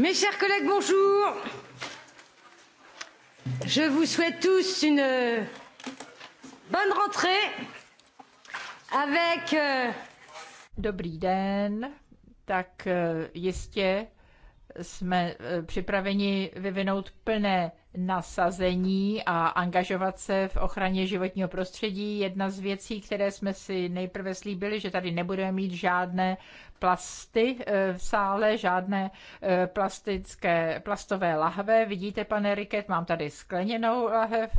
Mes chers collègues, bonjour. Je vous souhaite tous une euh, bonne rentrée avec. Euh, Dobrý den, tak euh, jistě jsme připraveni vyvinout plné nasazení a angažovat se v ochraně životního prostředí. Jedna z věcí, které jsme si nejprve slíbili, že tady nebudeme mít žádné plasty eh, v sále, žádné eh, plastické, plastové lahve. Vidíte, pane Riket, mám tady skleněnou lahev.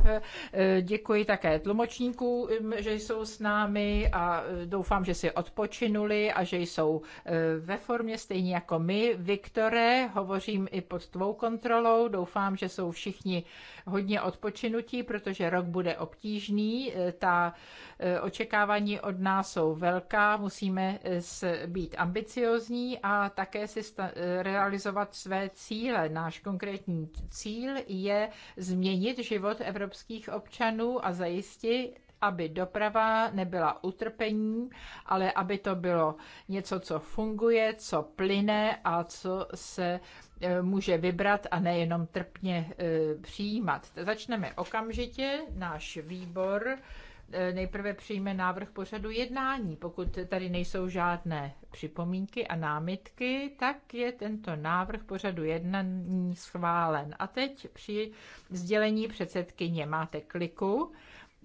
Eh, děkuji také tlumočníkům, hm, že jsou s námi a doufám, že si odpočinuli a že jsou ve formě stejně jako my. Viktore, hovořím i pod tvou kontrolou. Doufám, že jsou všichni všichni hodně odpočinutí, protože rok bude obtížný. Eh, ta eh, očekávání od nás jsou velká, musíme eh, být ambiciozní a také si realizovat své cíle. Náš konkrétní cíl je změnit život evropských občanů a zajistit, aby doprava nebyla utrpení, ale aby to bylo něco, co funguje, co plyne a co se E, může vybrat a nejenom trpně e, přijímat. Začneme okamžitě. Náš výbor e, nejprve přijme návrh pořadu jednání. Pokud tady nejsou žádné připomínky a námitky, tak je tento návrh pořadu jednání schválen. A teď při sdělení předsedkyně máte kliku.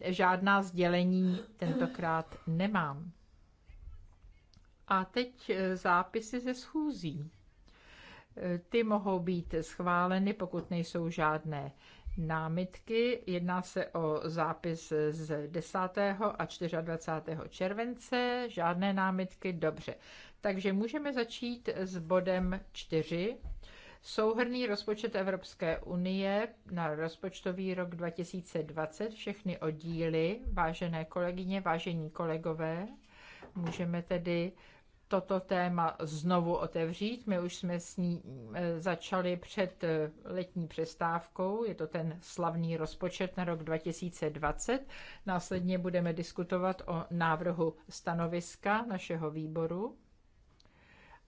Žádná sdělení tentokrát nemám. A teď zápisy ze schůzí. Ty mohou být schváleny, pokud nejsou žádné námitky. Jedná se o zápis z 10. a 24. července. Žádné námitky, dobře. Takže můžeme začít s bodem 4. Souhrný rozpočet Evropské unie na rozpočtový rok 2020, všechny oddíly, vážené kolegyně, vážení kolegové. Můžeme tedy toto téma znovu otevřít. My už jsme s ní eh, začali před eh, letní přestávkou, je to ten slavný rozpočet na rok 2020. Následně budeme diskutovat o návrhu stanoviska našeho výboru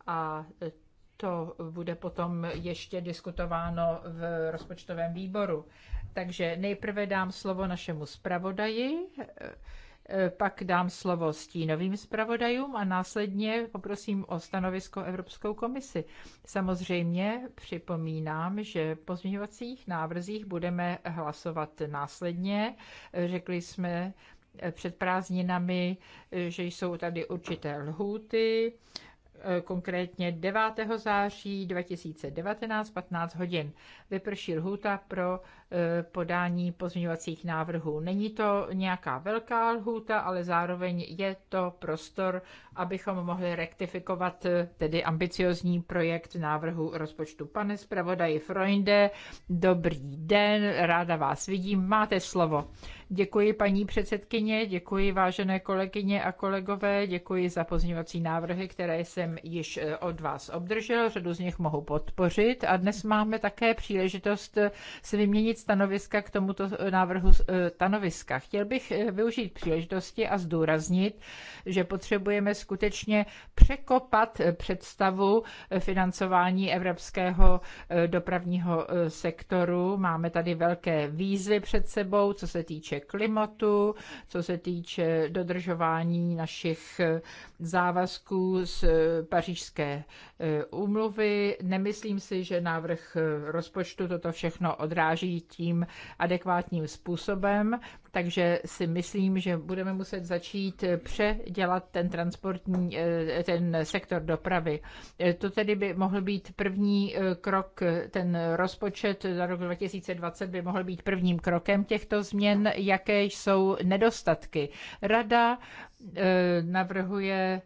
a eh, to bude potom ještě diskutováno v rozpočtovém výboru. Takže nejprve dám slovo našemu zpravodaji, Eh, pak dám slovo stínovým zpravodajům a následně poprosím o stanovisko Evropskou komisi. Samozřejmě připomínám, že v pozměňovacích návrzích budeme hlasovat následně. Eh, řekli jsme eh, před prázdninami, že jsou tady určité lhůty, konkrétně 9. září 2019, 15 hodin. Vyprší lhůta pro Eh, podání pozměňovacích návrhů. Není to nějaká velká lhůta, ale zároveň je to prostor, abychom mohli rektifikovat eh, tedy ambiciozní projekt návrhu rozpočtu. Pane zpravodaji Freunde, dobrý den, ráda vás vidím, máte slovo. Děkuji paní předsedkyně, děkuji vážené kolegyně a kolegové, děkuji za pozměňovací návrhy, které jsem již eh, od vás obdržel, řadu z nich mohu podpořit a dnes máme také příležitost se vyměnit stanoviska k tomuto eh, návrhu eh, stanoviska. Chtěl bych eh, využít příležitosti a zdůraznit, že potřebujeme skutečně překopat představu financování evropského dopravního sektoru. Máme tady velké výzvy před sebou, co se týče klimatu, co se týče dodržování našich závazků z pařížské úmluvy. Nemyslím si, že návrh rozpočtu toto všechno odráží tím adekvátním způsobem, takže si myslím, že budeme muset začít předělat ten transportní, eh, ten sektor dopravy. Eh, to tedy by mohl být první eh, krok, ten rozpočet za rok 2020 by mohl být prvním krokem těchto změn. Jaké jsou nedostatky? Rada navrhuje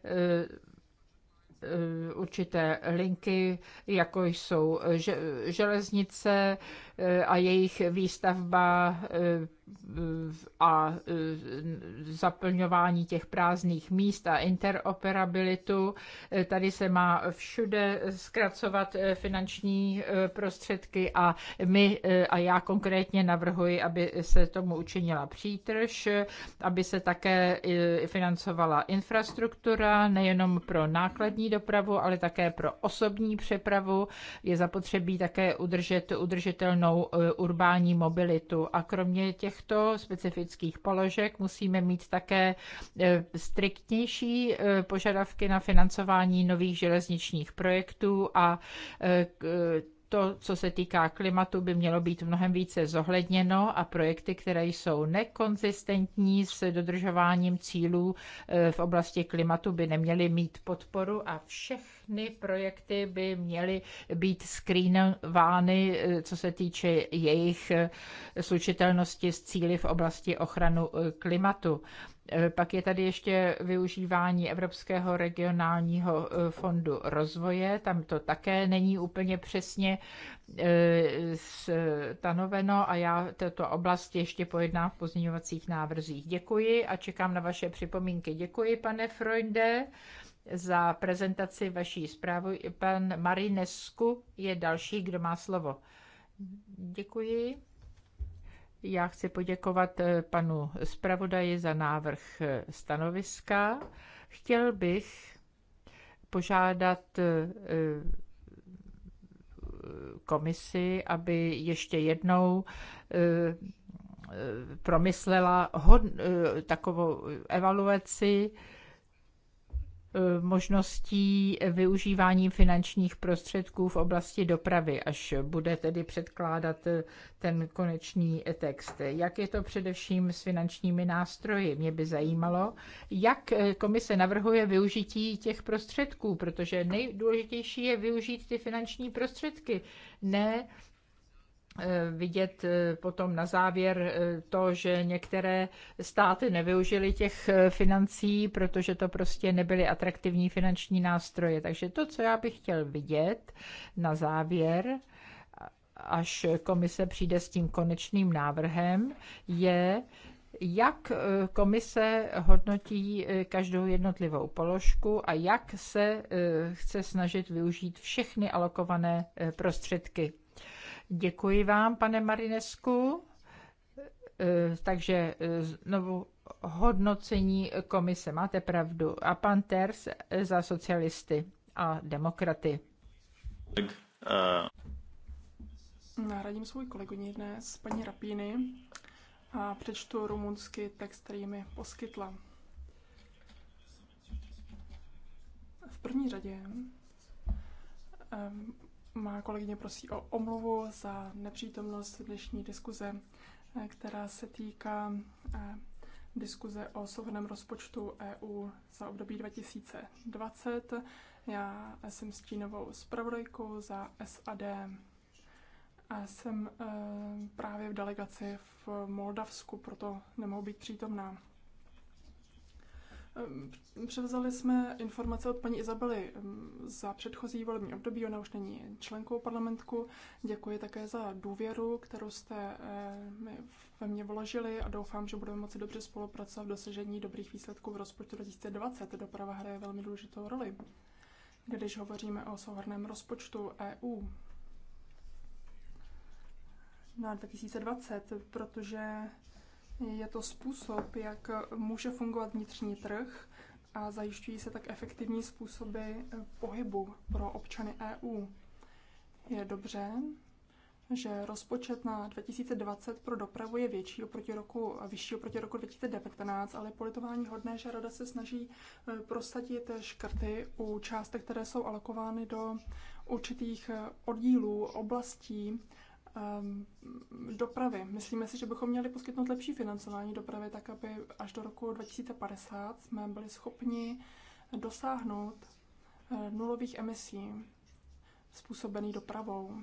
určité linky, jako jsou železnice, Eh, a jejich výstavba eh, a eh, zaplňování těch prázdných míst a interoperabilitu. Tady se má všude zkracovat finanční prostředky a my a já konkrétně navrhuji, aby se tomu učinila přítrž, aby se také financovala infrastruktura nejenom pro nákladní dopravu, ale také pro osobní přepravu. Je zapotřebí také udržet udržitelnou udržitelnou eh, urbání mobilitu. A kromě těchto specifických položek musíme mít také eh, striktnější eh, požadavky na financování nových železničních projektů a to, co se týká klimatu, by mělo být mnohem více zohledněno a projekty, které jsou nekonzistentní s dodržováním cílů e, v oblasti klimatu, by neměly mít podporu a všechny projekty by měly být screenovány, e, co se týče jejich e, slučitelnosti s cíly v oblasti ochranu klimatu. Eh, pak je tady ještě využívání Evropského regionálního eh, fondu rozvoje. Tam to také není úplně přesně eh, stanoveno a já této oblast ještě pojednám v pozměňovacích návrzích. Děkuji a čekám na vaše připomínky. Děkuji, pane Freunde za prezentaci vaší zprávy. Pan Marinesku je další, kdo má slovo. Děkuji. Já chci poděkovat eh, panu zpravodaji za návrh eh, stanoviska. Chtěl bych požádat eh, komisi, aby ještě jednou promyslela takovou evaluaci Eh, možností využívání finančních prostředků v oblasti dopravy, až bude tedy předkládat eh, ten konečný text. Jak je to především s finančními nástroji? Mě by zajímalo, jak eh, komise navrhuje využití těch prostředků, protože nejdůležitější je využít ty finanční prostředky, ne Eh, vidět eh, potom na závěr eh, to, že některé státy nevyužily těch financí, protože to prostě nebyly atraktivní finanční nástroje. Takže to, co já bych chtěl vidět na závěr, až komise přijde s tím konečným návrhem, je, jak komise hodnotí každou jednotlivou položku a jak se chce snažit využít všechny alokované prostředky Děkuji vám, pane Marinesku. E, takže e, znovu hodnocení komise. Máte pravdu. A pan Ters za socialisty a demokraty. E. Nahradím svůj kolegu dnes, paní Rapíny, a přečtu rumunský text, který mi poskytla. V první řadě má kolegyně prosí o omluvu za nepřítomnost dnešní diskuze, eh, která se týká eh, diskuze o souhrném rozpočtu EU za období 2020. Já jsem stínovou zpravodajkou za SAD a jsem eh, právě v delegaci v Moldavsku, proto nemohu být přítomná. Ehm, převzali jsme informace od paní Izabely ehm, za předchozí volební období, ona už není členkou parlamentku. Děkuji také za důvěru, kterou jste ehm, ve mně vložili a doufám, že budeme moci dobře spolupracovat v dosažení dobrých výsledků v rozpočtu 2020. Doprava hraje velmi důležitou roli, když hovoříme o souhrném rozpočtu EU na 2020, protože je to způsob, jak může fungovat vnitřní trh a zajišťují se tak efektivní způsoby eh, pohybu pro občany EU. Je dobře, že rozpočet na 2020 pro dopravu je větší oproti roku, vyšší oproti roku 2019, ale je politování hodné, že Rada se snaží eh, prosadit škrty u částek, které jsou alokovány do určitých eh, oddílů, oblastí Ehm, dopravy. Myslíme si, že bychom měli poskytnout lepší financování dopravy, tak aby až do roku 2050 jsme byli schopni dosáhnout eh, nulových emisí způsobených dopravou.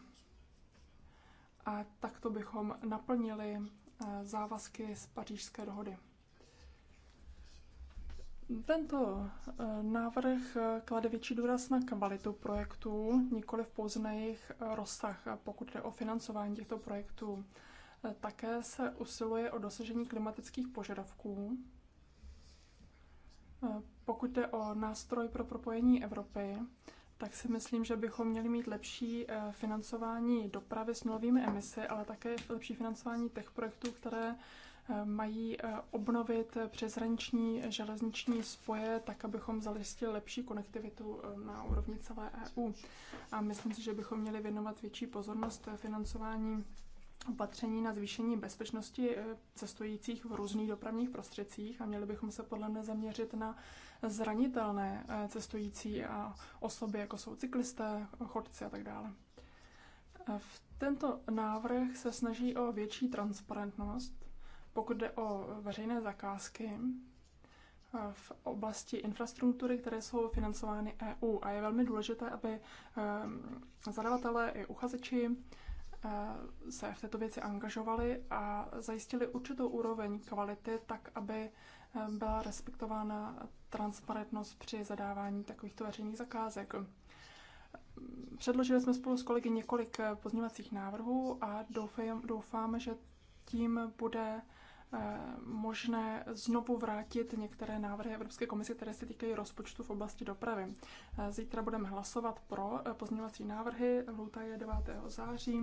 A takto bychom naplnili eh, závazky z pařížské dohody. Tento eh, návrh eh, klade větší důraz na kvalitu projektů, nikoli pouze na jejich eh, rozsah, pokud jde o financování těchto projektů. Také se usiluje o dosažení klimatických požadavků. Pokud jde o nástroj pro propojení Evropy, tak si myslím, že bychom měli mít lepší financování dopravy s nulovými emisy, ale také lepší financování těch projektů, které mají eh, obnovit přeshraniční železniční spoje, tak abychom zalistili lepší konektivitu eh, na úrovni celé EU. A myslím si, že bychom měli věnovat větší pozornost eh, financování opatření na zvýšení bezpečnosti cestujících v různých dopravních prostředcích a měli bychom se podle mě zaměřit na zranitelné cestující a osoby, jako jsou cyklisté, chodci a tak dále. V tento návrh se snaží o větší transparentnost pokud jde o veřejné zakázky eh, v oblasti infrastruktury, které jsou financovány EU, a je velmi důležité, aby eh, zadavatelé i uchazeči eh, se v této věci angažovali a zajistili určitou úroveň kvality, tak aby byla respektována transparentnost při zadávání takovýchto veřejných zakázek. Předložili jsme spolu s kolegy několik pozměňovacích návrhů a doufám, doufám, že tím bude Eh, možné znovu vrátit některé návrhy Evropské komise, které se týkají rozpočtu v oblasti dopravy. Eh, zítra budeme hlasovat pro eh, pozměňovací návrhy, lhůta je 9. září.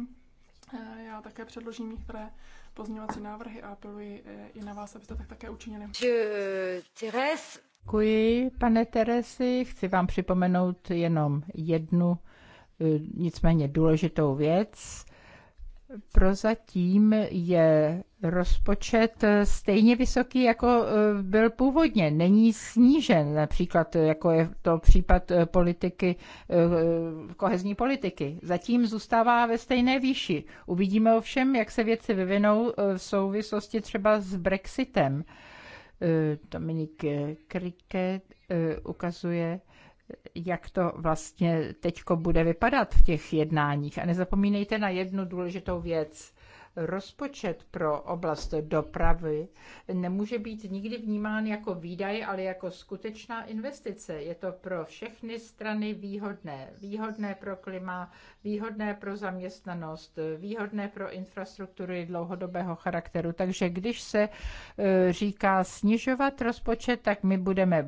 Já také předložím některé pozměňovací návrhy a apeluji i na vás, abyste tak také učinili. Děkuji, pane Teresi. Chci vám připomenout jenom jednu, nicméně důležitou věc prozatím je rozpočet stejně vysoký, jako e, byl původně. Není snížen, například jako je to případ e, politiky, e, kohezní politiky. Zatím zůstává ve stejné výši. Uvidíme ovšem, jak se věci vyvinou v souvislosti třeba s Brexitem. Dominik Kriket ukazuje jak to vlastně teď bude vypadat v těch jednáních. A nezapomínejte na jednu důležitou věc rozpočet pro oblast dopravy nemůže být nikdy vnímán jako výdaj, ale jako skutečná investice. Je to pro všechny strany výhodné. Výhodné pro klima, výhodné pro zaměstnanost, výhodné pro infrastruktury dlouhodobého charakteru. Takže když se e, říká snižovat rozpočet, tak my budeme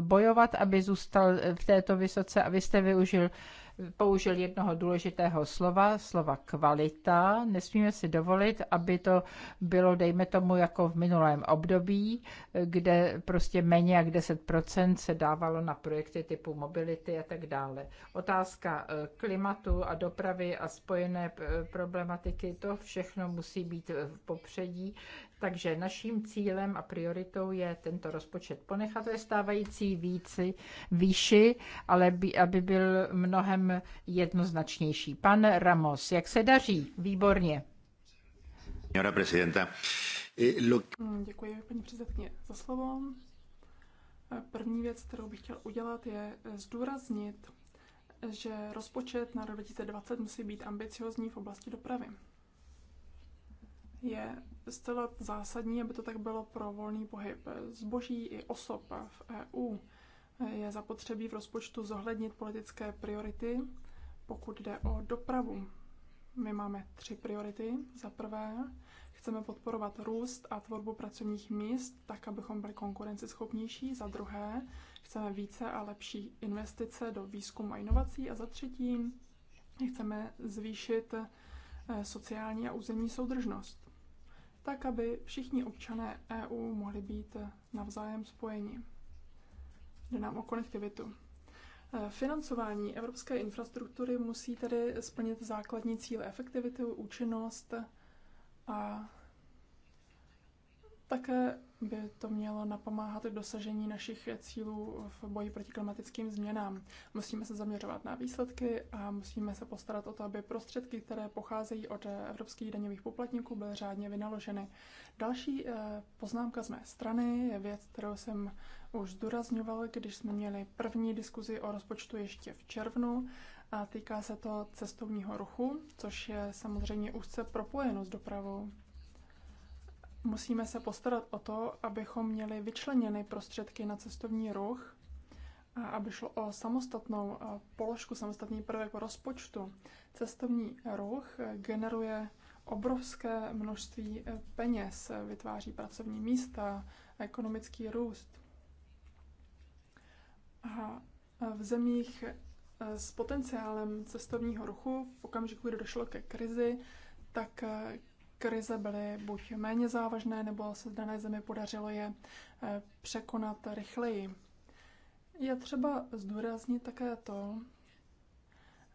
bojovat, aby zůstal v této vysoce a vy jste využil použil jednoho důležitého slova, slova kvalita. Nesmíme si dovolit, aby to bylo, dejme tomu, jako v minulém období, kde prostě méně jak 10% se dávalo na projekty typu mobility a tak dále. Otázka eh, klimatu a dopravy a spojené eh, problematiky, to všechno musí být eh, v popředí. Takže naším cílem a prioritou je tento rozpočet ponechat ve stávající výši, ale by, aby byl mnohem jednoznačnější. Pan Ramos, jak se daří? Výborně. Eh, mm, děkuji, paní předsedkyně, za slovo. Eh, první věc, kterou bych chtěl udělat, je zdůraznit, že rozpočet na rok 2020 musí být ambiciozní v oblasti dopravy. Je zcela zásadní, aby to tak bylo pro volný pohyb zboží i osob v EU je zapotřebí v rozpočtu zohlednit politické priority, pokud jde o dopravu. My máme tři priority. Za prvé, chceme podporovat růst a tvorbu pracovních míst, tak abychom byli konkurenceschopnější. Za druhé, chceme více a lepší investice do výzkumu a inovací. A za třetí, chceme zvýšit eh, sociální a územní soudržnost, tak aby všichni občané EU mohli být eh, navzájem spojeni nám o konektivitu. Eh, financování evropské infrastruktury musí tedy splnit základní cíle efektivitu, účinnost a také by to mělo napomáhat dosažení našich cílů v boji proti klimatickým změnám. Musíme se zaměřovat na výsledky a musíme se postarat o to, aby prostředky, které pocházejí od eh, evropských daňových poplatníků, byly řádně vynaloženy. Další eh, poznámka z mé strany je věc, kterou jsem už zdůrazňoval, když jsme měli první diskuzi o rozpočtu ještě v červnu. A týká se to cestovního ruchu, což je samozřejmě úzce propojeno s dopravou musíme se postarat o to, abychom měli vyčleněny prostředky na cestovní ruch, a aby šlo o samostatnou eh, položku, samostatný prvek rozpočtu. Cestovní ruch eh, generuje obrovské množství eh, peněz, vytváří pracovní místa, ekonomický růst. A v zemích s potenciálem cestovního ruchu, v okamžiku, kdy došlo ke krizi, tak krize byly buď méně závažné, nebo se v dané zemi podařilo je eh, překonat rychleji. Je třeba zdůraznit také to,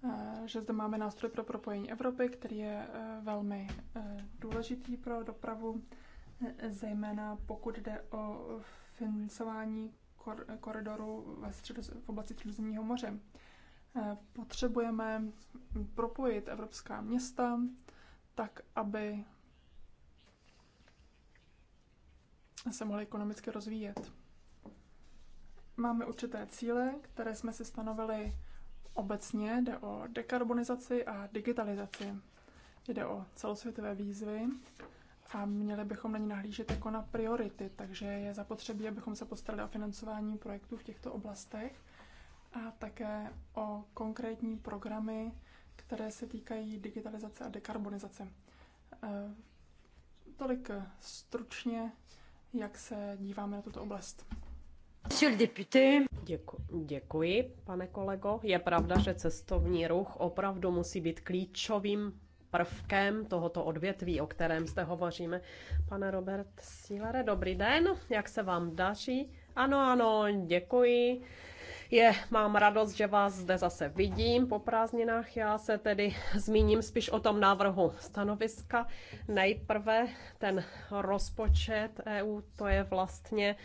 eh, že zde máme nástroj pro propojení Evropy, který je eh, velmi důležitý pro dopravu, zejména pokud jde o financování koridoru ve středu, v oblasti Středozemního moře. Potřebujeme propojit evropská města tak, aby jsme se mohli ekonomicky rozvíjet. Máme určité cíle, které jsme si stanovili obecně. Jde o dekarbonizaci a digitalizaci. Jde o celosvětové výzvy a měli bychom na ní nahlížet jako na priority, takže je zapotřebí, abychom se postarali o financování projektů v těchto oblastech a také o konkrétní programy, které se týkají digitalizace a dekarbonizace. Eh, tolik stručně jak se díváme na tuto oblast. Děku, děkuji, pane kolego. Je pravda, že cestovní ruch opravdu musí být klíčovým prvkem tohoto odvětví, o kterém zde hovoříme. Pane Robert Sílere, dobrý den, jak se vám daří? Ano, ano, děkuji. Je, mám radost, že vás zde zase vidím po prázdninách. Já se tedy zmíním spíš o tom návrhu stanoviska. Nejprve ten rozpočet EU, to je vlastně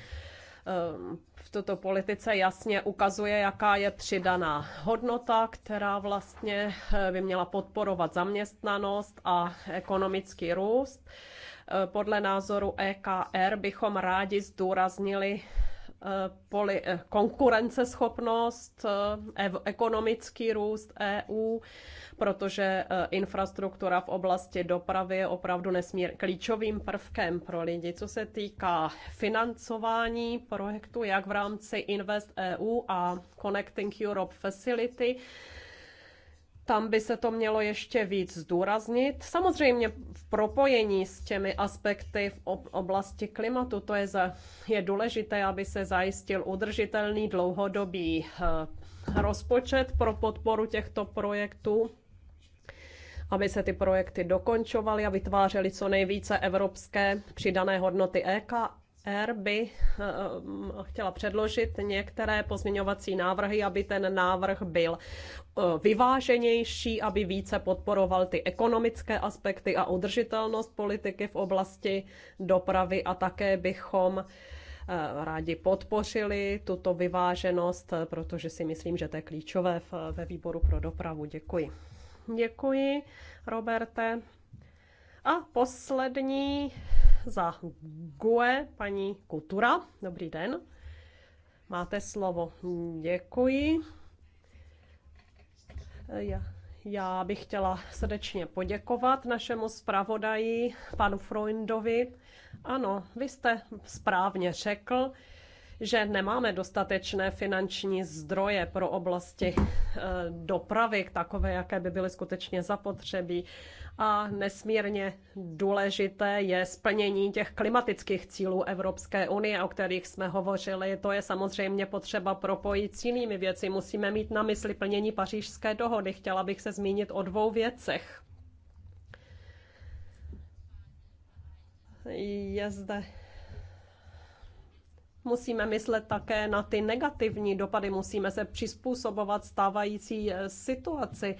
ehm, v tuto politice jasně ukazuje, jaká je přidaná hodnota, která vlastně eh, by měla podporovat zaměstnanost a ekonomický růst. Eh, podle názoru EKR bychom rádi zdůraznili Eh, poli, eh, konkurenceschopnost, eh, ekonomický růst EU, protože infrastruktura v oblasti dopravy je opravdu nesmír klíčovým prvkem pro lidi. Co se týká financování projektu, jak v rámci Invest EU a Connecting Europe Facility, tam by se to mělo ještě víc zdůraznit. Samozřejmě v propojení s těmi aspekty v oblasti klimatu, to je, za, je důležité, aby se zajistil udržitelný dlouhodobý eh, rozpočet pro podporu těchto projektů aby se ty projekty dokončovaly a vytvářely co nejvíce evropské přidané hodnoty EK R by eh, chtěla předložit některé pozměňovací návrhy, aby ten návrh byl eh, vyváženější, aby více podporoval ty ekonomické aspekty a udržitelnost politiky v oblasti dopravy a také bychom eh, rádi podpořili tuto vyváženost, protože si myslím, že to je klíčové ve výboru pro dopravu. Děkuji. Děkuji, Roberte. A poslední za GUE paní Kutura. Dobrý den. Máte slovo. Děkuji. Já, já bych chtěla srdečně poděkovat našemu zpravodaji, panu Freundovi. Ano, vy jste správně řekl, že nemáme dostatečné finanční zdroje pro oblasti eh, dopravy, takové, jaké by byly skutečně zapotřebí a nesmírně důležité je splnění těch klimatických cílů Evropské unie, o kterých jsme hovořili. To je samozřejmě potřeba propojit s jinými věci. Musíme mít na mysli plnění pařížské dohody. Chtěla bych se zmínit o dvou věcech. Je zde Musíme myslet také na ty negativní dopady, musíme se přizpůsobovat stávající eh, situaci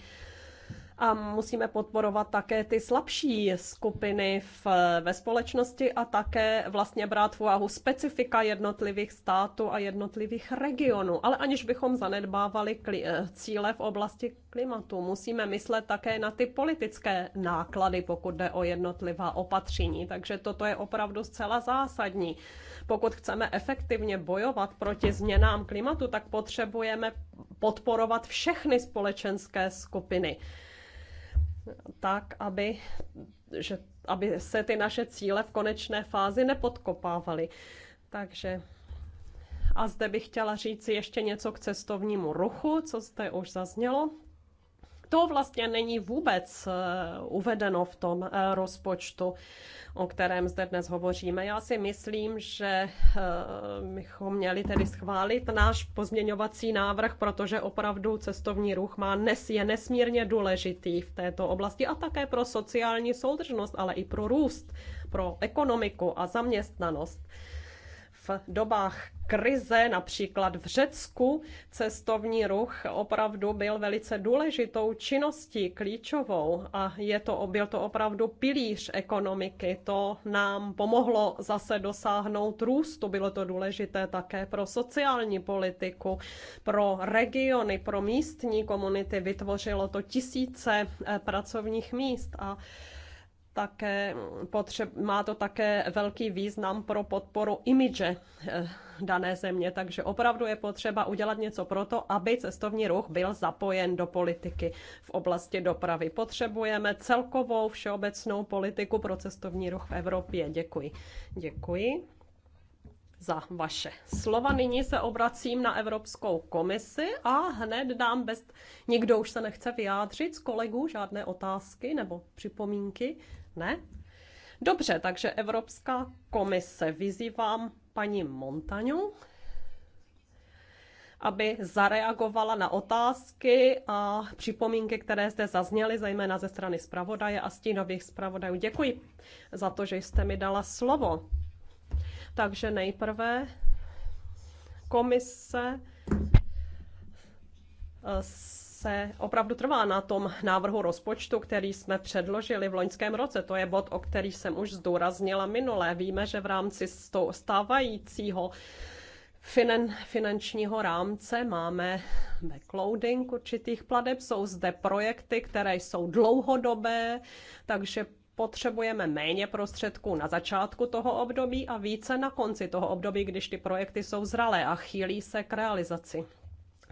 a musíme podporovat také ty slabší skupiny v, ve společnosti a také vlastně brát v úvahu specifika jednotlivých států a jednotlivých regionů, ale aniž bychom zanedbávali kli, eh, cíle v oblasti klimatu. Musíme myslet také na ty politické náklady, pokud jde o jednotlivá opatření, takže toto je opravdu zcela zásadní. Pokud chceme efektivně bojovat proti změnám klimatu, tak potřebujeme podporovat všechny společenské skupiny tak, aby, že, aby se ty naše cíle v konečné fázi nepodkopávaly. Takže a zde bych chtěla říct ještě něco k cestovnímu ruchu, co zde už zaznělo to vlastně není vůbec eh, uvedeno v tom eh, rozpočtu, o kterém zde dnes hovoříme. Já si myslím, že eh, bychom měli tedy schválit náš pozměňovací návrh, protože opravdu cestovní ruch má nes, je nesmírně důležitý v této oblasti a také pro sociální soudržnost, ale i pro růst, pro ekonomiku a zaměstnanost v dobách krize, například v Řecku, cestovní ruch opravdu byl velice důležitou činností, klíčovou a je to, byl to opravdu pilíř ekonomiky. To nám pomohlo zase dosáhnout růstu. Bylo to důležité také pro sociální politiku, pro regiony, pro místní komunity. Vytvořilo to tisíce eh, pracovních míst a také potře- má to také velký význam pro podporu imidže eh, dané země, takže opravdu je potřeba udělat něco pro to, aby cestovní ruch byl zapojen do politiky v oblasti dopravy. Potřebujeme celkovou všeobecnou politiku pro cestovní ruch v Evropě. Děkuji. Děkuji za vaše slova. Nyní se obracím na Evropskou komisi a hned dám bez... Nikdo už se nechce vyjádřit z kolegů, žádné otázky nebo připomínky. Ne? Dobře, takže Evropská komise. Vyzývám paní Montaňu, aby zareagovala na otázky a připomínky, které zde zazněly, zejména ze strany zpravodaje a stínových zpravodajů. Děkuji za to, že jste mi dala slovo. Takže nejprve komise s eh, se opravdu trvá na tom návrhu rozpočtu, který jsme předložili v loňském roce. To je bod, o který jsem už zdůraznila minule. Víme, že v rámci stávajícího finan, finančního rámce máme backloading určitých pladeb. Jsou zde projekty, které jsou dlouhodobé, takže potřebujeme méně prostředků na začátku toho období a více na konci toho období, když ty projekty jsou zralé a chýlí se k realizaci.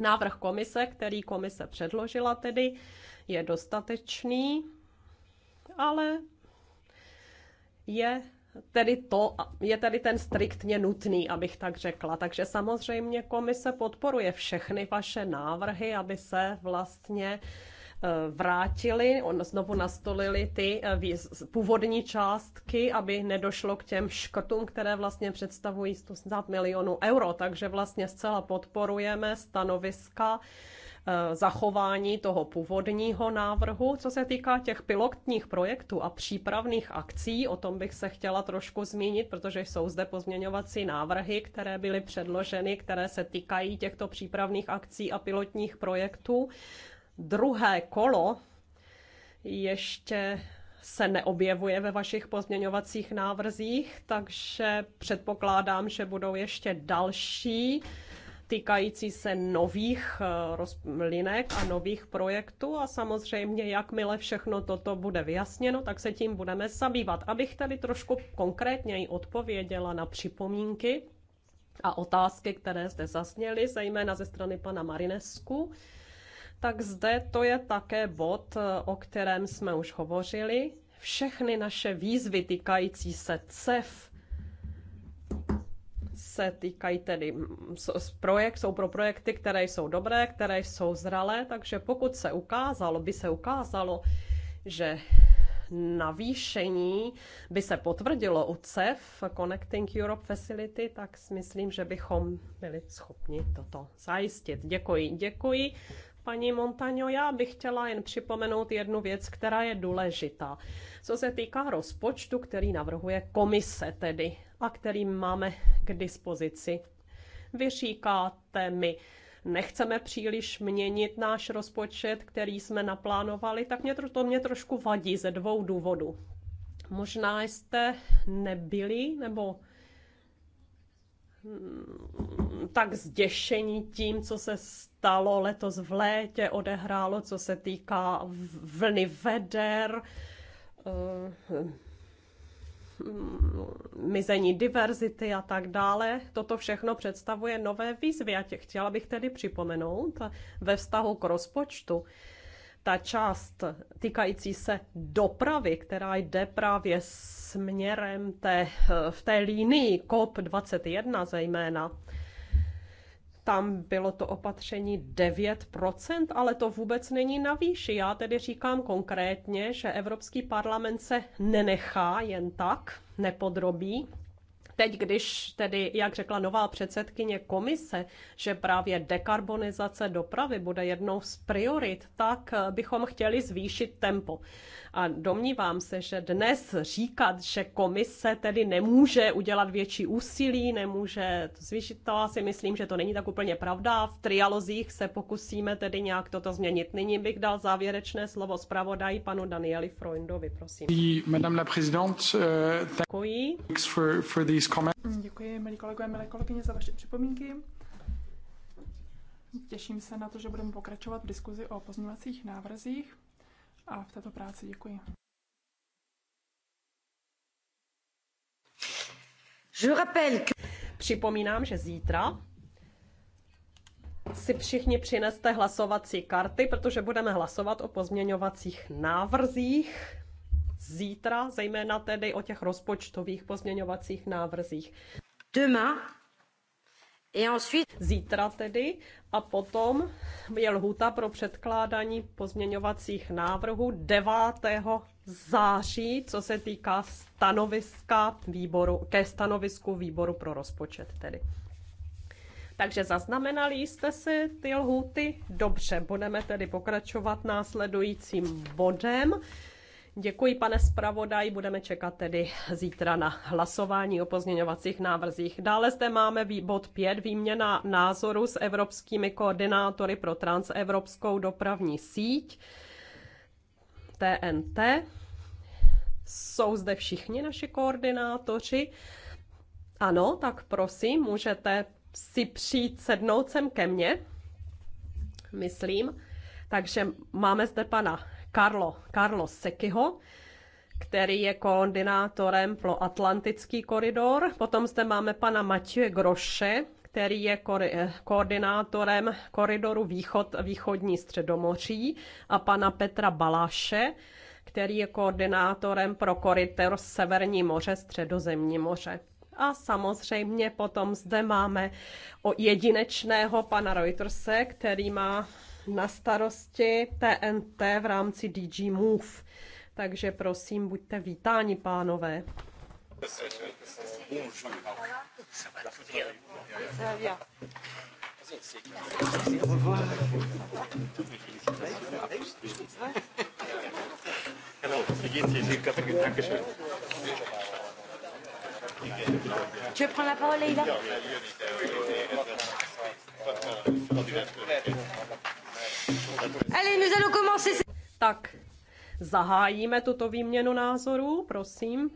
Návrh komise, který komise předložila tedy, je dostatečný, ale je tedy to, je tedy ten striktně nutný, abych tak řekla. Takže samozřejmě komise podporuje všechny vaše návrhy, aby se vlastně uh, Eh, vrátili, on znovu nastolili ty eh, původní částky, aby nedošlo k těm škrtům, které vlastně představují 180 milionů euro. Takže vlastně zcela podporujeme stanoviska eh, zachování toho původního návrhu. Co se týká těch pilotních projektů a přípravných akcí, o tom bych se chtěla trošku zmínit, protože jsou zde pozměňovací návrhy, které byly předloženy, které se týkají těchto přípravných akcí a pilotních projektů druhé kolo ještě se neobjevuje ve vašich pozměňovacích návrzích, takže předpokládám, že budou ještě další týkající se nových eh, linek a nových projektů a samozřejmě, jakmile všechno toto bude vyjasněno, tak se tím budeme zabývat. Abych tady trošku konkrétněji odpověděla na připomínky a otázky, které zde zasněly, zejména ze strany pana Marinesku, tak zde to je také bod, eh, o kterém jsme už hovořili. Všechny naše výzvy týkající se CEF se týkají tedy z mm, projekt, jsou pro projekty, které jsou dobré, které jsou zralé, takže pokud se ukázalo, by se ukázalo, že navýšení by se potvrdilo u CEF, Connecting Europe Facility, tak si myslím, že bychom byli schopni toto zajistit. Děkuji, děkuji. Paní Montaño, já bych chtěla jen připomenout jednu věc, která je důležitá. Co se týká rozpočtu, který navrhuje komise tedy a který máme k dispozici. Vy říkáte mi, nechceme příliš měnit náš rozpočet, který jsme naplánovali, tak mě to, to mě trošku vadí ze dvou důvodů. Možná jste nebyli, nebo tak zděšení tím, co se stalo letos v létě, odehrálo, co se týká vlny veder, eh, mizení diverzity a tak dále. Toto všechno představuje nové výzvy. A tě, chtěla bych tedy připomenout ve vztahu k rozpočtu, ta část týkající se dopravy, která jde právě směrem té, v té línii COP21 zejména, tam bylo to opatření 9%, ale to vůbec není na výši. Já tedy říkám konkrétně, že Evropský parlament se nenechá jen tak, nepodrobí teď, když tedy, jak řekla nová předsedkyně komise, že právě dekarbonizace dopravy bude jednou z priorit, tak eh, bychom chtěli zvýšit tempo. A domnívám se, že dnes říkat, že komise tedy nemůže udělat větší úsilí, nemůže to zvýšit, to asi myslím, že to není tak úplně pravda. V trialozích se pokusíme tedy nějak toto změnit. Nyní bych dal závěrečné slovo zpravodaji panu Danieli Freundovi, prosím. Euh, Děkuji. thanks for, for these Mm, děkuji, milí kolegové, milé kolegyně, za vaše připomínky. Těším se na to, že budeme pokračovat v diskuzi o pozměňovacích návrzích a v této práci děkuji. Připomínám, že zítra si všichni přineste hlasovací karty, protože budeme hlasovat o pozměňovacích návrzích zítra, zejména tedy o těch rozpočtových pozměňovacích návrzích. Demain. Et ensuite... Zítra tedy a potom je lhuta pro předkládání pozměňovacích návrhů 9. září, co se týká stanoviska výboru, ke stanovisku výboru pro rozpočet tedy. Takže zaznamenali jste si ty lhuty? Dobře, budeme tedy pokračovat následujícím bodem. Děkuji, pane zpravodaj. Budeme čekat tedy zítra na hlasování o pozměňovacích návrzích. Dále zde máme bod 5, výměna názoru s evropskými koordinátory pro transevropskou dopravní síť TNT. Jsou zde všichni naši koordinátoři. Ano, tak prosím, můžete si přijít sednout sem ke mně, myslím. Takže máme zde pana Karlo, Karlo Sekiho, který je koordinátorem pro Atlantický koridor. Potom zde máme pana Matěje Groše, který je koordinátorem koridoru východ, východní středomoří a pana Petra Baláše, který je koordinátorem pro koridor Severní moře, Středozemní moře. A samozřejmě potom zde máme jedinečného pana Reuterse, který má na starosti TNT v rámci DG Move. Takže prosím, buďte vítáni, pánové. Tu veux prendre la parole, Leïla Allez, nous allons commencer. Tak, zahájíme tuto výměnu názorů, prosím.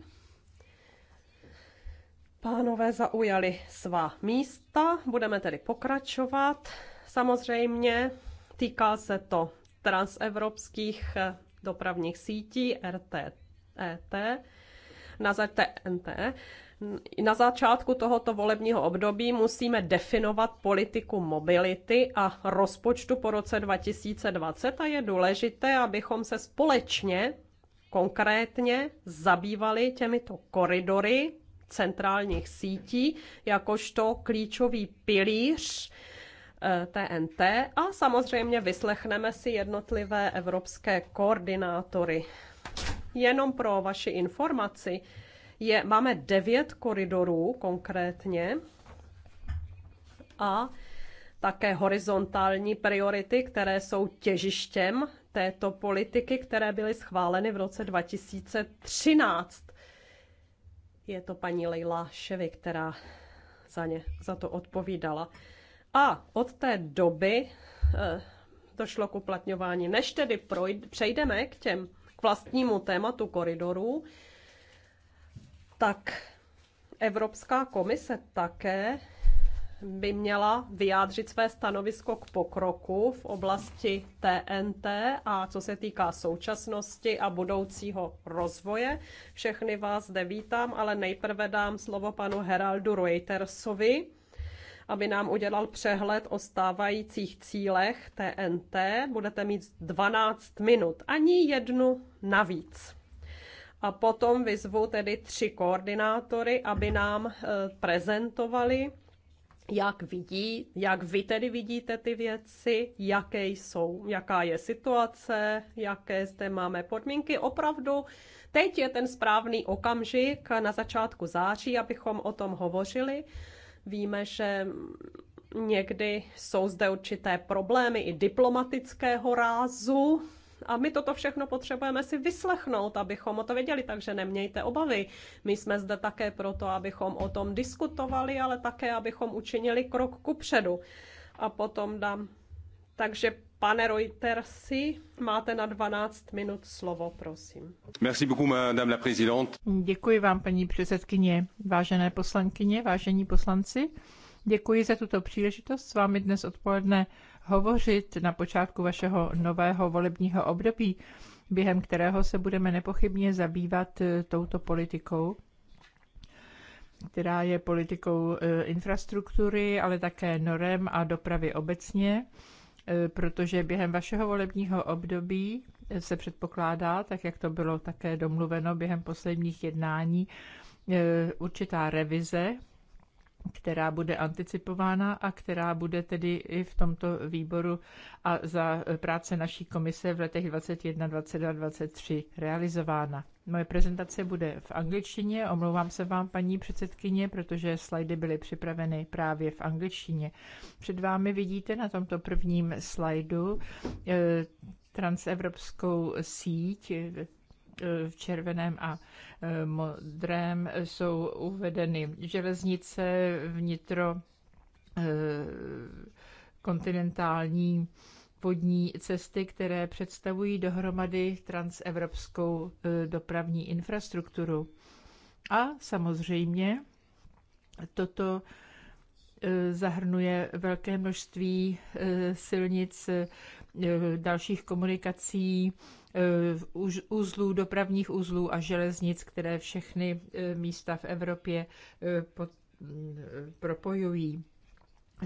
Pánové zaujali svá místa, budeme tedy pokračovat. Samozřejmě týká se to transevropských eh, dopravních sítí RTET, e na ZTNT na začátku tohoto volebního období musíme definovat politiku mobility a rozpočtu po roce 2020 a je důležité, abychom se společně konkrétně zabývali těmito koridory centrálních sítí jakožto klíčový pilíř TNT eh, a samozřejmě vyslechneme si jednotlivé evropské koordinátory. Jenom pro vaši informaci, je, máme devět koridorů konkrétně a také horizontální priority, které jsou těžištěm této politiky, které byly schváleny v roce 2013. Je to paní Leila Ševy, která za, ně, za to odpovídala. A od té doby eh, došlo k uplatňování. Než tedy projde, přejdeme k těm k vlastnímu tématu koridorů, eh, tak Evropská komise také by měla vyjádřit své stanovisko k pokroku v oblasti TNT a co se týká současnosti a budoucího rozvoje. Všechny vás zde vítám, ale nejprve dám slovo panu Heraldu Reutersovi, aby nám udělal přehled o stávajících cílech TNT. Budete mít 12 minut, ani jednu navíc. A potom vyzvu tedy tři koordinátory, aby nám eh, prezentovali, jak vidí, jak vy tedy vidíte ty věci, jaké jsou, jaká je situace, jaké zde máme podmínky. Opravdu teď je ten správný okamžik na začátku září, abychom o tom hovořili. Víme, že někdy jsou zde určité problémy i diplomatického rázu, a my toto všechno potřebujeme si vyslechnout, abychom o to věděli, takže nemějte obavy. My jsme zde také proto, abychom o tom diskutovali, ale také, abychom učinili krok ku předu. A potom dám. Takže pane Reutersi, máte na 12 minut slovo, prosím. Merci beaucoup, madame la présidente. Děkuji vám, paní předsedkyně, vážené poslankyně, vážení poslanci. Děkuji za tuto příležitost s vámi dnes odpoledne hovořit na počátku vašeho nového volebního období, během kterého se budeme nepochybně zabývat eh, touto politikou která je politikou eh, infrastruktury, ale také norem a dopravy obecně, eh, protože během vašeho volebního období se předpokládá, tak jak to bylo také domluveno během posledních jednání, určitá revize která bude anticipována a která bude tedy i v tomto výboru a za práce naší komise v letech 21, 22, 23 realizována. Moje prezentace bude v angličtině. Omlouvám se vám, paní předsedkyně, protože slajdy byly připraveny právě v angličtině. Před vámi vidíte na tomto prvním slajdu eh, transevropskou síť E, v červeném a e, modrém jsou uvedeny železnice, vnitro e, kontinentální podní cesty, které představují dohromady transevropskou dopravní infrastrukturu. A samozřejmě toto zahrnuje velké množství silnic Eh, dalších komunikací, eh, uzlů, dopravních uzlů a železnic, které všechny eh, místa v Evropě pod, mm, propojují.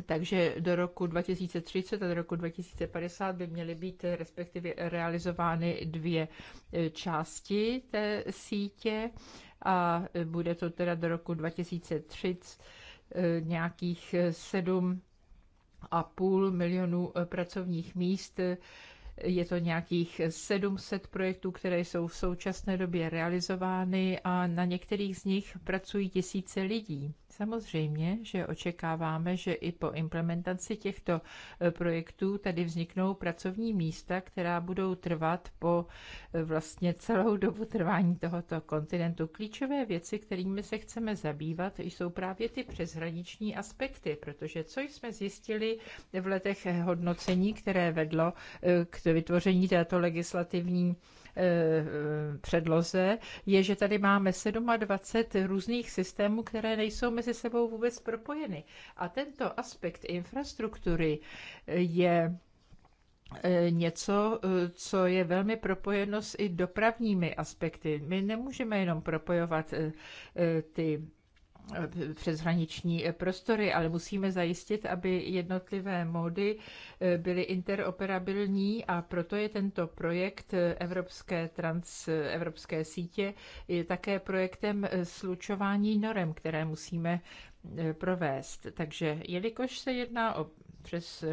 Takže do roku 2030 a do roku 2050 by měly být respektive realizovány dvě části té sítě a bude to teda do roku 2030 nějakých sedm a půl milionů eh, pracovních míst. Je to nějakých 700 projektů, které jsou v současné době realizovány a na některých z nich pracují tisíce lidí. Samozřejmě, že očekáváme, že i po implementaci těchto eh, projektů tady vzniknou pracovní místa, která budou trvat po eh, vlastně celou dobu trvání tohoto kontinentu. Klíčové věci, kterými se chceme zabývat, jsou právě ty přeshraniční aspekty, protože co jsme zjistili v letech hodnocení, které vedlo eh, k vytvoření této legislativní Eh, předloze, je, že tady máme 27 různých systémů, které nejsou mezi sebou vůbec propojeny. A tento aspekt infrastruktury eh, je eh, něco, co je velmi propojeno s i dopravními aspekty. My nemůžeme jenom propojovat ty přeshraniční prostory, ale musíme zajistit, aby jednotlivé módy eh, byly interoperabilní a proto je tento projekt eh, Evropské trans, eh, Evropské sítě je také projektem slučování norem, které musíme provést. Takže jelikož se jedná o přes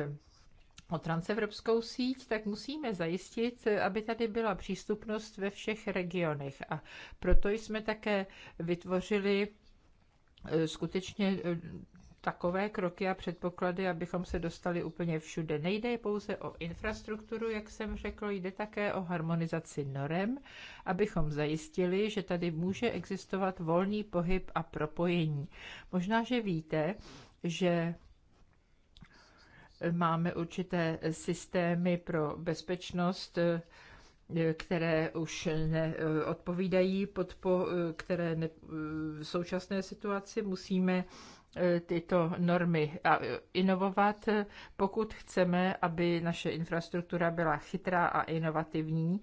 o transevropskou síť, tak musíme zajistit, aby tady byla přístupnost ve všech regionech. A proto jsme také vytvořili E, skutečně e, takové kroky a předpoklady, abychom se dostali úplně všude. Nejde pouze o infrastrukturu, jak jsem řekl, jde také o harmonizaci norem, abychom zajistili, že tady může existovat volný pohyb a propojení. Možná, že víte, že máme určité systémy pro bezpečnost které už neodpovídají, eh, podpo, eh, které ne, eh, v současné situaci musíme tyto normy inovovat, pokud chceme, aby naše infrastruktura byla chytrá a inovativní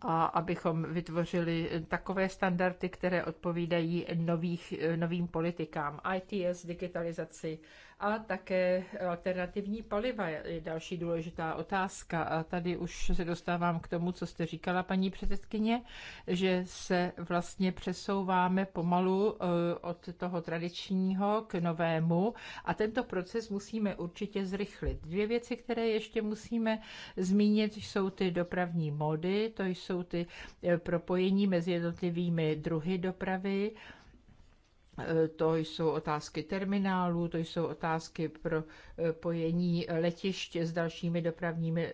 a abychom vytvořili takové standardy, které odpovídají nových, novým politikám, ITS, digitalizaci a také alternativní paliva je další důležitá otázka. A tady už se dostávám k tomu, co jste říkala, paní předsedkyně, že se vlastně přesouváme pomalu eh, od toho tradičního k novému a tento proces musíme určitě zrychlit. Dvě věci, které ještě musíme zmínit, jsou ty dopravní mody, to jsou ty eh, propojení mezi jednotlivými druhy dopravy, Eh, to jsou otázky terminálu, to jsou otázky pro eh, pojení letiště s dalšími dopravními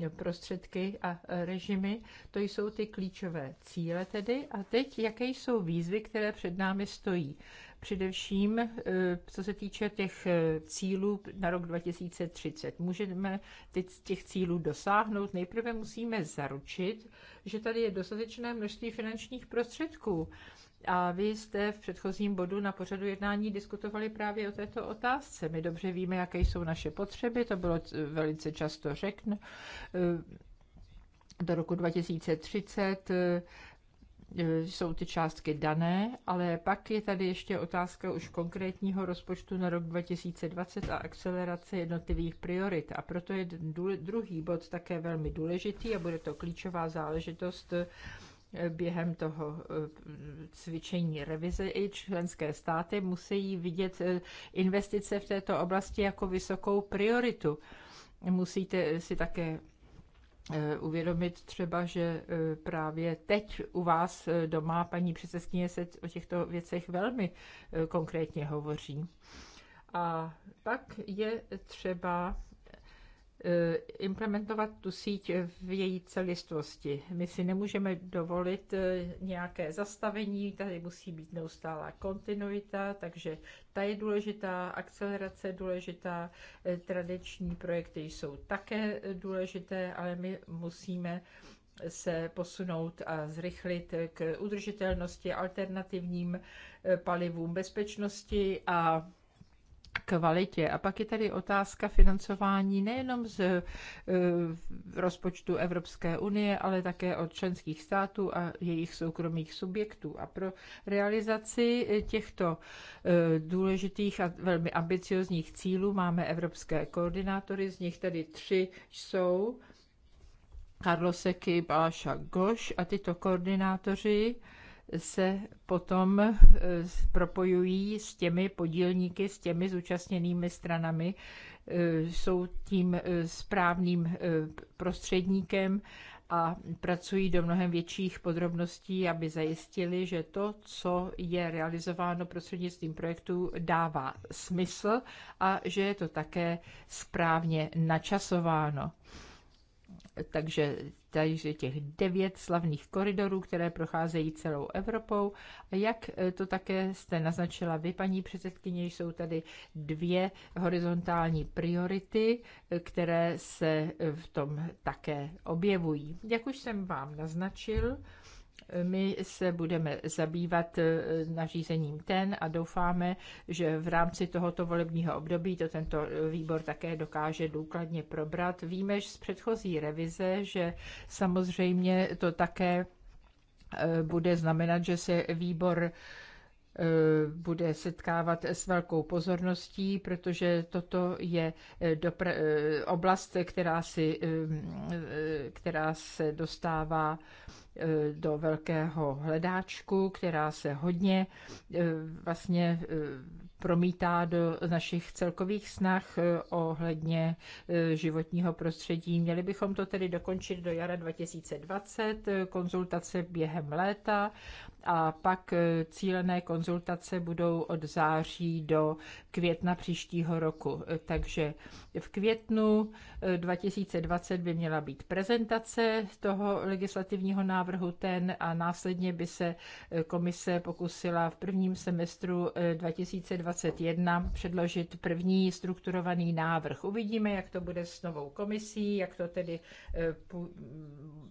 eh, prostředky a režimy. To jsou ty klíčové cíle tedy. A teď, jaké jsou výzvy, které před námi stojí? Především, co se týče těch cílů na rok 2030. Můžeme teď těch cílů dosáhnout. Nejprve musíme zaručit, že tady je dostatečné množství finančních prostředků a vy jste v předchozím bodu na pořadu jednání diskutovali právě o této otázce. My dobře víme, jaké jsou naše potřeby, to bylo eh, velice často řekn. Eh, do roku 2030 eh, jsou ty částky dané, ale pak je tady ještě otázka už konkrétního rozpočtu na rok 2020 a akcelerace jednotlivých priorit. A proto je druhý bod také velmi důležitý a bude to klíčová záležitost během toho eh, cvičení revize i členské státy musí vidět eh, investice v této oblasti jako vysokou prioritu. Musíte si také eh, uvědomit třeba, že právě teď u vás doma paní předsedkyně se o těchto věcech velmi konkrétně hovoří. A pak je třeba Eh, implementovat tu síť v její celistvosti. My si nemůžeme dovolit eh, nějaké zastavení, tady musí být neustálá kontinuita, takže ta je důležitá, akcelerace je důležitá, eh, tradiční projekty jsou také důležité, ale my musíme se posunout a zrychlit k udržitelnosti, alternativním palivům, bezpečnosti a kvalitě. A pak je tady otázka financování nejenom z eh, rozpočtu Evropské unie, ale také od členských států a jejich soukromých subjektů. A pro realizaci eh, těchto eh, důležitých a velmi ambiciozních cílů máme evropské koordinátory, z nich tady tři jsou Karlo Seky, Báša Goš a tyto koordinátoři se potom eh, propojují s těmi podílníky, s těmi zúčastněnými stranami, eh, jsou tím eh, správným prostředníkem a pracují do mnohem větších podrobností, aby zajistili, že to, co je realizováno prostřednictvím projektu, dává smysl a že je to také správně načasováno takže tady je těch devět slavných koridorů, které procházejí celou Evropou. Jak e, to také jste naznačila vy, paní předsedkyně, jsou tady dvě horizontální priority, e, které se v tom také objevují. Jak už jsem vám naznačil, my se budeme zabývat e, nařízením ten a doufáme, že v rámci tohoto volebního období to tento výbor také dokáže důkladně probrat. Víme z předchozí revize, že samozřejmě to také e, bude znamenat, že se výbor e, bude setkávat s velkou pozorností, protože toto je oblast, která, si, která se dostává Eh, do velkého hledáčku, která se hodně eh, vlastně eh, promítá do našich celkových snah ohledně životního prostředí. Měli bychom to tedy dokončit do jara 2020, konzultace během léta a pak cílené konzultace budou od září do května příštího roku. Takže v květnu 2020 by měla být prezentace toho legislativního návrhu návrhu ten a následně by se eh, komise pokusila v prvním semestru 2021 eh, předložit první strukturovaný návrh. Uvidíme, jak to bude s novou komisí, jak to tedy eh,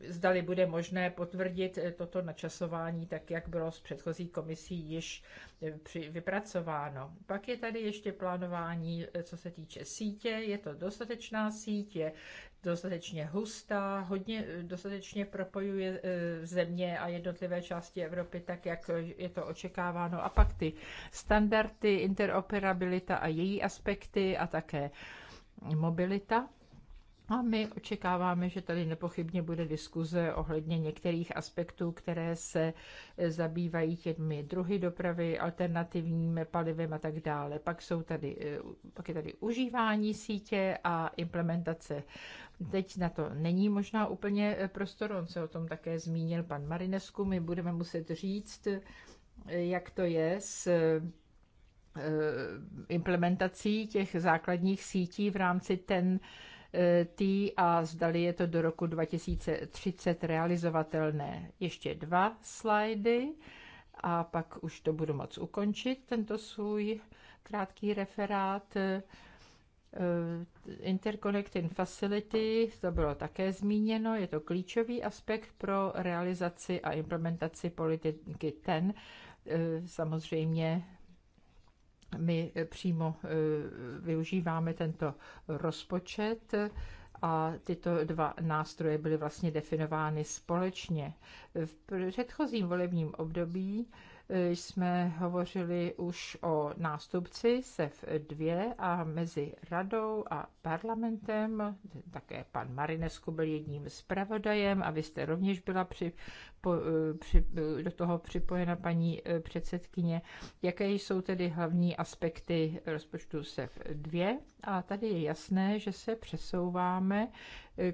zdali bude možné potvrdit toto načasování, tak jak bylo s předchozí komisí již vypracováno. Pak je tady ještě plánování, co se týče sítě. Je to dostatečná síť, dostatečně hustá, hodně eh, dostatečně propojuje eh, země a jednotlivé části Evropy tak, jak je to očekáváno. A pak ty standardy, interoperabilita a její aspekty a také mobilita. A my očekáváme, že tady nepochybně bude diskuze ohledně některých aspektů, které se eh, zabývají těmi druhy dopravy, alternativními palivem a tak dále. Pak, jsou tady, eh, pak je tady užívání sítě a implementace. Teď na to není možná úplně eh, prostor, on se o tom také zmínil pan Marinesku. My budeme muset říct, jak to je s implementací těch základních sítí v rámci ten T a zdali je to do roku 2030 realizovatelné. Ještě dva slajdy a pak už to budu moc ukončit, tento svůj krátký referát. Eh, Interconnecting Facility, to bylo také zmíněno, je to klíčový aspekt pro realizaci a implementaci politiky ten. Eh, samozřejmě my eh, přímo eh, využíváme tento rozpočet a tyto dva nástroje byly vlastně definovány společně. V předchozím volebním období eh, jsme hovořili už o nástupci SEF 2 a mezi radou a parlamentem, také pan Marinesku byl jedním zpravodajem a vy jste rovněž byla při Eh, eh, do toho připojena paní eh, předsedkyně. Jaké jsou tedy hlavní aspekty rozpočtu SEF 2? A tady je jasné, že se přesouváme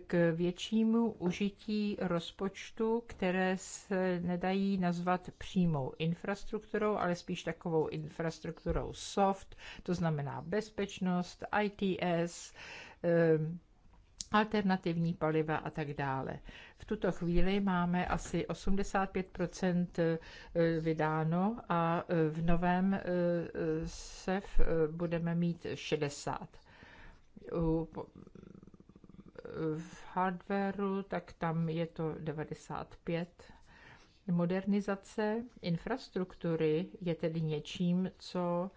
k většímu užití rozpočtu, které se nedají nazvat přímou infrastrukturou, ale spíš takovou infrastrukturou soft, to znamená bezpečnost, ITS, alternativní paliva a tak dále. V tuto chvíli máme asi 85 eh, vydáno a eh, v novém eh, SEF budeme mít 60. V hardwareu tak tam je to 95 Modernizace infrastruktury je tedy něčím, co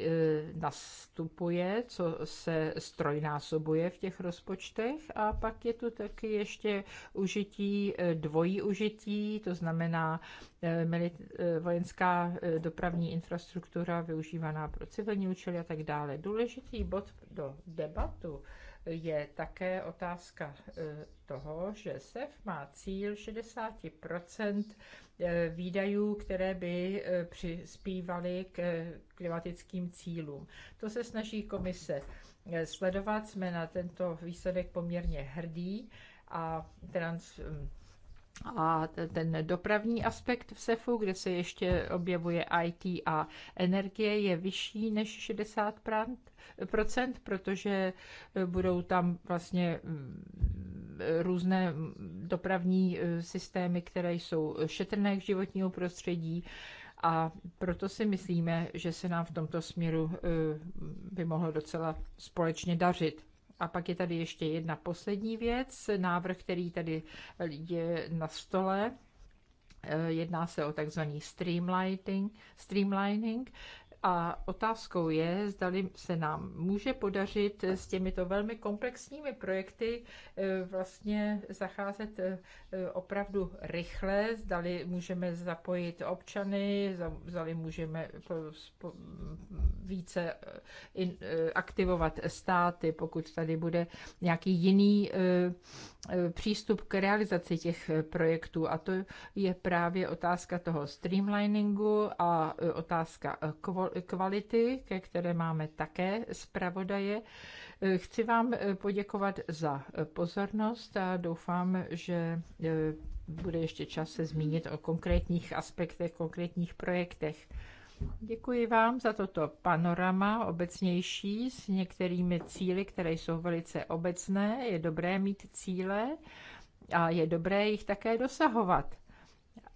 Eh, nastupuje, co se strojnásobuje v těch rozpočtech a pak je tu taky ještě užití, eh, dvojí užití, to znamená eh, vojenská dopravní infrastruktura využívaná pro civilní účely a tak dále. Důležitý bod do debatu je také otázka toho, že SEF má cíl 60 Eh, výdajů, které by eh, přispívaly k eh, klimatickým cílům. To se snaží komise sledovat. Jsme na tento výsledek poměrně hrdí a trans, hm, a ten dopravní aspekt v SEFu, kde se ještě objevuje IT a energie, je vyšší než 60%, protože budou tam vlastně hm, různé dopravní eh, systémy, které jsou šetrné k životnímu prostředí. A proto si myslíme, že se nám v tomto směru eh, by mohlo docela společně dařit. A pak je tady ještě jedna poslední věc, návrh, který tady je na stole. Eh, jedná se o takzvaný streamlining, streamlining a otázkou je, zdali se nám může podařit s těmito velmi komplexními projekty eh, vlastně zacházet eh, opravdu rychle, zdali můžeme zapojit občany, zdali můžeme více eh, aktivovat státy, pokud tady bude nějaký jiný přístup k realizaci těch projektů. A to je právě otázka toho streamliningu a otázka kvalitní kvality, ke které máme také zpravodaje. Chci vám poděkovat za pozornost a doufám, že e, bude ještě čas se zmínit o konkrétních aspektech, konkrétních projektech. Děkuji vám za toto panorama obecnější s některými cíly, které jsou velice obecné. Je dobré mít cíle a je dobré jich také dosahovat.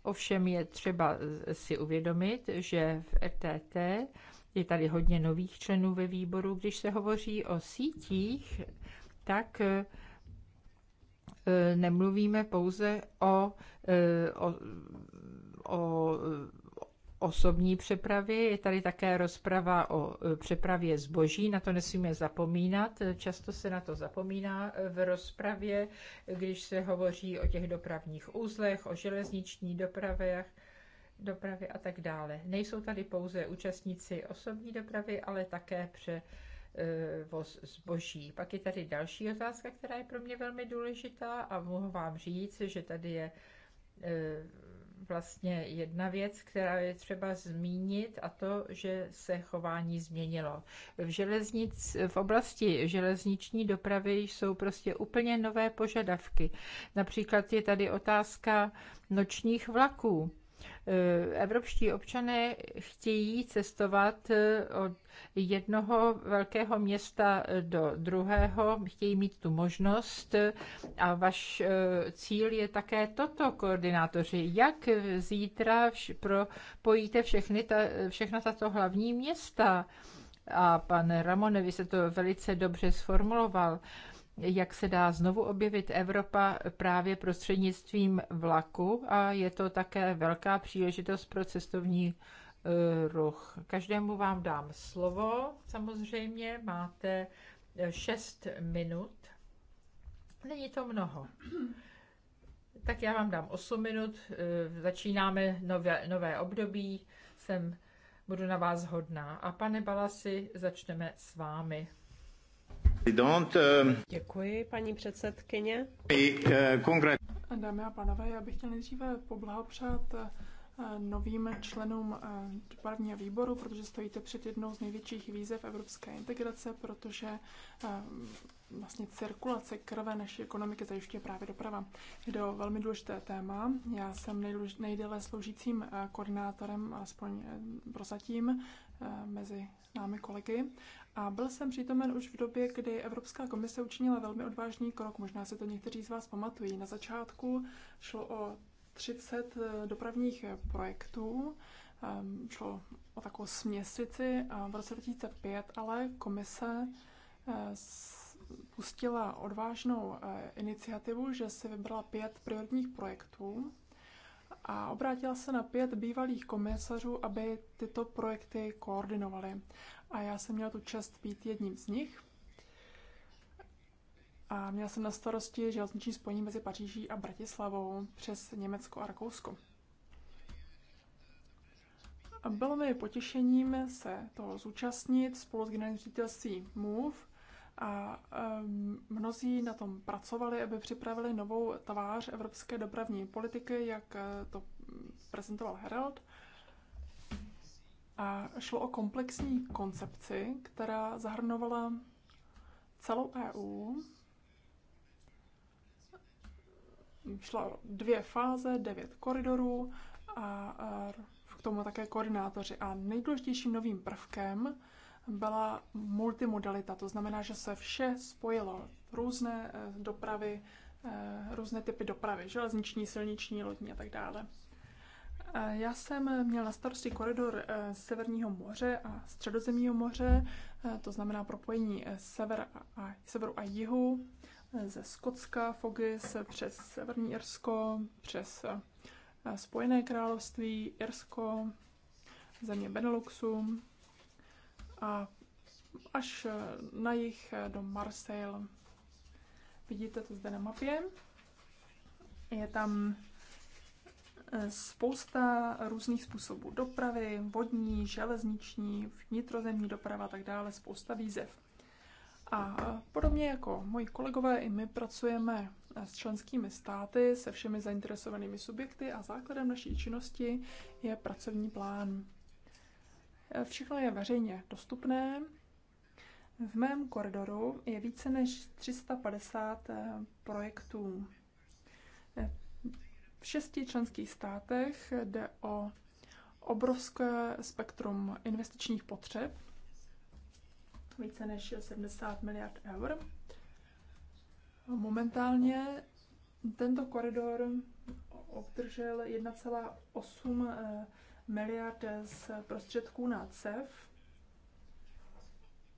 Ovšem je třeba eh, si uvědomit, že v RTT e je tady hodně nových členů ve výboru. Když se hovoří o sítích, tak eh, eh, nemluvíme pouze o, o, o osobní přepravy. Je tady také rozprava o e, přepravě zboží, na to nesmíme zapomínat. Často se na to zapomíná e, v rozpravě, když se hovoří o těch dopravních úzlech, o železniční dopravě, dopravě a tak dále. Nejsou tady pouze účastníci osobní dopravy, ale také pře e, voz zboží. Pak je tady další otázka, která je pro mě velmi důležitá a mohu vám říct, že tady je vlastně jedna věc, která je třeba zmínit, a to, že se chování změnilo. V, železnic, v oblasti železniční dopravy jsou prostě úplně nové požadavky. Například je tady otázka nočních vlaků Eh, evropští občané chtějí cestovat eh, od jednoho velkého města eh, do druhého, chtějí mít tu možnost a vaš cíl je také toto, koordinátoři, jak zítra vš- propojíte všechny ta, všechna tato hlavní města. A pan Ramone, vy se to velice dobře sformuloval jak se dá znovu objevit Evropa právě prostřednictvím vlaku a je to také velká příležitost pro cestovní eh, ruch. Každému vám dám slovo, samozřejmě máte 6 eh, minut. Není to mnoho. Tak já vám dám 8 minut, eh, začínáme nové, nové období, jsem, budu na vás hodná. A pane Balasi, začneme s vámi. Děkuji, paní předsedkyně. A eh, dámy a pánové, já bych chtěl nejdříve poblahopřát eh, novým členům dopravního eh, výboru, protože stojíte před jednou z největších výzev evropské integrace, protože vlastně cirkulace krve naší ekonomiky zajišťuje právě doprava. Jde o velmi důležité téma. Já jsem nejdéle sloužícím koordinátorem, aspoň prozatím, mezi námi kolegy. A byl jsem přítomen už v době, kdy Evropská komise učinila velmi odvážný krok, možná se to někteří z vás pamatují. Na začátku šlo o 30 eh, dopravních projektů, ehm, šlo o takovou směsici a v roce 2005, ale komise eh, pustila odvážnou eh, iniciativu, že si vybrala pět prioritních projektů a obrátila se na pět bývalých komisařů, aby tyto projekty koordinovali a já jsem měla tu čest být jedním z nich. A měla jsem na starosti železniční spojení mezi Paříží a Bratislavou přes Německo a Rakousko. A bylo mi potěšením se toho zúčastnit spolu s generálním ředitelství MOVE a um, mnozí na tom pracovali, aby připravili novou tvář evropské dopravní politiky, jak eh, to prezentoval Herald. A šlo o komplexní koncepci, která zahrnovala celou EU. Šla dvě fáze, devět koridorů a k tomu také koordinátoři. A nejdůležitějším novým prvkem byla multimodalita, to znamená, že se vše spojilo. Různé eh, dopravy, eh, různé typy dopravy, železniční, silniční, lodní a tak dále. Já jsem měl na starosti koridor eh, Severního moře a Středozemního moře, eh, to znamená propojení eh, sever a, severu a jihu ze Skotska, Fogis přes Severní Irsko, přes Spojené království, Irsko, země Beneluxu a až na jich do Marseille. Vidíte to zde na mapě. Je tam spousta různých způsobů dopravy, vodní, železniční, vnitrozemní doprava a tak dále, spousta výzev. A podobně jako moji kolegové, i my pracujeme s členskými státy, se všemi zainteresovanými subjekty a základem naší činnosti je pracovní plán. Všechno je veřejně dostupné. V mém koridoru je více než 350 projektů v šesti členských státech jde o obrovské spektrum investičních potřeb, více než 70 miliard eur. Momentálně tento koridor obdržel 1,8 eh, miliard z prostředků na CEF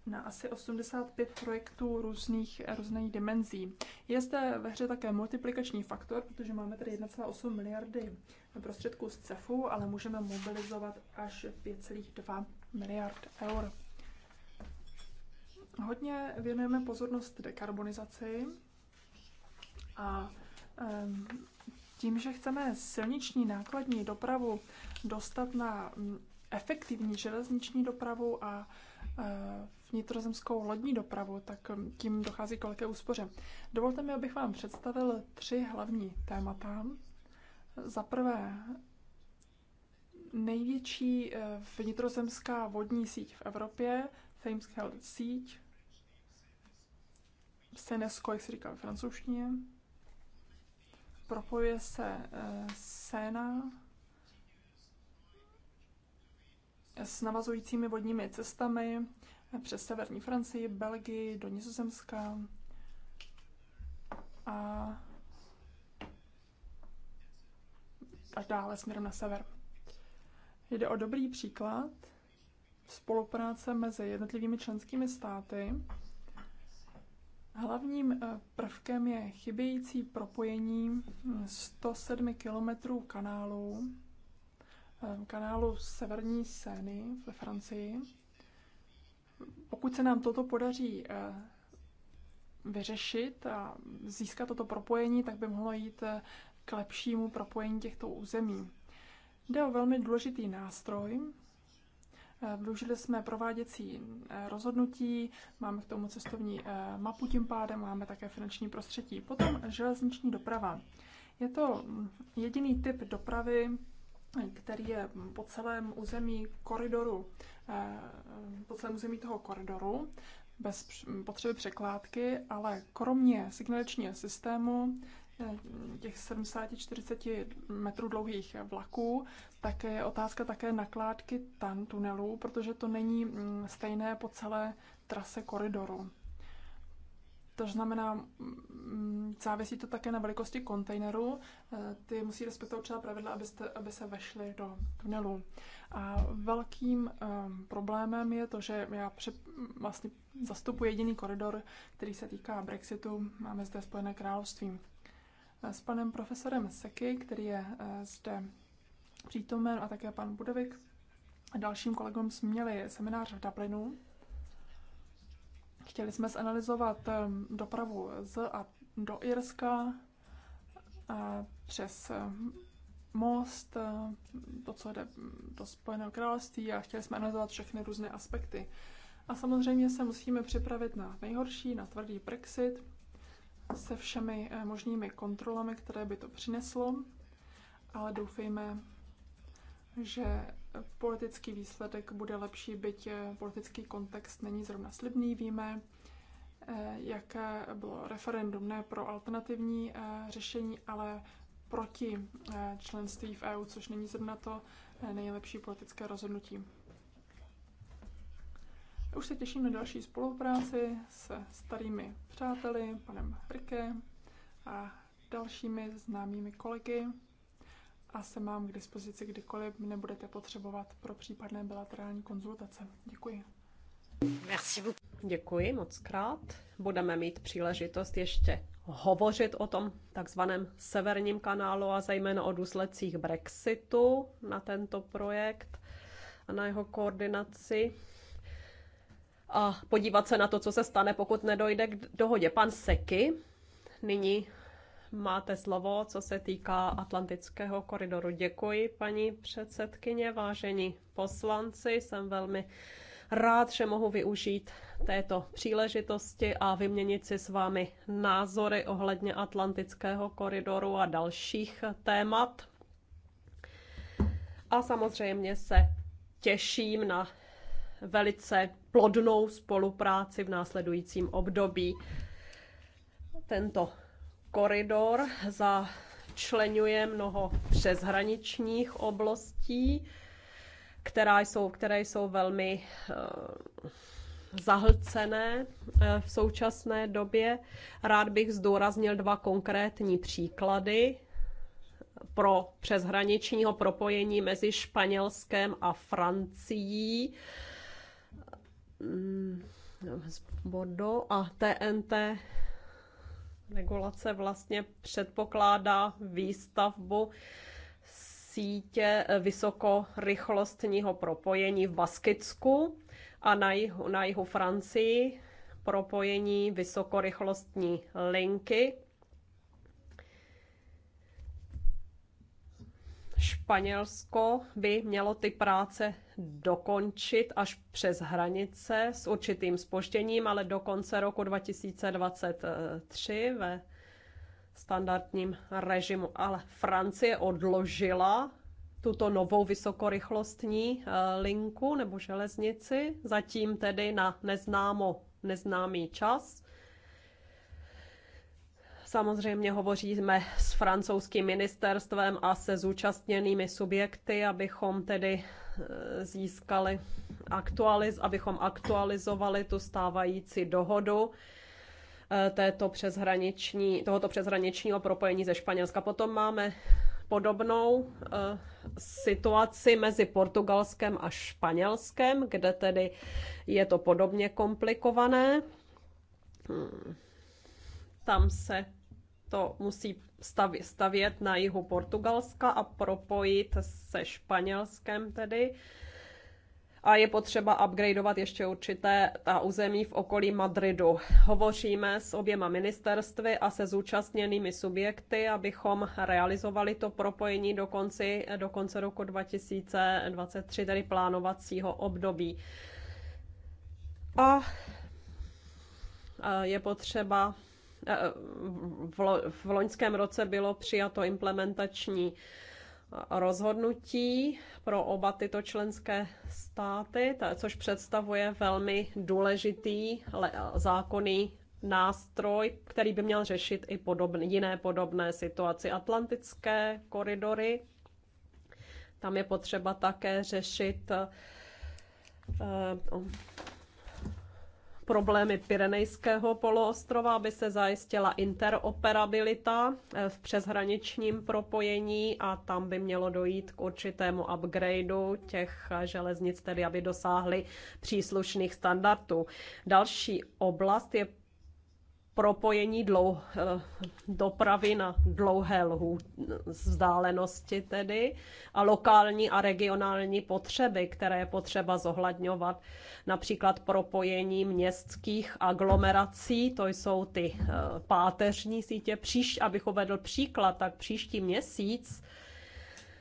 na asi 85 projektů různých, různých dimenzí. Je zde ve hře také multiplikační faktor, protože máme tady 1,8 miliardy prostředků z CEFu, ale můžeme mobilizovat až 5,2 miliard eur. Hodně věnujeme pozornost dekarbonizaci a tím, že chceme silniční nákladní dopravu dostat na efektivní železniční dopravu a eh, vnitrozemskou lodní dopravu, tak um, tím dochází k velké úspoře. Dovolte mi, abych vám představil tři hlavní témata. Za prvé, největší eh, vnitrozemská vodní síť v Evropě, Thames Hell síť, Senesco, jak se říká ve francouzštině, propojuje se eh, Sena s navazujícími vodními cestami, přes severní Francii, Belgii, do Nizozemska. A až dále směrem na sever. Jde o dobrý příklad spolupráce mezi jednotlivými členskými státy. Hlavním eh, prvkem je chybějící propojení 107 hm, km kanálu, eh, kanálu Severní Sény ve Francii, pokud se nám toto podaří eh, vyřešit a získat toto propojení, tak by mohlo jít eh, k lepšímu propojení těchto území. Jde o velmi důležitý nástroj. Eh, využili jsme prováděcí rozhodnutí, máme k tomu cestovní mapu, tím pádem máme také finanční prostředí. Potom železniční doprava. Je to mm, jediný typ dopravy, který je po celém území koridoru, eh, po celém území toho koridoru, bez potřeby překládky, ale kromě signálního systému eh, těch 70-40 metrů dlouhých vlaků, tak je otázka také nakládky tan tunelů, protože to není mm, stejné po celé trase koridoru. To znamená, mm, závisí to také na velikosti kontejneru. Eh, ty musí respektovat třeba pravidla, abyste, aby se vešly do tunelu. A velkým um, problémem je to, že já pře- vlastně zastupuji jediný koridor, který se týká Brexitu. Máme zde Spojené království. Eh, s panem profesorem Seky, který je eh, zde přítomen, a také pan Budovik, a dalším kolegům jsme měli seminář v Dublinu Chtěli jsme zanalizovat ehm, dopravu z a do Irska přes ehm, most, ehm, to, co jde do Spojeného království a chtěli jsme analyzovat všechny různé aspekty. A samozřejmě se musíme připravit na nejhorší, na tvrdý Brexit, se všemi možnými kontrolami, které by to přineslo, ale doufejme, že politický výsledek bude lepší, byť eh, politický kontext není zrovna slibný. Víme, eh, jaké bylo referendum ne pro alternativní eh, řešení, ale proti členství v EU, což není zrovna to nejlepší politické rozhodnutí. Už se těším na další spolupráci se starými přáteli, panem Rike a dalšími známými kolegy a jsem vám k dispozici kdykoliv mě budete potřebovat pro případné bilaterální konzultace. Děkuji. Merci Děkuji moc krát. Budeme mít příležitost ještě hovořit o tom takzvaném severním kanálu a zejména o důsledcích Brexitu na tento projekt a na jeho koordinaci a podívat se na to, co se stane, pokud nedojde k dohodě. Pan Seky nyní máte slovo, co se týká Atlantického koridoru. Děkuji, paní předsedkyně, vážení poslanci, jsem velmi rád, že mohu využít této příležitosti a vyměnit si s vámi názory ohledně Atlantického koridoru a dalších témat. A samozřejmě se těším na velice plodnou spolupráci v následujícím období. Tento koridor začlenuje mnoho přeshraničních oblastí, která jsou, které jsou velmi eh, zahlcené eh, v současné době. Rád bych zdůraznil dva konkrétní příklady pro přeshraničního propojení mezi Španělskem a Francií. Mm, Bordeaux a TNT Regulace vlastně předpokládá výstavbu sítě vysokorychlostního propojení v Baskicku a na jihu, na jihu Francii propojení vysokorychlostní linky Španělsko by mělo ty práce dokončit až přes hranice s určitým spožděním, ale do konce roku 2023 ve standardním režimu. Ale Francie odložila tuto novou vysokorychlostní eh, linku nebo železnici, zatím tedy na neznámo, neznámý čas. Samozřejmě hovoříme s francouzským ministerstvem a se zúčastněnými subjekty, abychom tedy e, získali aktualiz, abychom aktualizovali tu stávající dohodu e, této přeshraniční, tohoto přeshraničního propojení ze Španělska. Potom máme podobnou e, situaci mezi Portugalskem a Španělskem, kde tedy je to podobně komplikované. Hmm. Tam se to musí stavět na jihu Portugalska a propojit se Španělskem tedy. A je potřeba upgradeovat ještě určité ta území v okolí Madridu. Hovoříme s oběma ministerstvy a se zúčastněnými subjekty, abychom realizovali to propojení do, konci, do konce roku 2023, tedy plánovacího období. A je potřeba v loňském roce bylo přijato implementační rozhodnutí pro oba tyto členské státy, což představuje velmi důležitý zákonný nástroj, který by měl řešit i podobné, jiné podobné situaci. Atlantické koridory, tam je potřeba také řešit eh, problémy Pirenejského poloostrova, aby se zajistila interoperabilita eh, v přeshraničním propojení a tam by mělo dojít k určitému upgradeu těch eh, železnic, tedy aby dosáhly příslušných standardů. Další oblast je propojení dlou, eh, dopravy na dlouhé lhů, vzdálenosti tedy a lokální a regionální potřeby, které je potřeba zohledňovat, například propojení městských aglomerací, to jsou ty eh, páteřní sítě. Příš, abych uvedl příklad, tak příští měsíc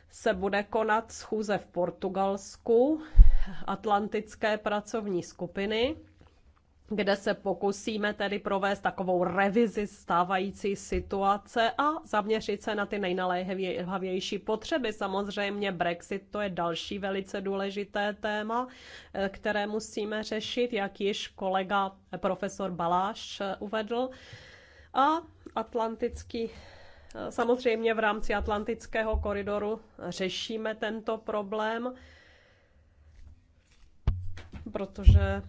se bude konat schůze v Portugalsku Atlantické pracovní skupiny, kde se pokusíme tedy provést takovou revizi stávající situace a zaměřit se na ty nejnaléhavější potřeby. Samozřejmě Brexit to je další velice důležité téma, eh, které musíme řešit, jak již kolega profesor Baláš eh, uvedl. A Atlantický eh, Samozřejmě v rámci Atlantického koridoru řešíme tento problém, protože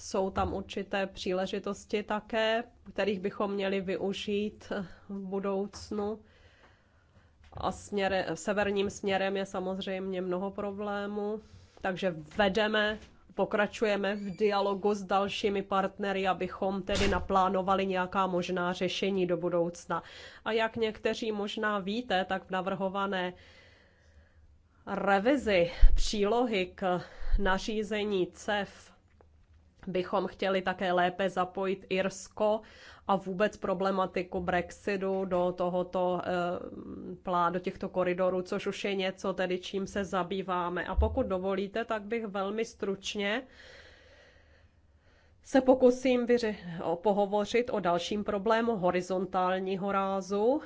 jsou tam určité příležitosti také, kterých bychom měli využít v budoucnu. A směre, severním směrem je samozřejmě mnoho problémů, takže vedeme, pokračujeme v dialogu s dalšími partnery, abychom tedy naplánovali nějaká možná řešení do budoucna. A jak někteří možná víte, tak v navrhované revizi přílohy k nařízení CEF bychom chtěli také lépe zapojit Irsko a vůbec problematiku Brexitu do tohoto eh, plá, do těchto koridorů, což už je něco tedy, čím se zabýváme. A pokud dovolíte, tak bych velmi stručně se pokusím vyři- pohovořit o dalším problému horizontálního rázu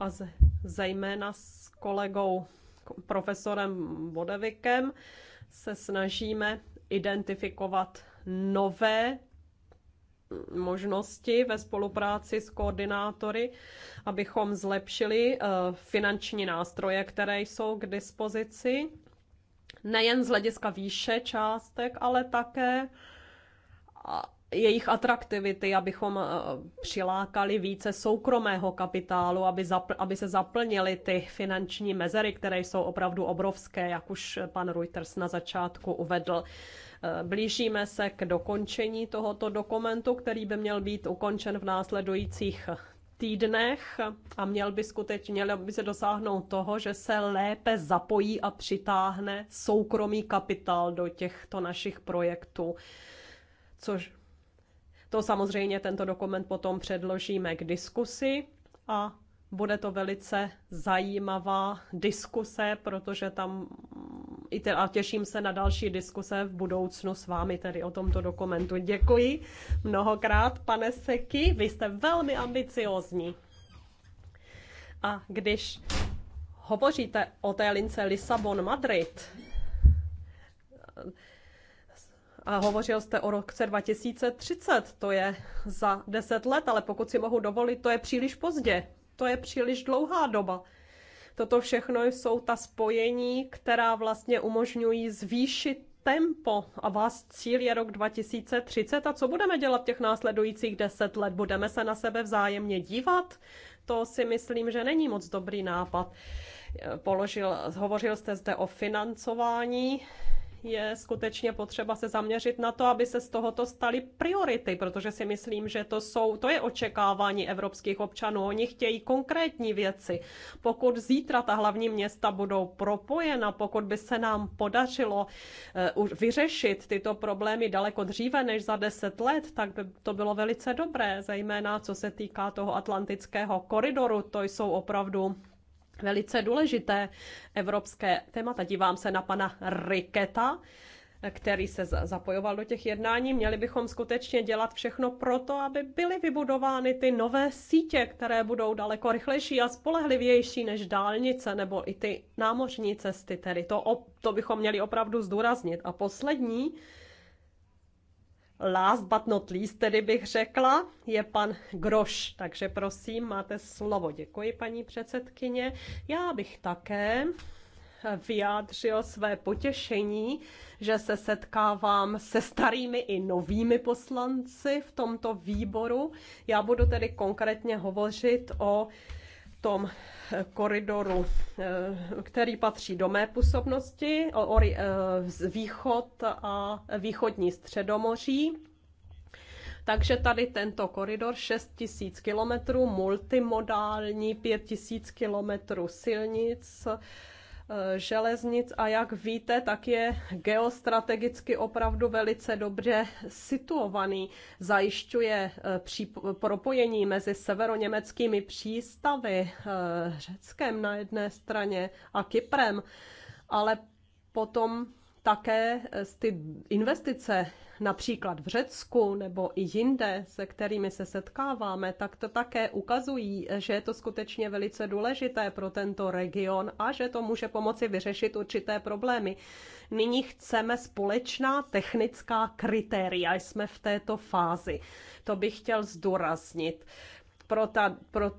a z- zejména s kolegou profesorem Bodevikem se snažíme identifikovat nové možnosti ve spolupráci s koordinátory, abychom zlepšili eh, finanční nástroje, které jsou k dispozici, nejen z hlediska výše částek, ale také jejich atraktivity, abychom eh, přilákali více soukromého kapitálu, aby, zapl- aby se zaplnily ty finanční mezery, které jsou opravdu obrovské, jak už pan Reuters na začátku uvedl. Eh, blížíme se k dokončení tohoto dokumentu, který by měl být ukončen v následujících týdnech a měl by skutečně měl by se dosáhnout toho, že se lépe zapojí a přitáhne soukromý kapitál do těchto našich projektů. Což to samozřejmě tento dokument potom předložíme k diskusi a bude to velice zajímavá diskuse, protože tam i a těším se na další diskuse v budoucnu s vámi tedy o tomto dokumentu. Děkuji mnohokrát, pane Seky, vy jste velmi ambiciozní. A když hovoříte o té lince Lisabon-Madrid, a hovořil jste o roce 2030, to je za 10 let, ale pokud si mohu dovolit, to je příliš pozdě, to je příliš dlouhá doba. Toto všechno jsou ta spojení, která vlastně umožňují zvýšit tempo a vás cíl je rok 2030 a co budeme dělat těch následujících deset let? Budeme se na sebe vzájemně dívat? To si myslím, že není moc dobrý nápad. Položil, hovořil jste zde o financování je skutečně potřeba se zaměřit na to, aby se z tohoto staly priority, protože si myslím, že to jsou, to je očekávání evropských občanů. Oni chtějí konkrétní věci. Pokud zítra ta hlavní města budou propojena, pokud by se nám podařilo eh, vyřešit tyto problémy daleko dříve než za deset let, tak by to bylo velice dobré, zejména co se týká toho atlantického koridoru. To jsou opravdu velice důležité evropské témata. Dívám se na pana Riketa, který se zapojoval do těch jednání. Měli bychom skutečně dělat všechno pro to, aby byly vybudovány ty nové sítě, které budou daleko rychlejší a spolehlivější než dálnice nebo i ty námořní cesty. Tedy to, to bychom měli opravdu zdůraznit. A poslední, last but not least, tedy bych řekla, je pan Groš. Takže prosím, máte slovo. Děkuji, paní předsedkyně. Já bych také vyjádřil své potěšení, že se setkávám se starými i novými poslanci v tomto výboru. Já budu tedy konkrétně hovořit o tom eh, koridoru, eh, který patří do mé působnosti, eh, z východ a východní středomoří. Takže tady tento koridor 6000 km, multimodální 5000 km silnic, Eh, železnic a jak víte, tak je geostrategicky opravdu velice dobře situovaný. Zajišťuje eh, propojení mezi severoněmeckými přístavy, eh, Řeckem na jedné straně a Kyprem, ale potom také ty investice například v Řecku nebo i jinde, se kterými se setkáváme, tak to také ukazují, že je to skutečně velice důležité pro tento region a že to může pomoci vyřešit určité problémy. Nyní chceme společná technická kritéria, jsme v této fázi. To bych chtěl zdůraznit. Pro ta, pro,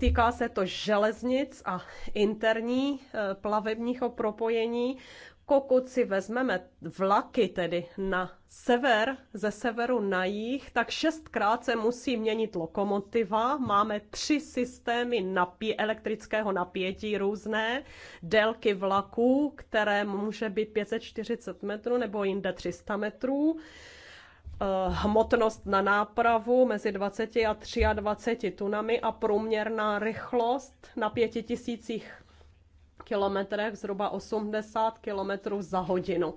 týká se to železnic a interní eh, plavebního propojení. Pokud si vezmeme vlaky tedy na sever, ze severu na jih, tak šestkrát se musí měnit lokomotiva. Máme tři systémy napí- elektrického napětí různé, délky vlaků, které může být 540 metrů nebo jinde 300 metrů eh, hmotnost na nápravu mezi 20 a 23 tunami a průměrná rychlost na 5000 kilometrech zhruba 80 km za hodinu.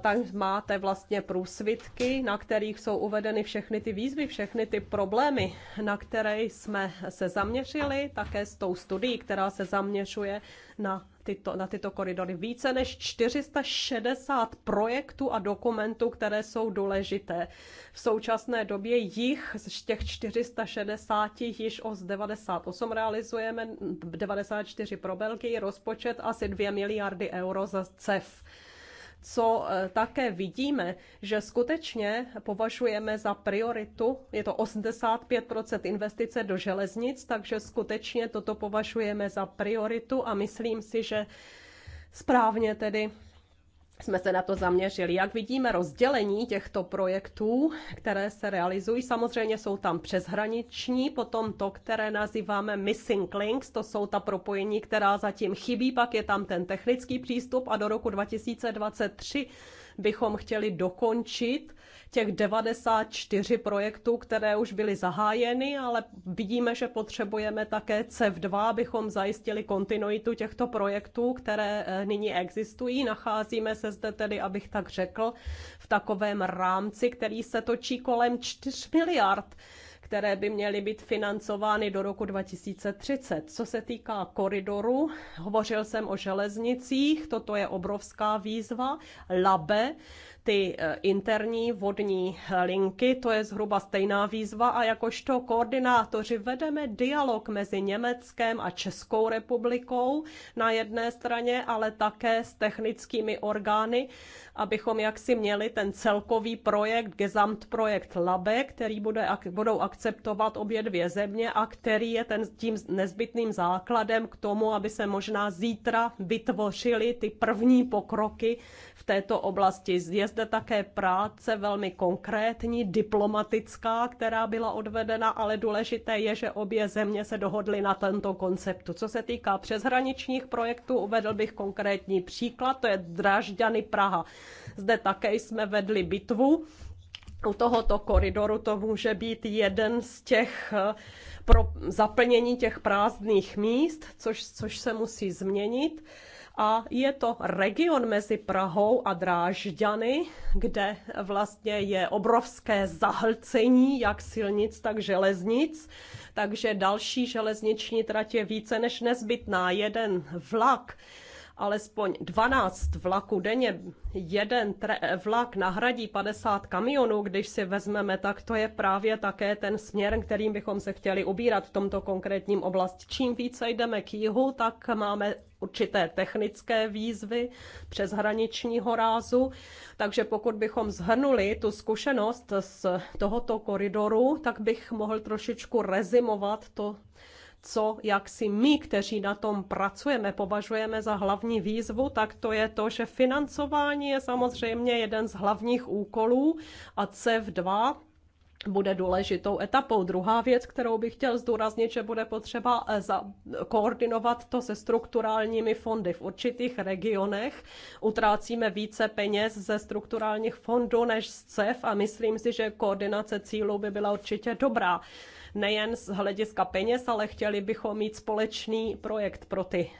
Tak máte vlastně průsvitky, na kterých jsou uvedeny všechny ty výzvy, všechny ty problémy, na které jsme se zaměřili, také s tou studií, která se zaměřuje na tyto, na tyto koridory. Více než 460 projektů a dokumentů, které jsou důležité. V současné době jich z těch 460 již o z 98 realizujeme, 94 pro Belgii, rozpočet asi 2 miliardy euro za CEF co eh, také vidíme, že skutečně považujeme za prioritu, je to 85 investice do železnic, takže skutečně toto považujeme za prioritu a myslím si, že správně tedy jsme se na to zaměřili. Jak vidíme rozdělení těchto projektů, které se realizují, samozřejmě jsou tam přeshraniční, potom to, které nazýváme missing links, to jsou ta propojení, která zatím chybí, pak je tam ten technický přístup a do roku 2023 bychom chtěli dokončit těch 94 projektů, které už byly zahájeny, ale vidíme, že potřebujeme také CEF2, abychom zajistili kontinuitu těchto projektů, které eh, nyní existují. Nacházíme se zde tedy, abych tak řekl, v takovém rámci, který se točí kolem 4 miliard které by měly být financovány do roku 2030. Co se týká koridoru, hovořil jsem o železnicích, toto je obrovská výzva. Labe, ty eh, interní vodní linky, to je zhruba stejná výzva a jakožto koordinátoři vedeme dialog mezi Německém a Českou republikou na jedné straně, ale také s technickými orgány, abychom jaksi měli ten celkový projekt, Gesamtprojekt LABE, který bude, budou akceptovat obě dvě země a který je ten, tím nezbytným základem k tomu, aby se možná zítra vytvořily ty první pokroky v této oblasti. Je zde také práce velmi konkrétní, diplomatická, která byla odvedena, ale důležité je, že obě země se dohodly na tento konceptu. Co se týká přeshraničních projektů, uvedl bych konkrétní příklad, to je Dražďany Praha. Zde také jsme vedli bitvu. U tohoto koridoru to může být jeden z těch eh, pro zaplnění těch prázdných míst, což, což se musí změnit. A je to region mezi Prahou a Drážďany, kde vlastně je obrovské zahlcení jak silnic, tak železnic. Takže další železniční trať je více než nezbytná. Jeden vlak alespoň 12 vlaků denně, jeden vlak nahradí 50 kamionů, když si vezmeme, tak to je právě také ten směr, kterým bychom se chtěli ubírat v tomto konkrétním oblasti. Čím více jdeme k jihu, tak máme určité technické výzvy přes přeshraničního rázu. Takže pokud bychom zhrnuli tu zkušenost z tohoto koridoru, tak bych mohl trošičku rezimovat to, co jak si my, kteří na tom pracujeme, považujeme za hlavní výzvu, tak to je to, že financování je samozřejmě jeden z hlavních úkolů a CEF2 bude důležitou etapou. Druhá věc, kterou bych chtěl zdůraznit, že bude potřeba eh, za, koordinovat to se strukturálními fondy. V určitých regionech utrácíme více peněz ze strukturálních fondů než z CEF a myslím si, že koordinace cílů by byla určitě dobrá nejen z hlediska peněz, ale chtěli bychom mít společný projekt pro ty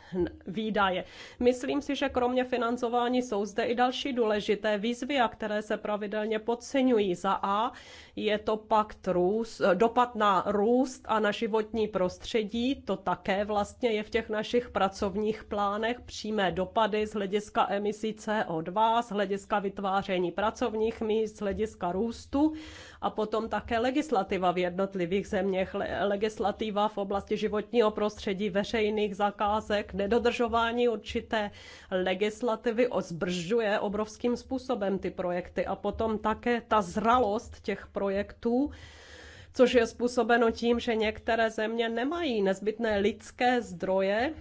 výdaje. Myslím si, že kromě financování jsou zde i další důležité výzvy, a které se pravidelně podceňují. Za A je to pakt růst, dopad na růst a na životní prostředí, to také vlastně je v těch našich pracovních plánech, přímé dopady z hlediska emisí CO2, z hlediska vytváření pracovních míst, z hlediska růstu a potom také legislativa v jednotlivých zeměch, legislativa v oblasti životního prostředí, veřejných zakázek, nedodržování určité legislativy ozbržuje obrovským způsobem ty projekty a potom také ta zralost těch projektů projektů, což je způsobeno tím, že některé země nemají nezbytné lidské zdroje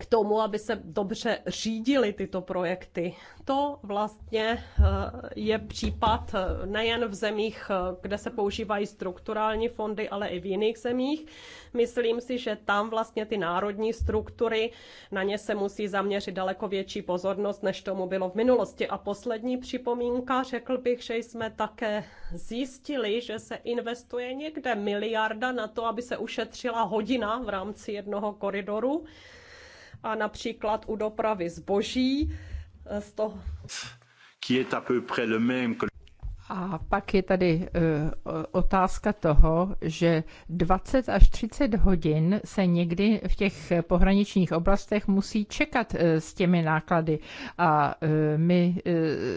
k tomu, aby se dobře řídily tyto projekty. To vlastně eh, je případ eh, nejen v zemích, eh, kde se používají strukturální fondy, ale i v jiných zemích. Myslím si, že tam vlastně ty národní struktury, na ně se musí zaměřit daleko větší pozornost, než tomu bylo v minulosti. A poslední připomínka, řekl bych, že jsme také zjistili, že se investuje někde miliarda na to, aby se ušetřila hodina v rámci jednoho koridoru a například u dopravy zboží eh, z toho, qui est à peu près le même que a pak je tady e, otázka toho, že 20 až 30 hodin se někdy v těch pohraničních oblastech musí čekat e, s těmi náklady. A e, my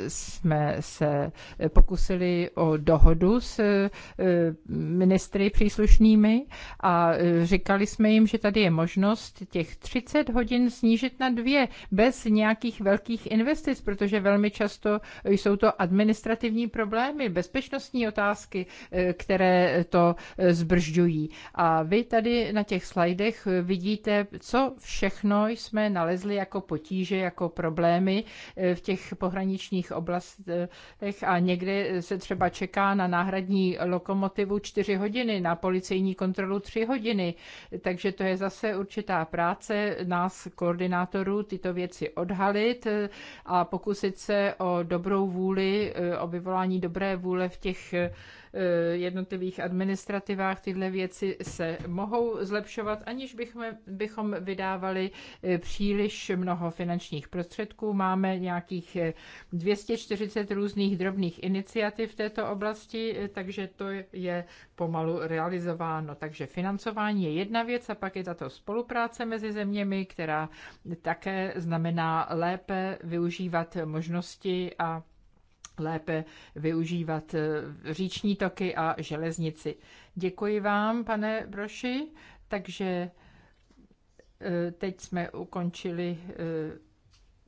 jsme se pokusili o dohodu s ministry příslušnými a říkali jsme jim, že tady je možnost těch 30 hodin snížit na dvě bez nějakých velkých investic, protože velmi často jsou to administrativní problémy problémy, bezpečnostní otázky, eh, které to eh, zbržďují. A vy tady na těch slajdech vidíte, co všechno jsme nalezli jako potíže, jako problémy eh, v těch pohraničních oblastech a někde se třeba čeká na náhradní lokomotivu 4 hodiny, na policejní kontrolu 3 hodiny, takže to je zase určitá práce nás, koordinátorů, tyto věci odhalit a pokusit se o dobrou vůli, o vyvolání dobrou dobré vůle v těch eh, jednotlivých administrativách tyhle věci se mohou zlepšovat, aniž bychom, bychom vydávali eh, příliš mnoho finančních prostředků. Máme nějakých 240 eh, různých drobných iniciativ v této oblasti, takže to je pomalu realizováno. Takže financování je jedna věc a pak je tato spolupráce mezi zeměmi, která také znamená lépe využívat možnosti a lépe využívat eh, říční toky a železnici. Děkuji vám, pane Broši. Takže eh, teď jsme ukončili eh,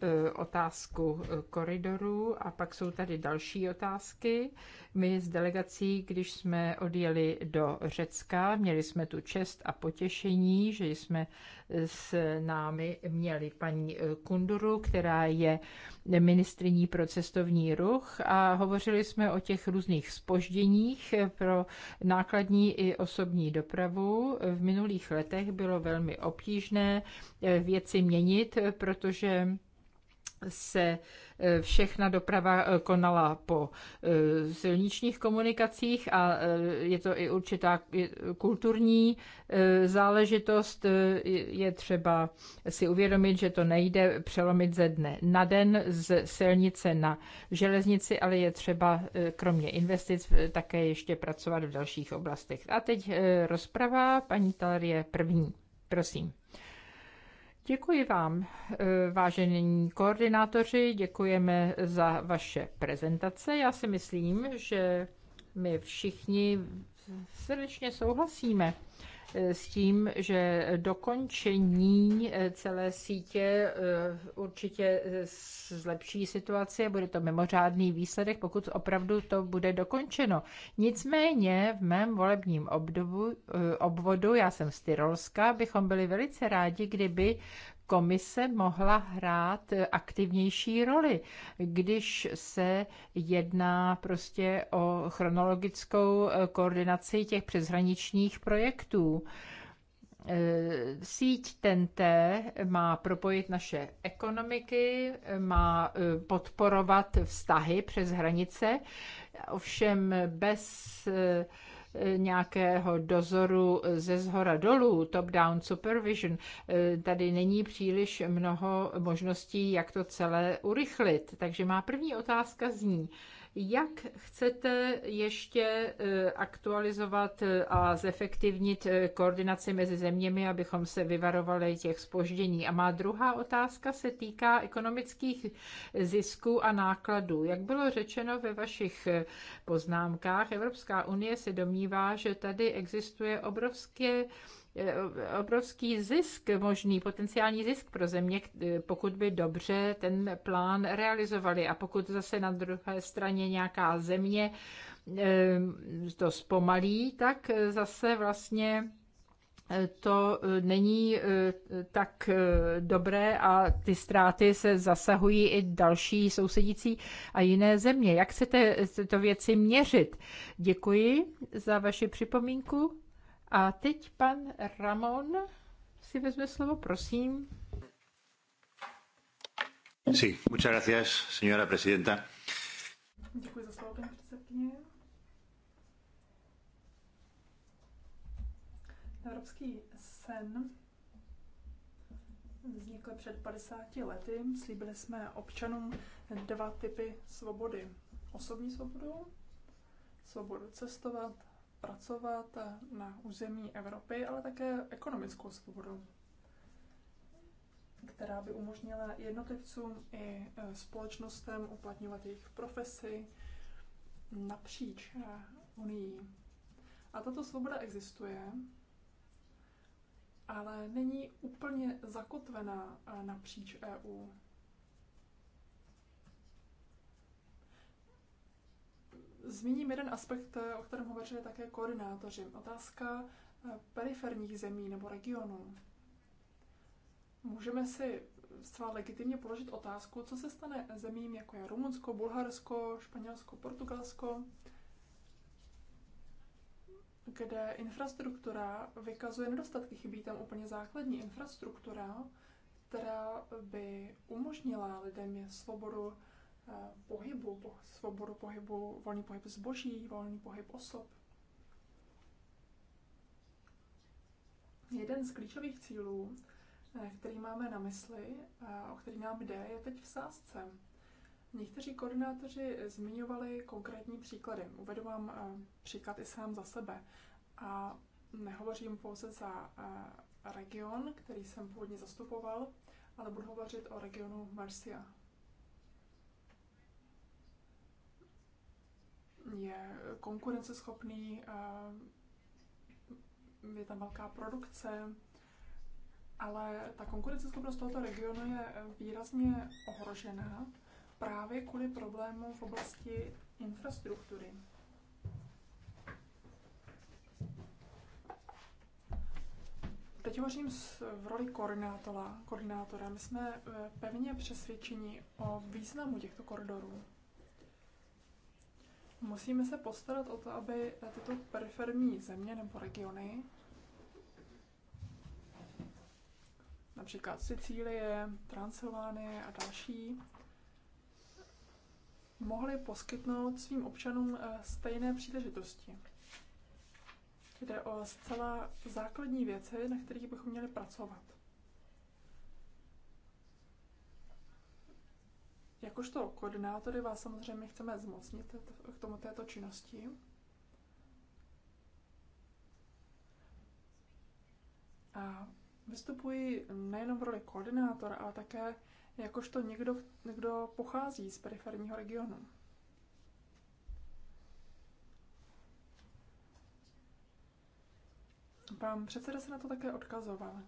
E, otázku e, koridoru a pak jsou tady další otázky. My s delegací, když jsme odjeli do Řecka, měli jsme tu čest a potěšení, že jsme s námi měli paní e, Kunduru, která je ministriní pro cestovní ruch a hovořili jsme o těch různých spožděních pro nákladní i osobní dopravu. V minulých letech bylo velmi obtížné věci měnit, protože se eh, všechna doprava eh, konala po eh, silničních komunikacích a je to i určitá kulturní záležitost. Je třeba si uvědomit, že to nejde přelomit ze dne na den z silnice na železnici, ale je třeba kromě investic také ještě pracovat v dalších oblastech. A teď rozprava, paní Talerie, první. Prosím. Děkuji vám, eh, vážení koordinátoři, děkujeme za vaše prezentace. Já si myslím, že my všichni srdečně souhlasíme s tím, že dokončení eh, celé sítě eh, určitě eh, zlepší situaci a bude to mimořádný výsledek, pokud opravdu to bude dokončeno. Nicméně v mém volebním obdobu, obvodu, já jsem z Tyrolska, bychom byli velice rádi, kdyby komise mohla hrát aktivnější roli, když se jedná prostě o chronologickou eh, koordinaci těch přeshraničních projektů. Eh, síť TNT má propojit naše ekonomiky, má eh, podporovat vztahy přes hranice, ovšem bez Eh, nějakého dozoru eh, ze zhora dolů, top-down supervision, eh, tady není příliš mnoho možností, jak to celé urychlit. Takže má první otázka zní, jak chcete ještě eh, aktualizovat eh, a zefektivnit eh, koordinaci mezi zeměmi, abychom se vyvarovali těch spoždění? A má druhá otázka se týká ekonomických zisků a nákladů. Jak bylo řečeno ve vašich poznámkách, Evropská unie se domnívá, že tady existuje obrovské Eh, obrovský zisk, možný potenciální zisk pro země, eh, pokud by dobře ten plán realizovali. A pokud zase na druhé straně nějaká země eh, to zpomalí, tak zase vlastně to není tak dobré a ty ztráty se zasahují i další sousedící a jiné země. Jak chcete tyto věci měřit? Děkuji za vaši připomínku. A teď pan Ramon si vezme slovo, prosím. Sí, muchas gracias, señora presidenta. Děkuji za slovo, paní předsedkyně. Evropský sen vznikl před 50 lety. Slíbili jsme občanům dva typy svobody. Osobní svobodu, svobodu cestovat pracovat na území Evropy, ale také ekonomickou svobodu, která by umožnila jednotlivcům i e, společnostem uplatňovat jejich profesy napříč e, Unii. A tato svoboda existuje, ale není úplně zakotvená e, napříč EU. Zmíním jeden aspekt, eh, o kterém hovořili také koordinátoři. Otázka eh, periferních zemí nebo regionů. Můžeme si zcela legitimně položit otázku, co se stane zemím, jako je Rumunsko, Bulharsko, Španělsko, Portugalsko, kde infrastruktura vykazuje nedostatky, chybí tam úplně základní infrastruktura, která by umožnila lidem svobodu Eh, pohybu, svobodu pohybu, volný pohyb zboží, volný pohyb osob. Jeden z klíčových cílů, eh, který máme na mysli, eh, o který nám jde, je teď v sázce. Někteří koordinátoři zmiňovali konkrétní příklady. Uvedu vám příklad i sám za sebe. A nehovořím pouze za region, který jsem původně zastupoval, ale budu hovořit o regionu Marcia. je konkurenceschopný, eh, je tam velká produkce, ale ta konkurenceschopnost tohoto regionu je eh, výrazně ohrožená právě kvůli problémům v oblasti infrastruktury. Teď hovořím v roli koordinátora. koordinátora. My jsme eh, pevně přesvědčeni o významu těchto koridorů musíme se postarat o to, aby tyto periferní země nebo regiony, například Sicílie, Transylvánie a další, mohly poskytnout svým občanům eh, stejné příležitosti. Jde o zcela základní věci, na kterých bychom měli pracovat. Jakožto koordinátory vás samozřejmě chceme zmocnit k tomu této činnosti. A vystupuji nejenom v roli koordinátora, ale také jakožto někdo, kdo pochází z periferního regionu. Pán předseda se na to také odkazoval.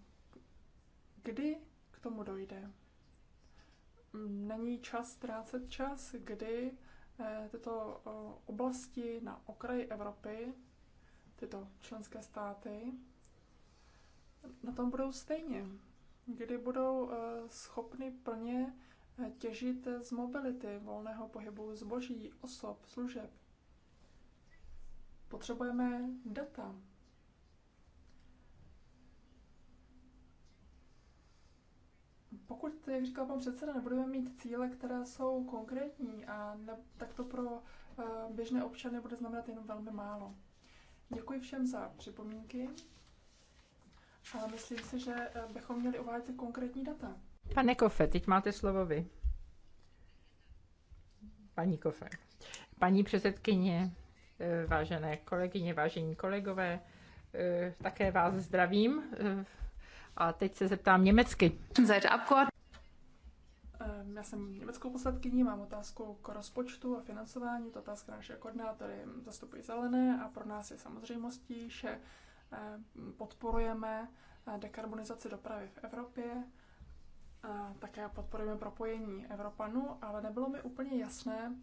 Kdy k tomu dojde? není čas ztrácet čas, kdy eh, tyto oblasti na okraji Evropy, tyto členské státy, na tom budou stejně, kdy budou eh, schopny plně eh, těžit z mobility, volného pohybu zboží, osob, služeb. Potřebujeme data, pokud, jak říkal pan předseda, nebudeme mít cíle, které jsou konkrétní, a ne, tak to pro eh, běžné občany bude znamenat jenom velmi málo. Děkuji všem za připomínky, ale myslím si, že eh, bychom měli uvádět konkrétní data. Pane Kofe, teď máte slovo vy. Paní Kofe. Paní předsedkyně, eh, vážené kolegyně, vážení kolegové, také vás zdravím a teď se zeptám německy. Ehm, já jsem německou posledkyní, mám otázku k rozpočtu a financování. To otázka naše koordinátory zastupují zelené a pro nás je samozřejmostí, že ehm, podporujeme eh, dekarbonizaci dopravy v Evropě. A také podporujeme propojení Evropanů, ale nebylo mi úplně jasné,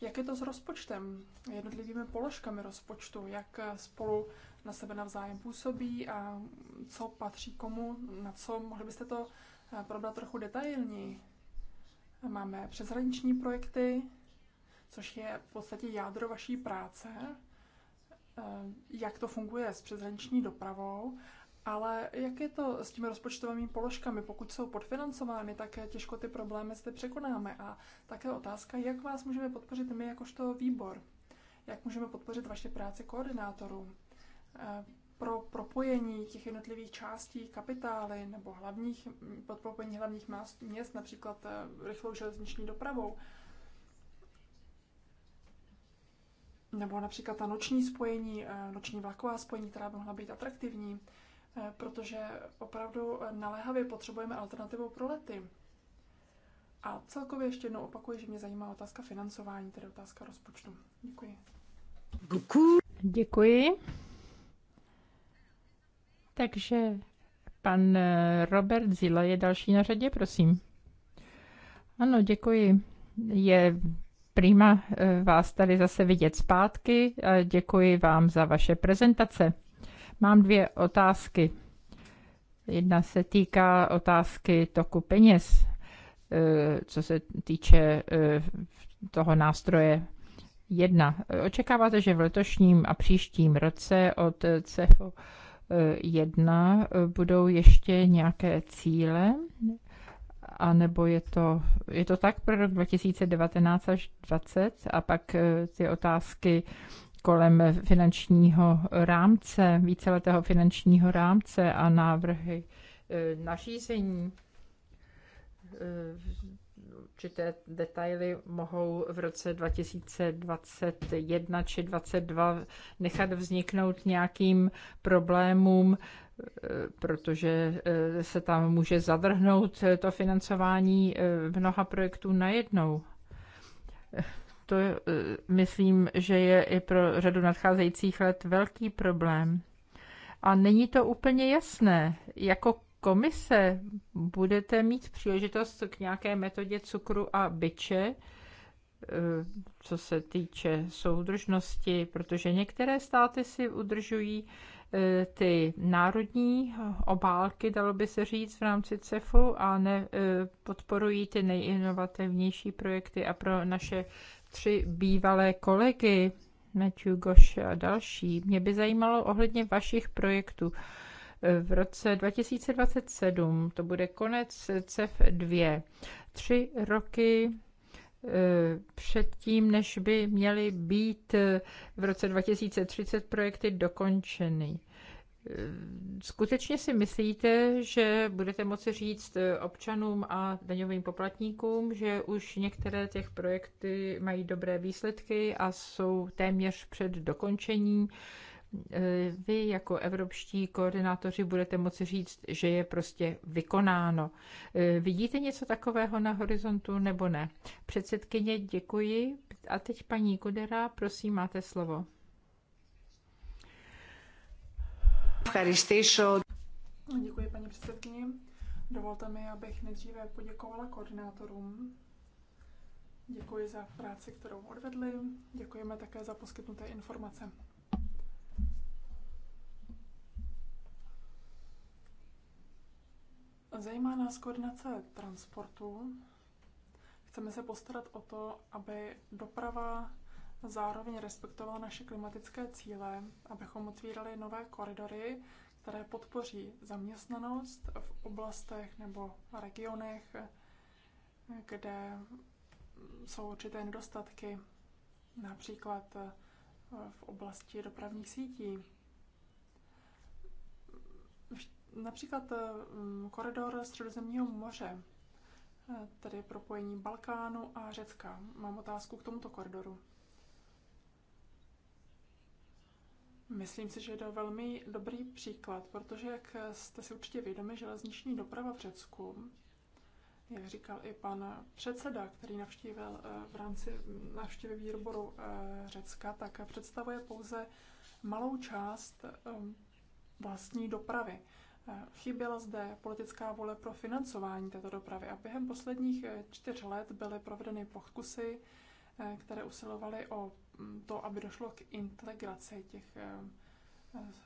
jak je to s rozpočtem, jednotlivými položkami rozpočtu, jak eh, spolu na sebe navzájem působí a co patří komu, na co, mohli byste to eh, probrat trochu detailněji. Máme přeshraniční projekty, což je v podstatě jádro vaší práce, eh, jak to funguje s přeshraniční dopravou ale jak je to s těmi rozpočtovými položkami? Pokud jsou podfinancovány, tak těžko ty problémy zde překonáme. A také otázka, jak vás můžeme podpořit my jakožto výbor? Jak můžeme podpořit vaše práci koordinátorů? Eh, pro propojení těch jednotlivých částí kapitály nebo hlavních, podpojení hlavních měst, například eh, rychlou železniční dopravou, nebo například ta noční spojení, eh, noční vlaková spojení, která by mohla být atraktivní. Eh, protože opravdu eh, naléhavě potřebujeme alternativu pro lety. A celkově ještě jednou opakuji, že mě zajímá otázka financování, tedy otázka rozpočtu. Děkuji. Děkuji. Takže pan eh, Robert Zila je další na řadě, prosím. Ano, děkuji. Je prima vás tady zase vidět zpátky. Děkuji vám za vaše prezentace. Mám dvě otázky. Jedna se týká otázky toku peněz, eh, co se týče eh, toho nástroje jedna. Očekáváte, že v letošním a příštím roce od CEFO 1 eh, budou ještě nějaké cíle? A nebo je to, je to tak pro rok 2019 až 20 a pak ty otázky kolem finančního rámce, víceletého finančního rámce a návrhy e, nařízení. E, určité detaily mohou v roce 2021 či 2022 nechat vzniknout nějakým problémům, e, protože se tam může zadrhnout to financování mnoha projektů najednou to e, myslím, že je i pro řadu nadcházejících let velký problém. A není to úplně jasné, jako komise budete mít příležitost k nějaké metodě cukru a byče, e, co se týče soudržnosti, protože některé státy si udržují e, ty národní obálky, dalo by se říct, v rámci CEFu a ne podporují ty nejinovativnější projekty a pro naše tři bývalé kolegy, Matthew Goš a další. Mě by zajímalo ohledně vašich projektů. V roce 2027 to bude konec CEF 2. Tři roky eh, předtím, než by měly být v roce 2030 projekty dokončeny. Skutečně si myslíte, že budete moci říct eh, občanům a daňovým poplatníkům, že už některé těch projekty mají dobré výsledky a jsou téměř před dokončením? Eh, Vy jako evropští koordinátoři budete moci říct, že je prostě vykonáno. Eh, Vidíte něco takového na horizontu nebo ne? Předsedkyně, děkuji. A teď paní Kudera, prosím, máte slovo. Děkuji, paní předsedkyně. Dovolte mi, abych nejdříve poděkovala koordinátorům. Děkuji za práci, kterou odvedli. Děkujeme také za poskytnuté informace. Zajímá nás koordinace transportu. Chceme se postarat o to, aby doprava zároveň respektovala naše klimatické cíle, abychom otvírali nové koridory, které podpoří zaměstnanost v oblastech nebo regionech, kde jsou určité nedostatky, například eh, v oblasti dopravních sítí. Například eh, mm, koridor Středozemního moře, eh, tedy propojení Balkánu a Řecka. Mám otázku k tomuto koridoru. Myslím si, že je to velmi dobrý příklad, protože jak jste si určitě vědomi, železniční doprava v Řecku, jak říkal i pan předseda, který navštívil eh, v rámci navštívy výboru eh, Řecka, tak představuje pouze malou část eh, vlastní dopravy. Chyběla zde politická vůle pro financování této dopravy a během posledních čtyř let byly provedeny pokusy, které usilovaly o to, aby došlo k integraci těch eh,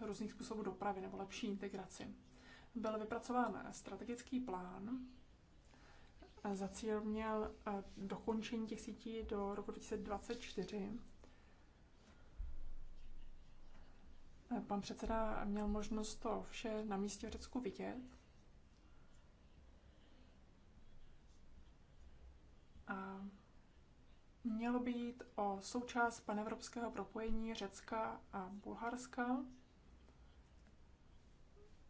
eh, různých způsobů dopravy nebo lepší integraci. Byl vypracován strategický plán, za cíl měl eh, dokončení těch sítí do roku 2024. Pan předseda měl možnost to vše na místě v Řecku vidět. A mělo by jít o součást panevropského propojení Řecka a Bulharska,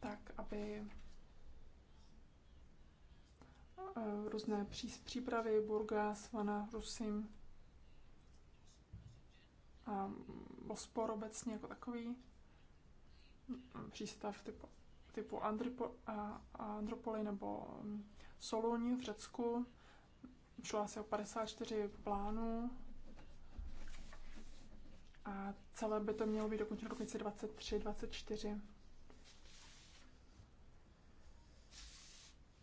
tak aby eh, různé přípravy Burga, Svana, Rusim a ehm, Bospor obecně jako takový, mm, přístav typu, typu Andripo, a, Andropoly nebo mm, Soluň v Řecku, Šlo asi o 54 plánů a celé by to mělo být dokončeno roku 2023 24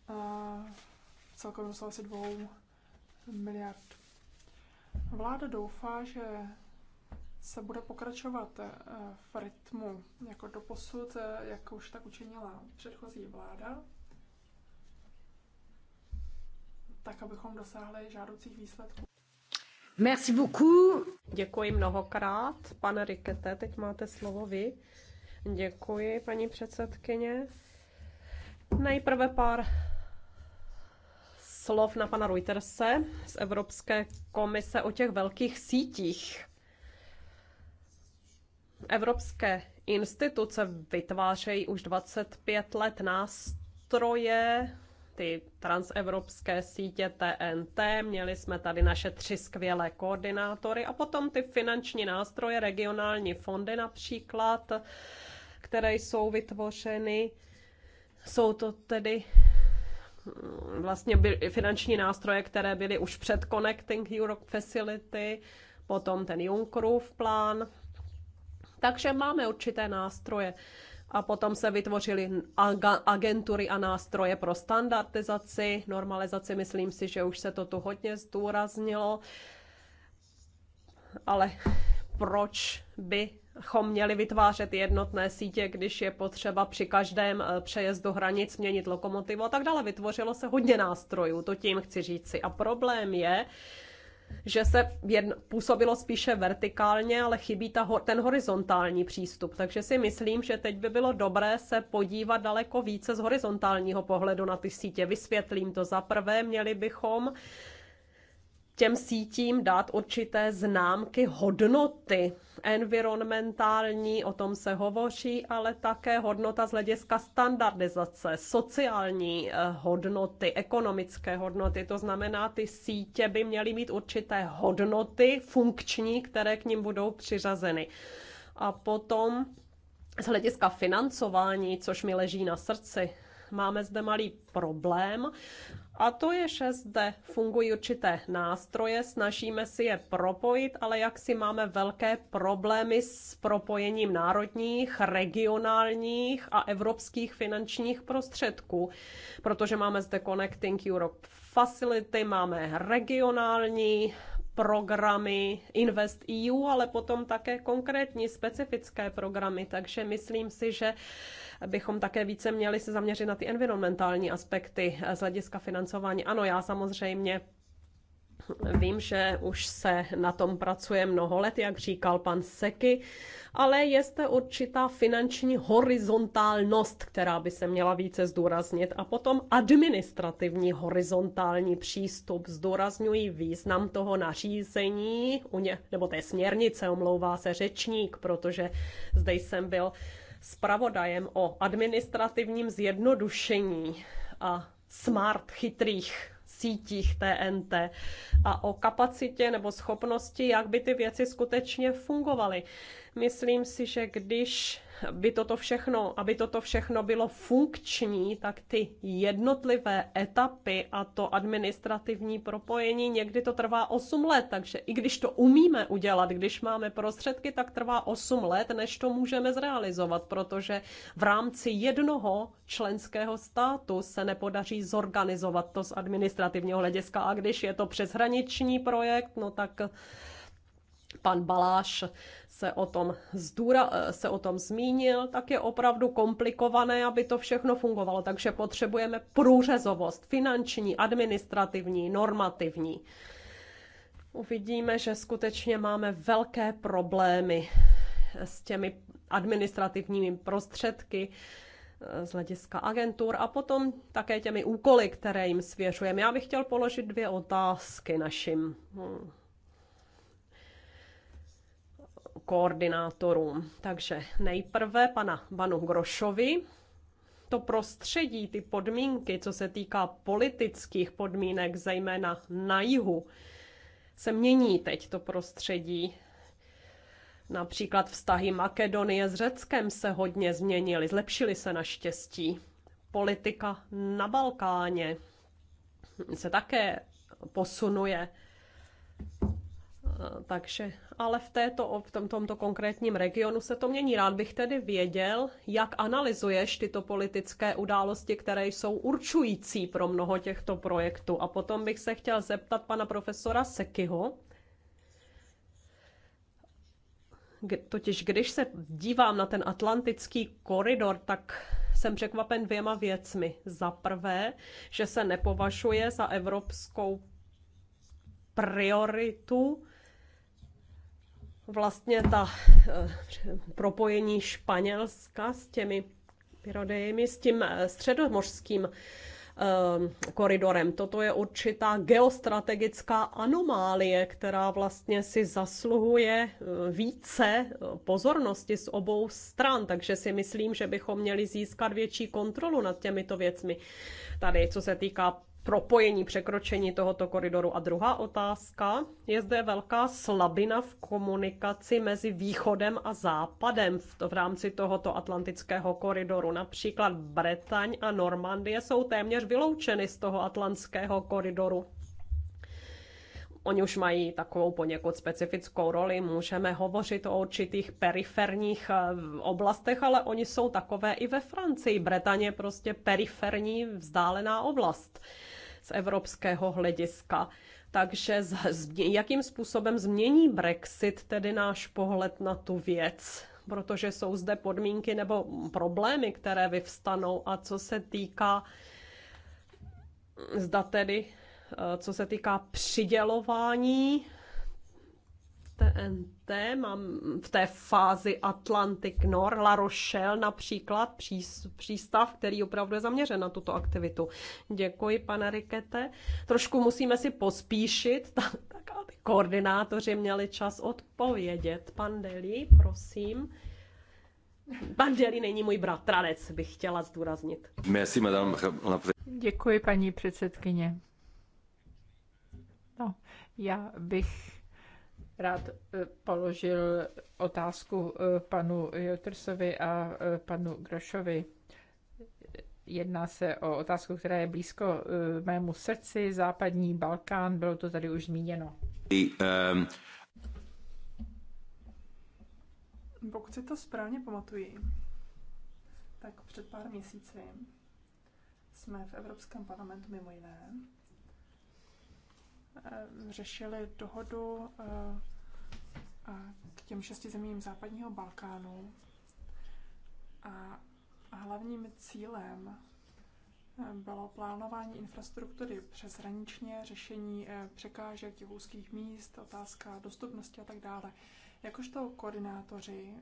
A celkově dostalo asi 2 miliard. Vláda doufá, že se bude pokračovat eh, v rytmu jako doposud, eh, jak už tak učinila předchozí vláda tak abychom dosáhli žádoucích výsledků. Merci beaucoup. Děkuji mnohokrát. Pane Rikete, teď máte slovo vy. Děkuji, paní předsedkyně. Nejprve pár slov na pana Reuterse z Evropské komise o těch velkých sítích. Evropské instituce vytvářejí už 25 let nástroje ty transevropské sítě TNT, měli jsme tady naše tři skvělé koordinátory a potom ty finanční nástroje, regionální fondy například, které jsou vytvořeny. Jsou to tedy mm, vlastně finanční nástroje, které byly už před Connecting Europe Facility, potom ten Junckerův plán. Takže máme určité nástroje a potom se vytvořily agentury a nástroje pro standardizaci, normalizaci. Myslím si, že už se to tu hodně zdůraznilo, ale proč by bychom měli vytvářet jednotné sítě, když je potřeba při každém eh, přejezdu hranic měnit lokomotivu a tak dále. Vytvořilo se hodně nástrojů, to tím chci říci. A problém je, že se jedno, působilo spíše vertikálně, ale chybí ta, ten horizontální přístup. Takže si myslím, že teď by bylo dobré se podívat daleko více z horizontálního pohledu na ty sítě. Vysvětlím to. Za prvé, měli bychom těm sítím dát určité známky hodnoty environmentální, o tom se hovoří, ale také hodnota z hlediska standardizace, sociální eh, hodnoty, ekonomické hodnoty. To znamená, ty sítě by měly mít určité hodnoty funkční, které k ním budou přiřazeny. A potom z hlediska financování, což mi leží na srdci, máme zde malý problém a to je, že zde fungují určité nástroje, snažíme si je propojit, ale jak si máme velké problémy s propojením národních, regionálních a evropských finančních prostředků, protože máme zde Connecting Europe Facility, máme regionální programy Invest EU, ale potom také konkrétní specifické programy. Takže myslím si, že bychom také více měli se zaměřit na ty environmentální aspekty eh, z hlediska financování. Ano, já samozřejmě Vím, že už se na tom pracuje mnoho let, jak říkal pan Seky, ale je zde určitá finanční horizontálnost, která by se měla více zdůraznit. A potom administrativní horizontální přístup zdůrazňují význam toho nařízení, nebo té směrnice, omlouvá se řečník, protože zde jsem byl zpravodajem o administrativním zjednodušení a smart chytrých sítích TNT a o kapacitě nebo schopnosti, jak by ty věci skutečně fungovaly. Myslím si, že když aby toto všechno, aby toto všechno bylo funkční, tak ty jednotlivé etapy a to administrativní propojení někdy to trvá 8 let, takže i když to umíme udělat, když máme prostředky, tak trvá 8 let, než to můžeme zrealizovat, protože v rámci jednoho členského státu se nepodaří zorganizovat to z administrativního hlediska a když je to přeshraniční projekt, no tak pan Baláš se o, tom zdůra, eh, se o tom zmínil, tak je opravdu komplikované, aby to všechno fungovalo. Takže potřebujeme průřezovost finanční, administrativní, normativní. Uvidíme, že skutečně máme velké problémy s těmi administrativními prostředky eh, z hlediska agentur a potom také těmi úkoly, které jim svěřujeme. Já bych chtěl položit dvě otázky našim hm, koordinátorům. Takže nejprve pana Banu Grošovi. To prostředí, ty podmínky, co se týká politických podmínek, zejména na jihu, se mění teď to prostředí. Například vztahy Makedonie s Řeckem se hodně změnily, zlepšily se naštěstí. Politika na Balkáně se také posunuje. Takže ale v, této, v tom, tomto konkrétním regionu se to mění. Rád bych tedy věděl, jak analyzuješ tyto politické události, které jsou určující pro mnoho těchto projektů. A potom bych se chtěl zeptat pana profesora Sekyho, totiž když se dívám na ten atlantický koridor, tak jsem překvapen dvěma věcmi. Za prvé, že se nepovažuje za evropskou prioritu vlastně ta eh, propojení Španělska s těmi Pyrodejmi, s tím eh, středomořským eh, koridorem. Toto je určitá geostrategická anomálie, která vlastně si zasluhuje více pozornosti z obou stran, takže si myslím, že bychom měli získat větší kontrolu nad těmito věcmi. Tady, co se týká propojení, překročení tohoto koridoru. A druhá otázka, je zde velká slabina v komunikaci mezi východem a západem v, to v rámci tohoto atlantického koridoru. Například Bretaň a Normandie jsou téměř vyloučeny z toho atlantského koridoru. Oni už mají takovou poněkud specifickou roli. Můžeme hovořit o určitých periferních eh, oblastech, ale oni jsou takové i ve Francii. Bretaně je prostě periferní vzdálená oblast evropského hlediska. Takže jakým způsobem změní Brexit tedy náš pohled na tu věc? Protože jsou zde podmínky nebo problémy, které vyvstanou. A co se týká, zda tedy, eh, co se týká přidělování TNT, mám v té fázi Atlantic Nord, La Rochelle například, přístav, který opravdu je zaměřen na tuto aktivitu. Děkuji, pane Rikete. Trošku musíme si pospíšit, tak, tak aby koordinátoři měli čas odpovědět. Pan Deli, prosím. Pan Deli není můj bratranec, bych chtěla zdůraznit. Merci, madame. Děkuji, paní předsedkyně. No, já bych rád eh, položil otázku eh, panu Jotrsovi a eh, panu Grošovi. Jedná se o otázku, která je blízko mému srdci, západní Balkán, bylo to tady už zmíněno. Ehm, Pokud si to správně pamatuji, tak před pár měsíci jsme v Evropském parlamentu mimo jiné Eh, řešili dohodu eh, k těm šesti zemím západního Balkánu. A hlavním cílem eh, bylo plánování infrastruktury přeshraničně, řešení překážek těch úzkých míst, otázka dostupnosti a tak dále. Jakožto koordinátoři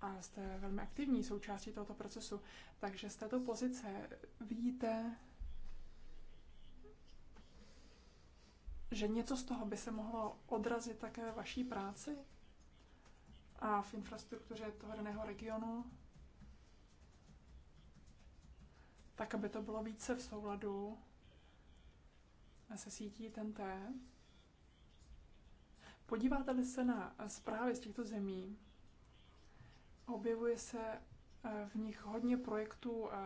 a jste velmi aktivní součástí tohoto procesu, takže z této pozice vidíte že něco z toho by se mohlo odrazit také ve vaší práci a v infrastruktuře toho daného regionu, tak aby to bylo více v souladu se sítí TNT. Podíváte-li se na zprávy z těchto zemí, objevuje se eh, v nich hodně projektů eh,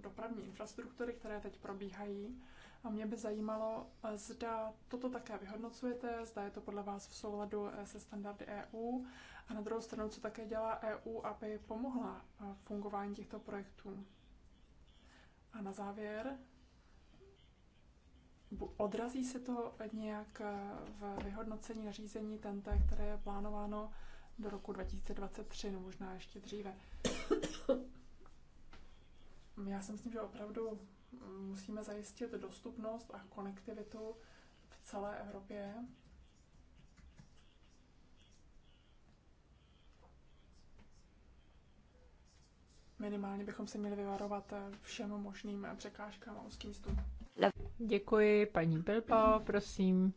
dopravní infrastruktury, které teď probíhají a mě by zajímalo, eh, zda toto také vyhodnocujete, zda je to podle vás v souladu eh, se standardy EU a na druhou stranu, co také dělá EU, aby pomohla eh, fungování těchto projektů. A na závěr, odrazí se to nějak v vyhodnocení nařízení TNT, které je plánováno do roku 2023, no možná ještě dříve. Já si myslím, že opravdu musíme zajistit dostupnost a konektivitu v celé Evropě. Minimálně bychom se měli vyvarovat všem možným překážkám a úzkým stům. Děkuji, paní Pilpa, prosím.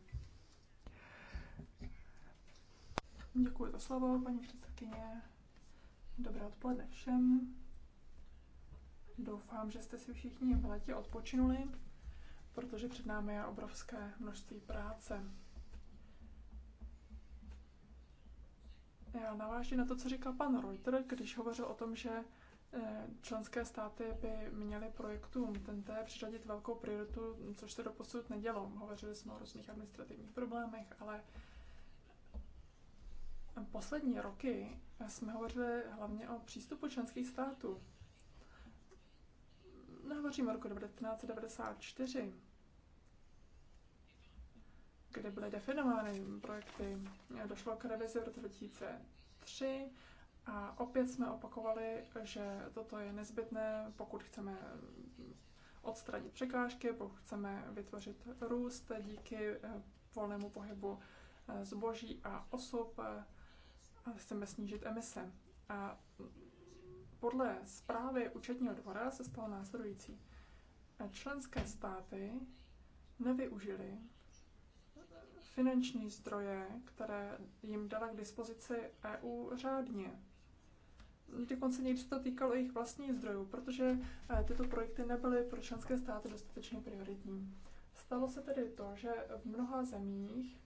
Děkuji za slovo, paní předsedkyně. Dobré odpoledne všem. Doufám, že jste si všichni v létě odpočinuli, protože před námi je obrovské množství práce. Já navážu na to, co říkal pan Reuter, když hovořil o tom, že eh, členské státy by měly projektům TNT přiřadit velkou prioritu, což se doposud nedělo. Hovořili jsme o různých administrativních problémech, ale poslední roky jsme hovořili hlavně o přístupu členských států. Hovoříme o roku 1994, kde byly definovány projekty. Došlo k revizi v roce 2003 a opět jsme opakovali, že toto je nezbytné, pokud chceme odstranit překážky, pokud chceme vytvořit růst díky eh, volnému pohybu eh, zboží a osob eh, a chceme snížit emise. A podle zprávy účetního dvora se stalo následující. Členské státy nevyužily finanční zdroje, které jim dala k dispozici EU řádně. Dokonce někdy se to týkalo jejich vlastních zdrojů, protože eh, tyto projekty nebyly pro členské státy dostatečně prioritní. Stalo se tedy to, že v mnoha zemích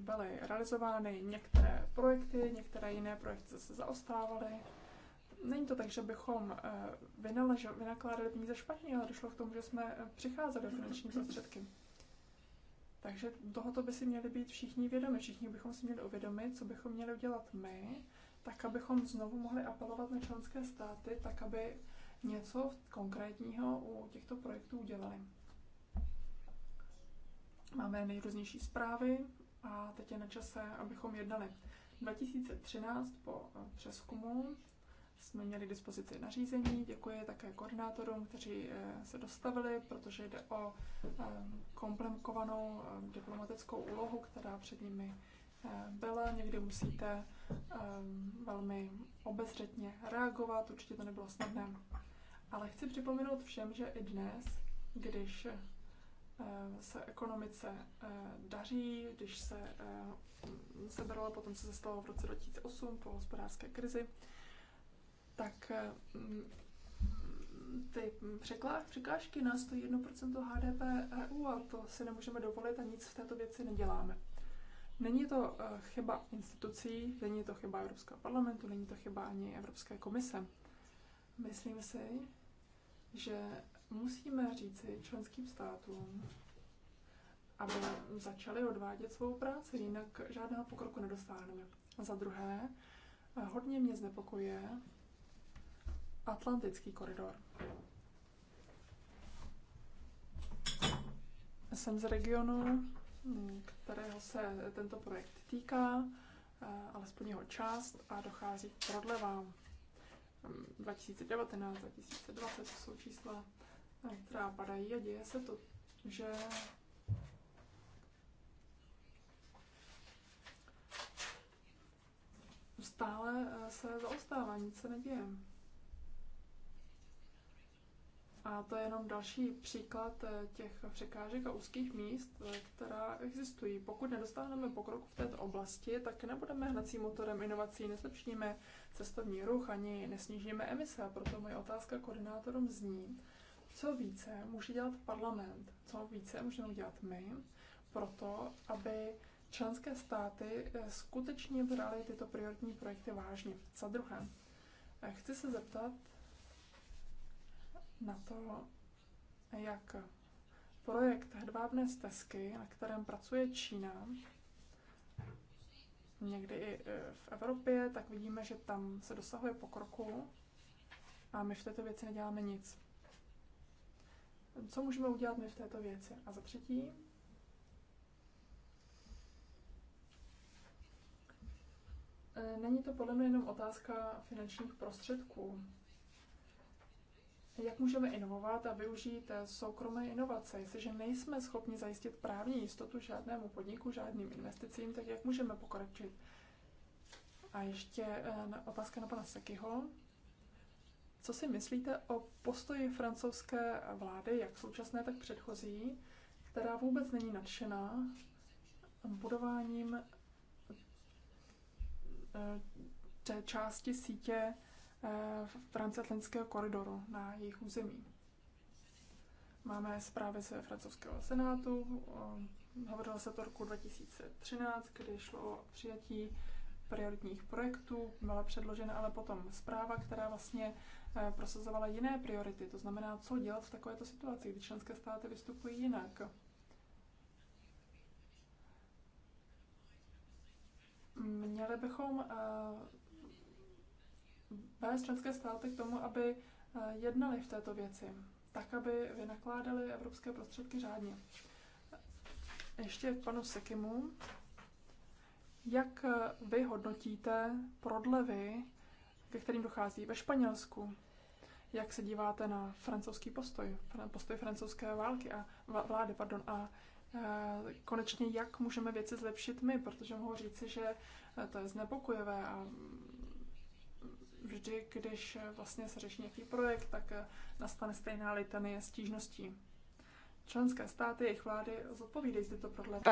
byly realizovány některé projekty, některé jiné projekty se zaostávaly. Není to tak, že bychom eh, vynakládali peníze špatně, ale došlo k tomu, že jsme eh, přicházeli o finanční prostředky. Takže tohoto by si měli být všichni vědomi. Všichni bychom si měli uvědomit, co bychom měli udělat my, tak abychom znovu mohli apelovat na členské státy, tak aby něco konkrétního u těchto projektů udělali. Máme nejrůznější zprávy a teď je na čase, abychom jednali. 2013 po eh, přeskumu jsme měli dispozici nařízení. Děkuji také koordinátorům, kteří eh, se dostavili, protože jde o eh, komplikovanou diplomatickou úlohu, která před nimi byla. Někdy musíte velmi obezřetně reagovat, určitě to nebylo snadné. Ale chci připomenout všem, že i dnes, když Eh, se ekonomice eh, daří, když se eh, sebralo potom, co se stalo v roce 2008 po hospodářské krizi, tak ty překážky nás stojí 1% HDP EU a to si nemůžeme dovolit a nic v této věci neděláme. Není to chyba institucí, není to chyba Evropského parlamentu, není to chyba ani Evropské komise. Myslím si, že musíme říci členským státům, aby začali odvádět svou práci, jinak žádného pokroku nedostáhneme. A za druhé, hodně mě znepokojuje Atlantický koridor. Jsem z regionu, kterého se tento projekt týká, alespoň jeho část, a dochází k prodlevám. 2019-2020 ehm, jsou čísla která padají a děje se to, že stále eh, se zaostává, nic se neděje. A to je jenom další příklad eh, těch překážek a úzkých míst, eh, která existují. Pokud nedostáhneme pokroku v této oblasti, tak nebudeme hnacím motorem inovací, nezlepšíme cestovní ruch ani nesnížíme emise. A proto moje otázka koordinátorům zní, co více může dělat parlament, co více můžeme dělat my, proto, aby členské státy eh, skutečně brali tyto prioritní projekty vážně. Za druhé, eh, chci se zeptat na to, jak projekt Hedvábné stezky, na kterém pracuje Čína, někdy i eh, v Evropě, tak vidíme, že tam se dosahuje pokroku a my v této věci neděláme nic co můžeme udělat my v této věci. A za třetí, e, není to podle mě jenom otázka finančních prostředků. Jak můžeme inovovat a využít e, soukromé inovace? Jestliže nejsme schopni zajistit právní jistotu žádnému podniku, žádným investicím, tak jak můžeme pokročit? A ještě e, otázka na pana Sekyho. Co si myslíte o postoji francouzské vlády, jak současné, tak předchozí, která vůbec není nadšená budováním eh, té části sítě eh, transatlantského koridoru na jejich území. Máme zprávy ze francouzského senátu, eh, hovořilo se to roku 2013, kdy šlo o přijetí prioritních projektů, byla předložena ale potom zpráva, která vlastně Eh, prosazovala jiné priority, to znamená, co dělat v takovéto situaci, kdy členské státy vystupují jinak. Měli bychom eh, vést členské státy k tomu, aby eh, jednali v této věci, tak, aby vynakládali evropské prostředky řádně. Ještě panu Sekimu. Jak vy hodnotíte prodlevy, ke kterým dochází ve Španělsku? jak se díváte na francouzský postoj, postoj francouzské války a vlády, pardon, a e, konečně jak můžeme věci zlepšit my, protože mohu říci, že e, to je znepokojivé a mm, vždy, když e, vlastně se řeší nějaký projekt, tak nastane stejná litanie stížností. Členské státy, jejich vlády zodpovídají tyto problémy.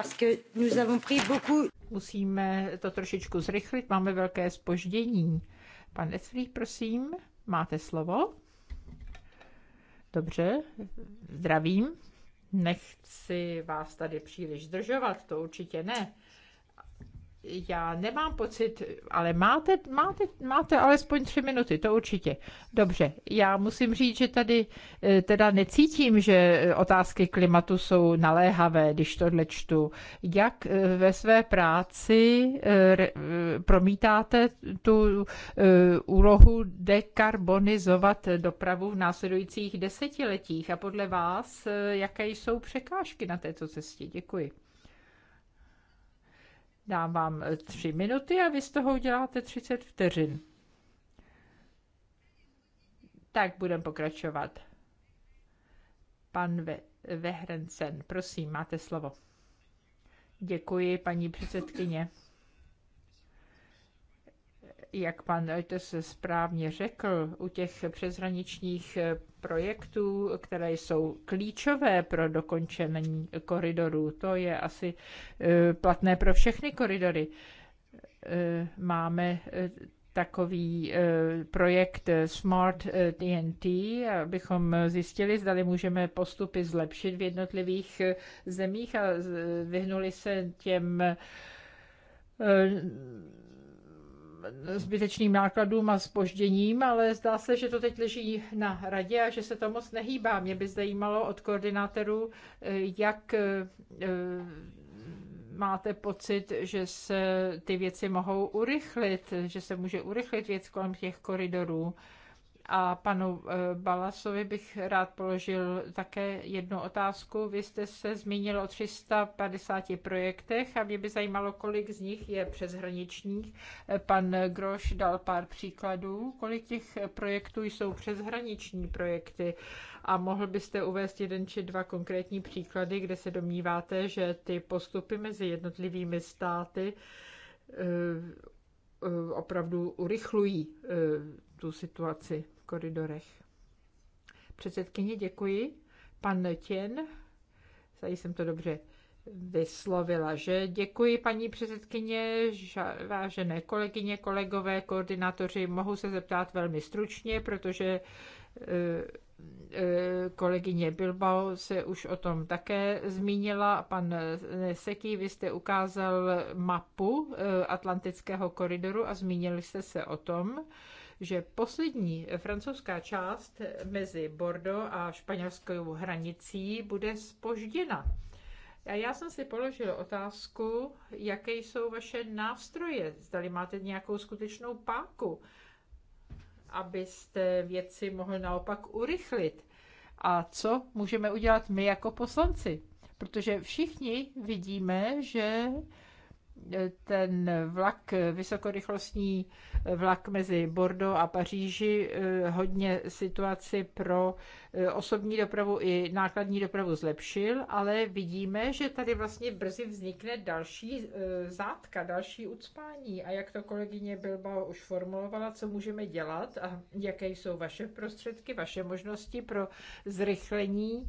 Musíme to trošičku zrychlit, máme velké spoždění. Pane Esfrý, prosím, máte slovo. Dobře, zdravím. Nechci vás tady příliš zdržovat, to určitě ne já nemám pocit, ale máte, máte, máte alespoň tři minuty, to určitě. Dobře, já musím říct, že tady eh, teda necítím, že otázky klimatu jsou naléhavé, když tohle čtu. Jak eh, ve své práci eh, promítáte tu úlohu dekarbonizovat dopravu v následujících desetiletích a podle vás, jaké jsou překážky na této cestě? Děkuji. Dám vám eh, tři minuty a vy z toho uděláte 30 vteřin. Tak budeme pokračovat. Pan Ve- Vehrencen, prosím, máte slovo. Děkuji, paní předsedkyně jak pan Reuters správně řekl, u těch přeshraničních eh, projektů, které jsou klíčové pro dokončení koridorů, to je asi eh, platné pro všechny koridory. Eh, máme takový projekt Smart TNT, abychom zjistili, zda můžeme postupy zlepšit v jednotlivých zemích a vyhnuli se těm zbytečným nákladům a spožděním, ale zdá se, že to teď leží na radě a že se to moc nehýbá. Mě by zajímalo od koordinátorů, eh, jak eh, eh, máte pocit, že se ty věci mohou urychlit, že se může urychlit věc kolem těch koridorů. A panu eh, Balasovi bych rád položil také jednu otázku. Vy jste se zmínil o 350 projektech a mě by zajímalo, kolik z nich je přeshraničních. Eh, pan Groš dal pár příkladů, kolik těch projektů jsou přeshraniční projekty a mohl byste uvést jeden či dva konkrétní příklady, kde se domníváte, že ty postupy mezi jednotlivými státy eh, opravdu urychlují tu situaci koridorech. Předsedkyně, děkuji. Pan Těn, tady jsem to dobře vyslovila, že děkuji paní předsedkyně, vážené kolegyně, kolegové, koordinátoři, mohu se zeptat velmi stručně, protože e, e, kolegyně Bilbao se už o tom také zmínila. Pan Seký, vy jste ukázal mapu e, Atlantického koridoru a zmínili jste se o tom že poslední francouzská část mezi Bordeaux a španělskou hranicí bude spožděna. A já jsem si položil otázku, jaké jsou vaše nástroje, zdali máte nějakou skutečnou páku, abyste věci mohli naopak urychlit. A co můžeme udělat my jako poslanci? Protože všichni vidíme, že ten vlak vysokorychlostní vlak mezi Bordeaux a Paříži eh, hodně situaci pro eh, osobní dopravu i nákladní dopravu zlepšil, ale vidíme, že tady vlastně brzy vznikne další eh, zátka, další ucpání. A jak to kolegyně Bilbao už formulovala, co můžeme dělat a jaké jsou vaše prostředky, vaše možnosti pro zrychlení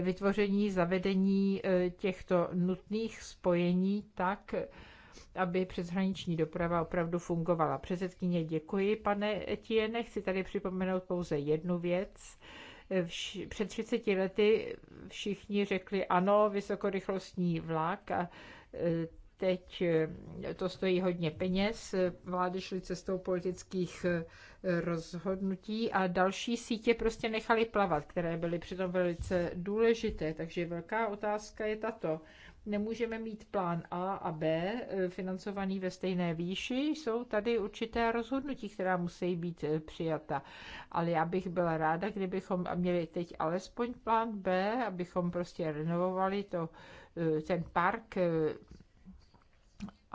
vytvoření, zavedení těchto nutných spojení tak, aby přeshraniční doprava opravdu fungovala. Předsedkyně, děkuji, pane Etienne. Chci tady připomenout pouze jednu věc. před 30 lety všichni řekli ano, vysokorychlostní vlak a e, teď e, to stojí hodně peněz. Vlády šly cestou politických e, rozhodnutí a další sítě prostě nechali plavat, které byly přitom velice důležité. Takže velká otázka je tato nemůžeme mít plán A a B eh, financovaný ve stejné výši. Jsou tady určité rozhodnutí, která musí být eh, přijata. Ale já bych byla ráda, kdybychom měli teď alespoň plán B, abychom prostě renovovali to, eh, ten park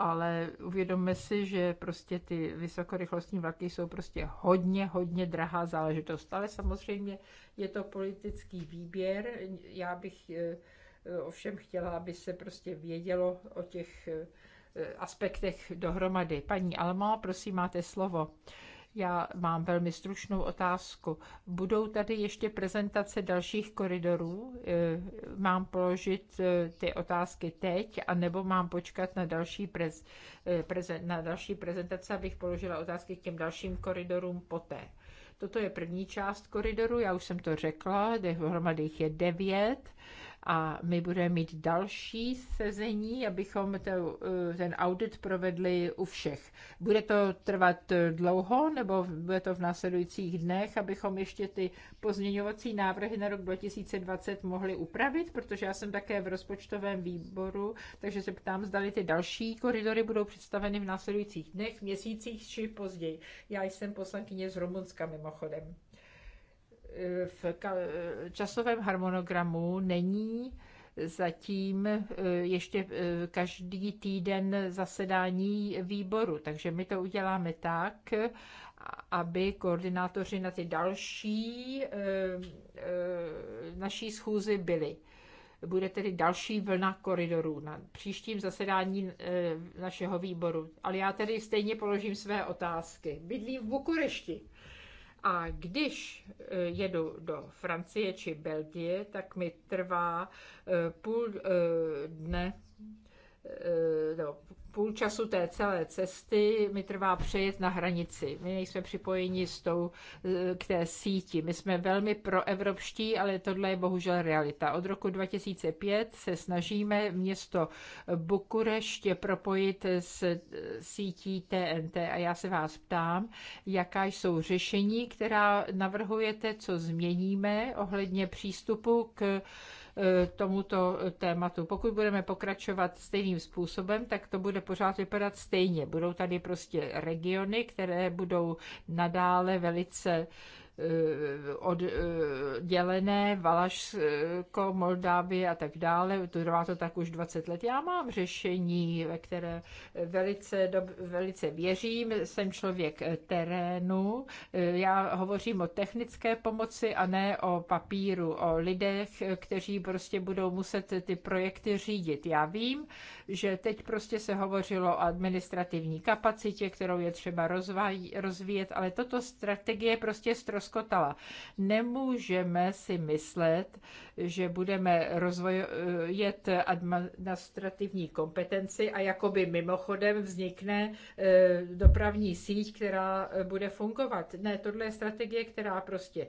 ale uvědomme si, že prostě ty vysokorychlostní vlaky jsou prostě hodně, hodně drahá záležitost. Ale samozřejmě je to politický výběr. Já bych Eh, ovšem chtěla, aby se prostě vědělo o těch eh, aspektech dohromady. Paní Alma, prosím, máte slovo. Já mám velmi stručnou otázku. Budou tady ještě prezentace dalších koridorů? Eh, mám položit ty otázky teď, anebo mám počkat na další, prez, prezen, na další prezentace, abych položila otázky k těm dalším koridorům poté? Toto je první část koridoru, já už jsem to řekla, dohromady jich je devět a my budeme mít další sezení, abychom to, eh, ten audit provedli u všech. Bude to trvat eh, dlouho nebo bude to v následujících dnech, abychom ještě ty pozměňovací návrhy na rok 2020 mohli upravit, protože já jsem také v rozpočtovém výboru, takže se ptám, zdali ty další koridory budou představeny v následujících dnech, měsících či později. Já jsem poslankyně z Rumunska mimochodem v časovém harmonogramu není zatím e, ještě e, každý týden zasedání výboru, takže my to uděláme tak, aby koordinátoři na ty další e, naší schůzi byli. Bude tedy další vlna koridorů na příštím zasedání našeho výboru. Ale já tedy stejně položím své otázky. Bydlím v Bukurešti. A když eh, jedu do Francie či Belgie, tak mi trvá eh, půl eh, dne nebo půl času té celé cesty mi trvá přejet na hranici. My nejsme připojeni s tou, eh, k té síti. My jsme velmi proevropští, ale tohle je bohužel realita. Od roku 2005 se snažíme město Bukureště propojit s eh, sítí TNT a já se vás ptám, jaká jsou řešení, která navrhujete, co změníme ohledně přístupu k E, tomuto tématu. Pokud budeme pokračovat stejným způsobem, tak to bude pořád vypadat stejně. Budou tady prostě regiony, které budou nadále velice Eh, oddělené, Valašsko, Moldávie a tak dále. Trvá to tak už 20 let. Já mám řešení, ve které velice, do, velice věřím. Jsem člověk terénu. Eh, já hovořím o technické pomoci a ne o papíru, o lidech, kteří prostě budou muset ty projekty řídit. Já vím, že teď prostě se hovořilo o administrativní kapacitě, kterou je třeba rozvaj, rozvíjet, ale toto strategie prostě z stroskotala. Nemůžeme si myslet, že budeme rozvojet administrativní kompetenci a jakoby mimochodem vznikne e, dopravní síť, která e, bude fungovat. Ne, tohle je strategie, která prostě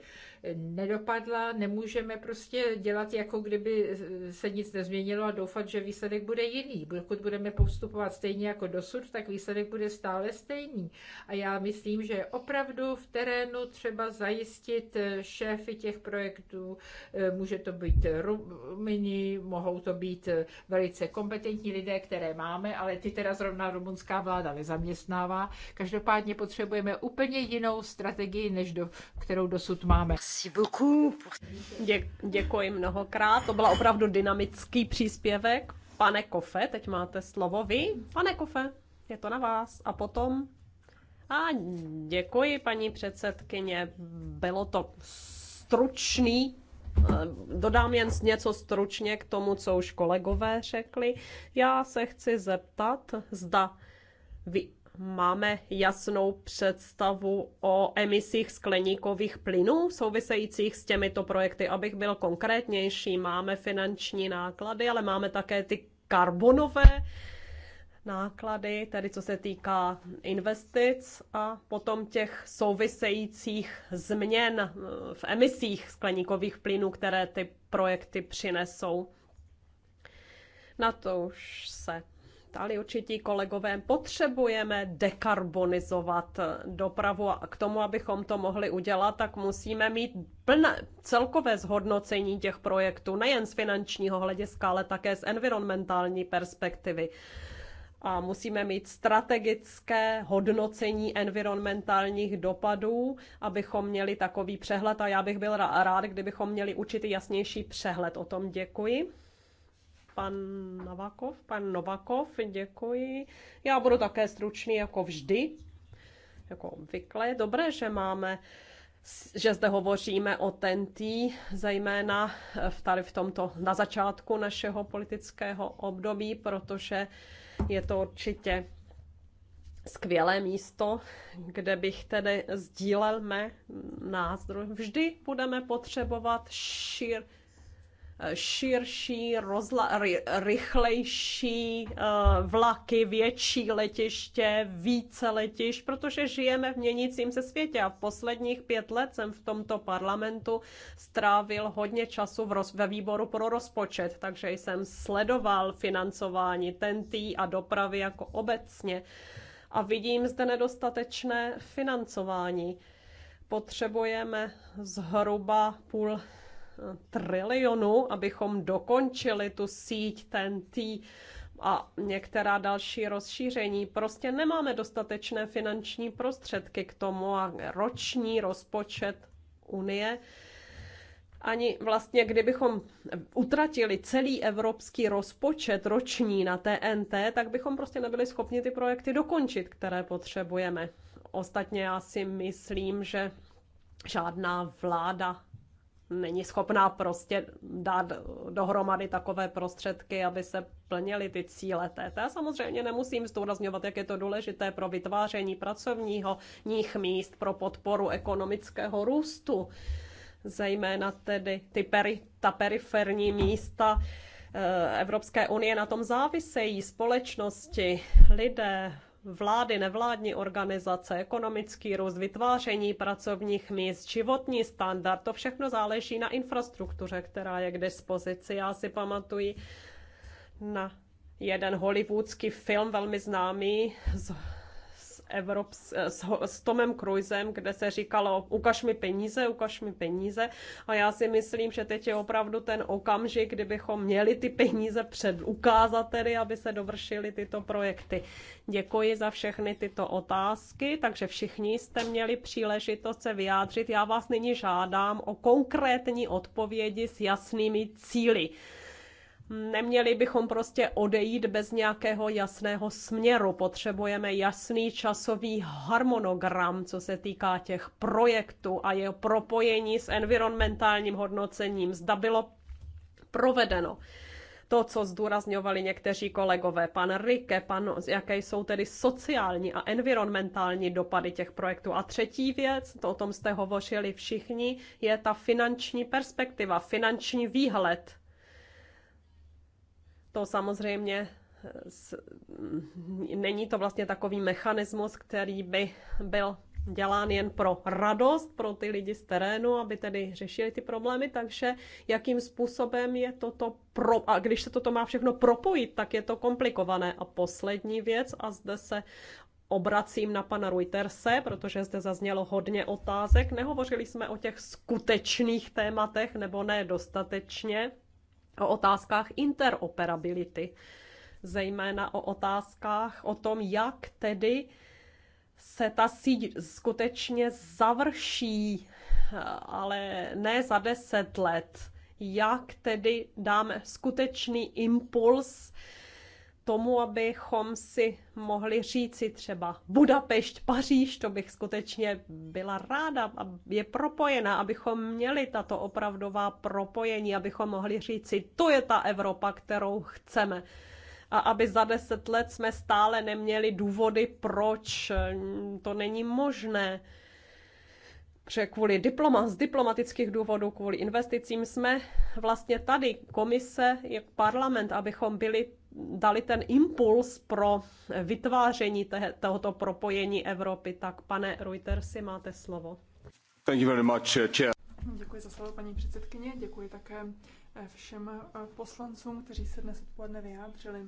nedopadla. Nemůžeme prostě dělat, jako kdyby se nic nezměnilo a doufat, že výsledek bude jiný. Pokud budeme postupovat stejně jako dosud, tak výsledek bude stále stejný. A já myslím, že je opravdu v terénu třeba zajistit šéfy těch projektů. Eh, může to být Rumini, mohou to být eh, velice kompetentní lidé, které máme, ale ty teda zrovna rumunská vláda nezaměstnává. Každopádně potřebujeme úplně jinou strategii, než do, kterou dosud máme. Merci beaucoup. Dě, děkuji mnohokrát, to byla opravdu dynamický příspěvek. Pane Kofe, teď máte slovo vy. Pane Kofe, je to na vás. A potom... A děkuji, paní předsedkyně. Bylo to stručný eh, Dodám jen něco stručně k tomu, co už kolegové řekli. Já se chci zeptat, zda vy máme jasnou představu o emisích skleníkových plynů souvisejících s těmito projekty. Abych byl konkrétnější, máme finanční náklady, ale máme také ty karbonové náklady, tedy co se týká investic a potom těch souvisejících změn eh, v emisích skleníkových plynů, které ty projekty přinesou. Na to už se ptali určití kolegové, potřebujeme dekarbonizovat dopravu a k tomu, abychom to mohli udělat, tak musíme mít plné celkové zhodnocení těch projektů, nejen z finančního hlediska, ale také z environmentální perspektivy a musíme mít strategické hodnocení environmentálních dopadů, abychom měli takový přehled a já bych byl rád, kdybychom měli určitý jasnější přehled. O tom děkuji pan Novakov. Pan Novakov, děkuji. Já budu také stručný jako vždy, jako obvykle. Dobré, že máme že zde hovoříme o TNT, zejména v tady v tomto na začátku našeho politického období, protože je to určitě skvělé místo, kde bych tedy sdílel mé názory. Vždy budeme potřebovat šir, širší, rozla, ry, rychlejší eh, vlaky, větší letiště, více letišť, protože žijeme v měnícím se světě a v posledních pět let jsem v tomto parlamentu strávil hodně času v roz, ve výboru pro rozpočet, takže jsem sledoval financování TNT a dopravy jako obecně a vidím zde nedostatečné financování. Potřebujeme zhruba půl trilionu, abychom dokončili tu síť TNT a některá další rozšíření. Prostě nemáme dostatečné finanční prostředky k tomu a roční rozpočet Unie ani vlastně, kdybychom utratili celý evropský rozpočet roční na TNT, tak bychom prostě nebyli schopni ty projekty dokončit, které potřebujeme. Ostatně já si myslím, že žádná vláda není schopná prostě dát dohromady takové prostředky, aby se plnily ty cíle TT. samozřejmě nemusím zdůrazňovat, jak je to důležité pro vytváření pracovního nich míst, pro podporu ekonomického růstu, zejména tedy ty peri, ta periferní místa, eh, Evropské unie na tom závisejí, společnosti, lidé, vlády, nevládní organizace, ekonomický růst, vytváření pracovních míst, životní standard, to všechno záleží na infrastruktuře, která je k dispozici. Já si pamatuji na jeden hollywoodský film, velmi známý, Evrops, eh, s, s Tomem Cruisem, kde se říkalo, ukaž mi peníze, ukaž mi peníze. A já si myslím, že teď je opravdu ten okamžik, kdybychom měli ty peníze před, ukázat tedy, aby se dovršily tyto projekty. Děkuji za všechny tyto otázky, takže všichni jste měli příležitost se vyjádřit. Já vás nyní žádám o konkrétní odpovědi s jasnými cíly. Neměli bychom prostě odejít bez nějakého jasného směru. Potřebujeme jasný časový harmonogram, co se týká těch projektů a jeho propojení s environmentálním hodnocením. Zda bylo provedeno to, co zdůrazňovali někteří kolegové, pan Rike, pan, jaké jsou tedy sociální a environmentální dopady těch projektů. A třetí věc, to o tom jste hovořili všichni, je ta finanční perspektiva, finanční výhled to samozřejmě eh, mm, není to vlastně takový mechanismus, který by byl dělán jen pro radost pro ty lidi z terénu, aby tedy řešili ty problémy, takže jakým způsobem je toto pro, a když se toto má všechno propojit, tak je to komplikované. A poslední věc, a zde se obracím na pana Reuterse, protože zde zaznělo hodně otázek. Nehovořili jsme o těch skutečných tématech, nebo ne dostatečně o otázkách interoperability, zejména o otázkách o tom, jak tedy se ta síť skutečně završí, ale ne za deset let. Jak tedy dáme skutečný impuls tomu, abychom si mohli říci třeba Budapešť, Paříž, to bych skutečně byla ráda, je propojena, abychom měli tato opravdová propojení, abychom mohli říci, to je ta Evropa, kterou chceme. A aby za deset let jsme stále neměli důvody, proč mm, to není možné. Že kvůli diploma, z diplomatických důvodů, kvůli investicím jsme vlastně tady, komise, jak parlament, abychom byli dali ten impuls pro vytváření tohoto propojení Evropy. Tak pane Reutersi, máte slovo. Thank you very much, uh, chair. Děkuji za slovo, paní předsedkyně. Děkuji také uh, všem uh, poslancům, kteří se dnes odpoledne vyjádřili.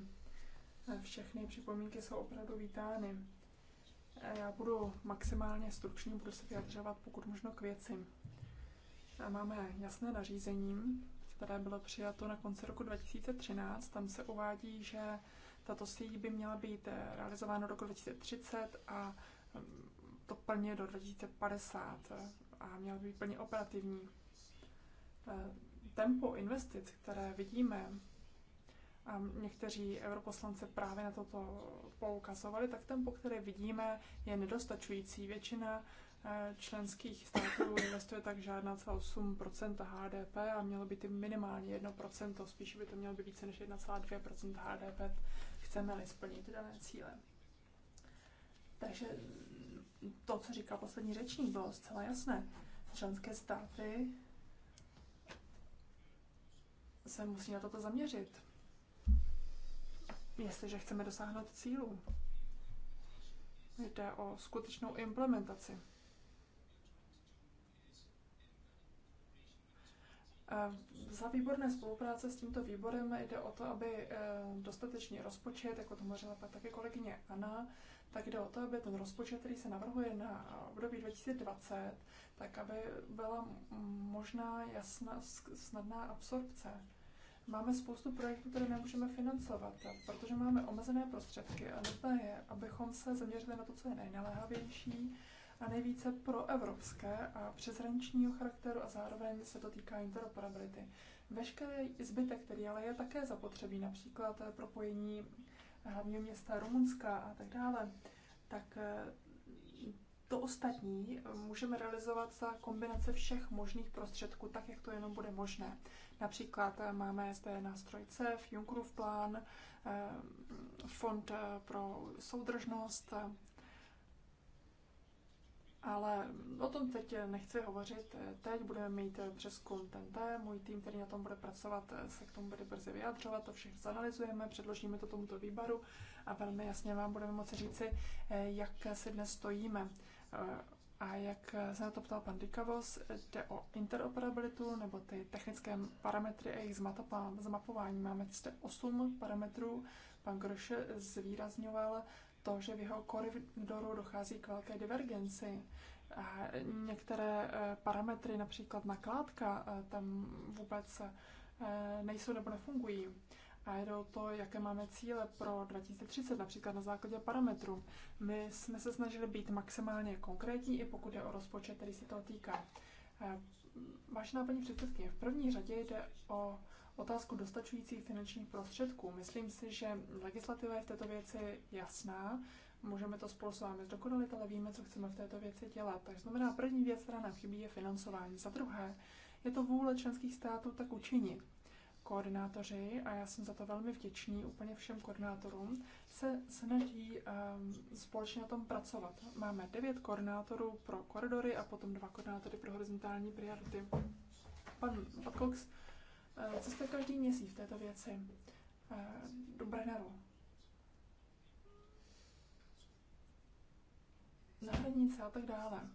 Všechny připomínky jsou opravdu vítány. Já budu maximálně stručný, budu se vyjadřovat pokud možno k věci. Máme jasné nařízení, které bylo přijato na konci roku 2013. Tam se uvádí, že tato síť by měla být eh, realizována do roku 2030 a mm, to plně do 2050 eh, a měla by být plně operativní. Eh, tempo investic, které vidíme, a někteří europoslanci právě na toto poukazovali, tak tempo, které vidíme, je nedostačující. Většina Eh, členských států investuje tak žádná 8 HDP a mělo by ty minimálně 1 spíš by to mělo být více než 1,2 HDP, chceme-li splnit dané cíle. Takže to, co říkal poslední řečník, bylo zcela jasné. Členské státy se musí na toto zaměřit, jestliže chceme dosáhnout cílu. Jde o skutečnou implementaci. Za výborné spolupráce s tímto výborem jde o to, aby eh, dostatečný rozpočet, jako to možná pak také kolegyně Anna, tak jde o to, aby ten rozpočet, který se navrhuje na období 2020, tak aby byla možná jasná, snadná absorpce. Máme spoustu projektů, které nemůžeme financovat, protože máme omezené prostředky a nutné je, abychom se zaměřili na to, co je nejnaléhavější, a nejvíce proevropské a přeshraničního charakteru a zároveň se to týká interoperability. Veškerý zbytek, který ale je také zapotřebí, například eh, propojení eh, hlavního města Rumunska a tak dále, tak eh, to ostatní můžeme realizovat za kombinace všech možných prostředků, tak jak to jenom bude možné. Například máme zde nástroj CEF, Junckerův plán, Fond pro soudržnost ale o tom teď nechci hovořit. Teď budeme mít přeskum TNT, můj tým, který na tom bude pracovat, se k tomu bude brzy vyjadřovat, to všechno zanalizujeme, předložíme to tomuto výboru a velmi jasně vám budeme moci říci, jak si dnes stojíme. A jak se na to ptal pan Dikavos, jde o interoperabilitu nebo ty technické parametry a jejich zmapování. Máme zde 8 parametrů. Pan Groše zvýrazňoval to, že v jeho koridoru dochází k velké divergenci. A některé eh, parametry, například nakládka, eh, tam vůbec eh, nejsou nebo nefungují. A jde o to, jaké máme cíle pro 2030, například na základě parametrů. My jsme se snažili být maximálně konkrétní, i pokud je o rozpočet, který se toho týká. Vážená paní předsedkyně, v první řadě jde o otázku dostačujících finančních prostředků. Myslím si, že legislativa je v této věci jasná. Můžeme to spolu s vámi zdokonalit, ale víme, co chceme v této věci dělat. Takže znamená, první věc, která nám chybí, je financování. Za druhé, je to vůle členských států tak učinit. Koordinátoři, a já jsem za to velmi vděčný úplně všem koordinátorům, se snaží um, společně na tom pracovat. Máme devět koordinátorů pro koridory a potom dva koordinátory pro horizontální priority. Pan Patkox, Eh, Co jste každý měsíc v této věci eh, do Brenneru? Zahradnice a tak dále.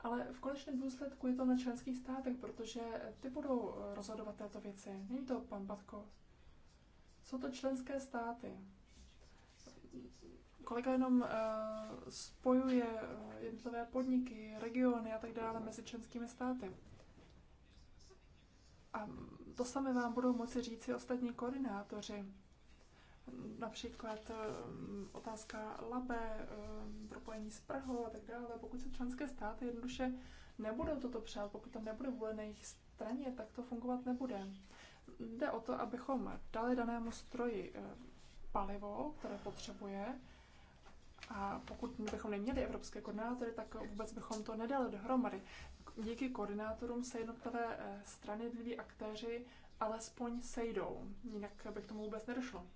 Ale v konečném důsledku je to na členských státech, protože eh, ty budou rozhodovat této věci. Není to pan Batko. Jsou to členské státy. Kolega jenom uh, spojuje jednotlivé podniky, regiony a tak dále mezi členskými státy. A to samé vám budou moci říct i ostatní koordinátoři. Například eh, otázka labe, eh, propojení s Prahou a tak dále. Pokud se členské státy jednoduše nebudou toto přát, pokud tam nebude vůle na jejich straně, tak to fungovat nebude. Jde o to, abychom dali danému stroji eh, palivo, které potřebuje, a pokud bychom neměli evropské koordinátory, tak vůbec bychom to nedali dohromady díky koordinátorům se jednotlivé eh, strany, jednotliví aktéři alespoň sejdou, jinak by k tomu vůbec nedošlo.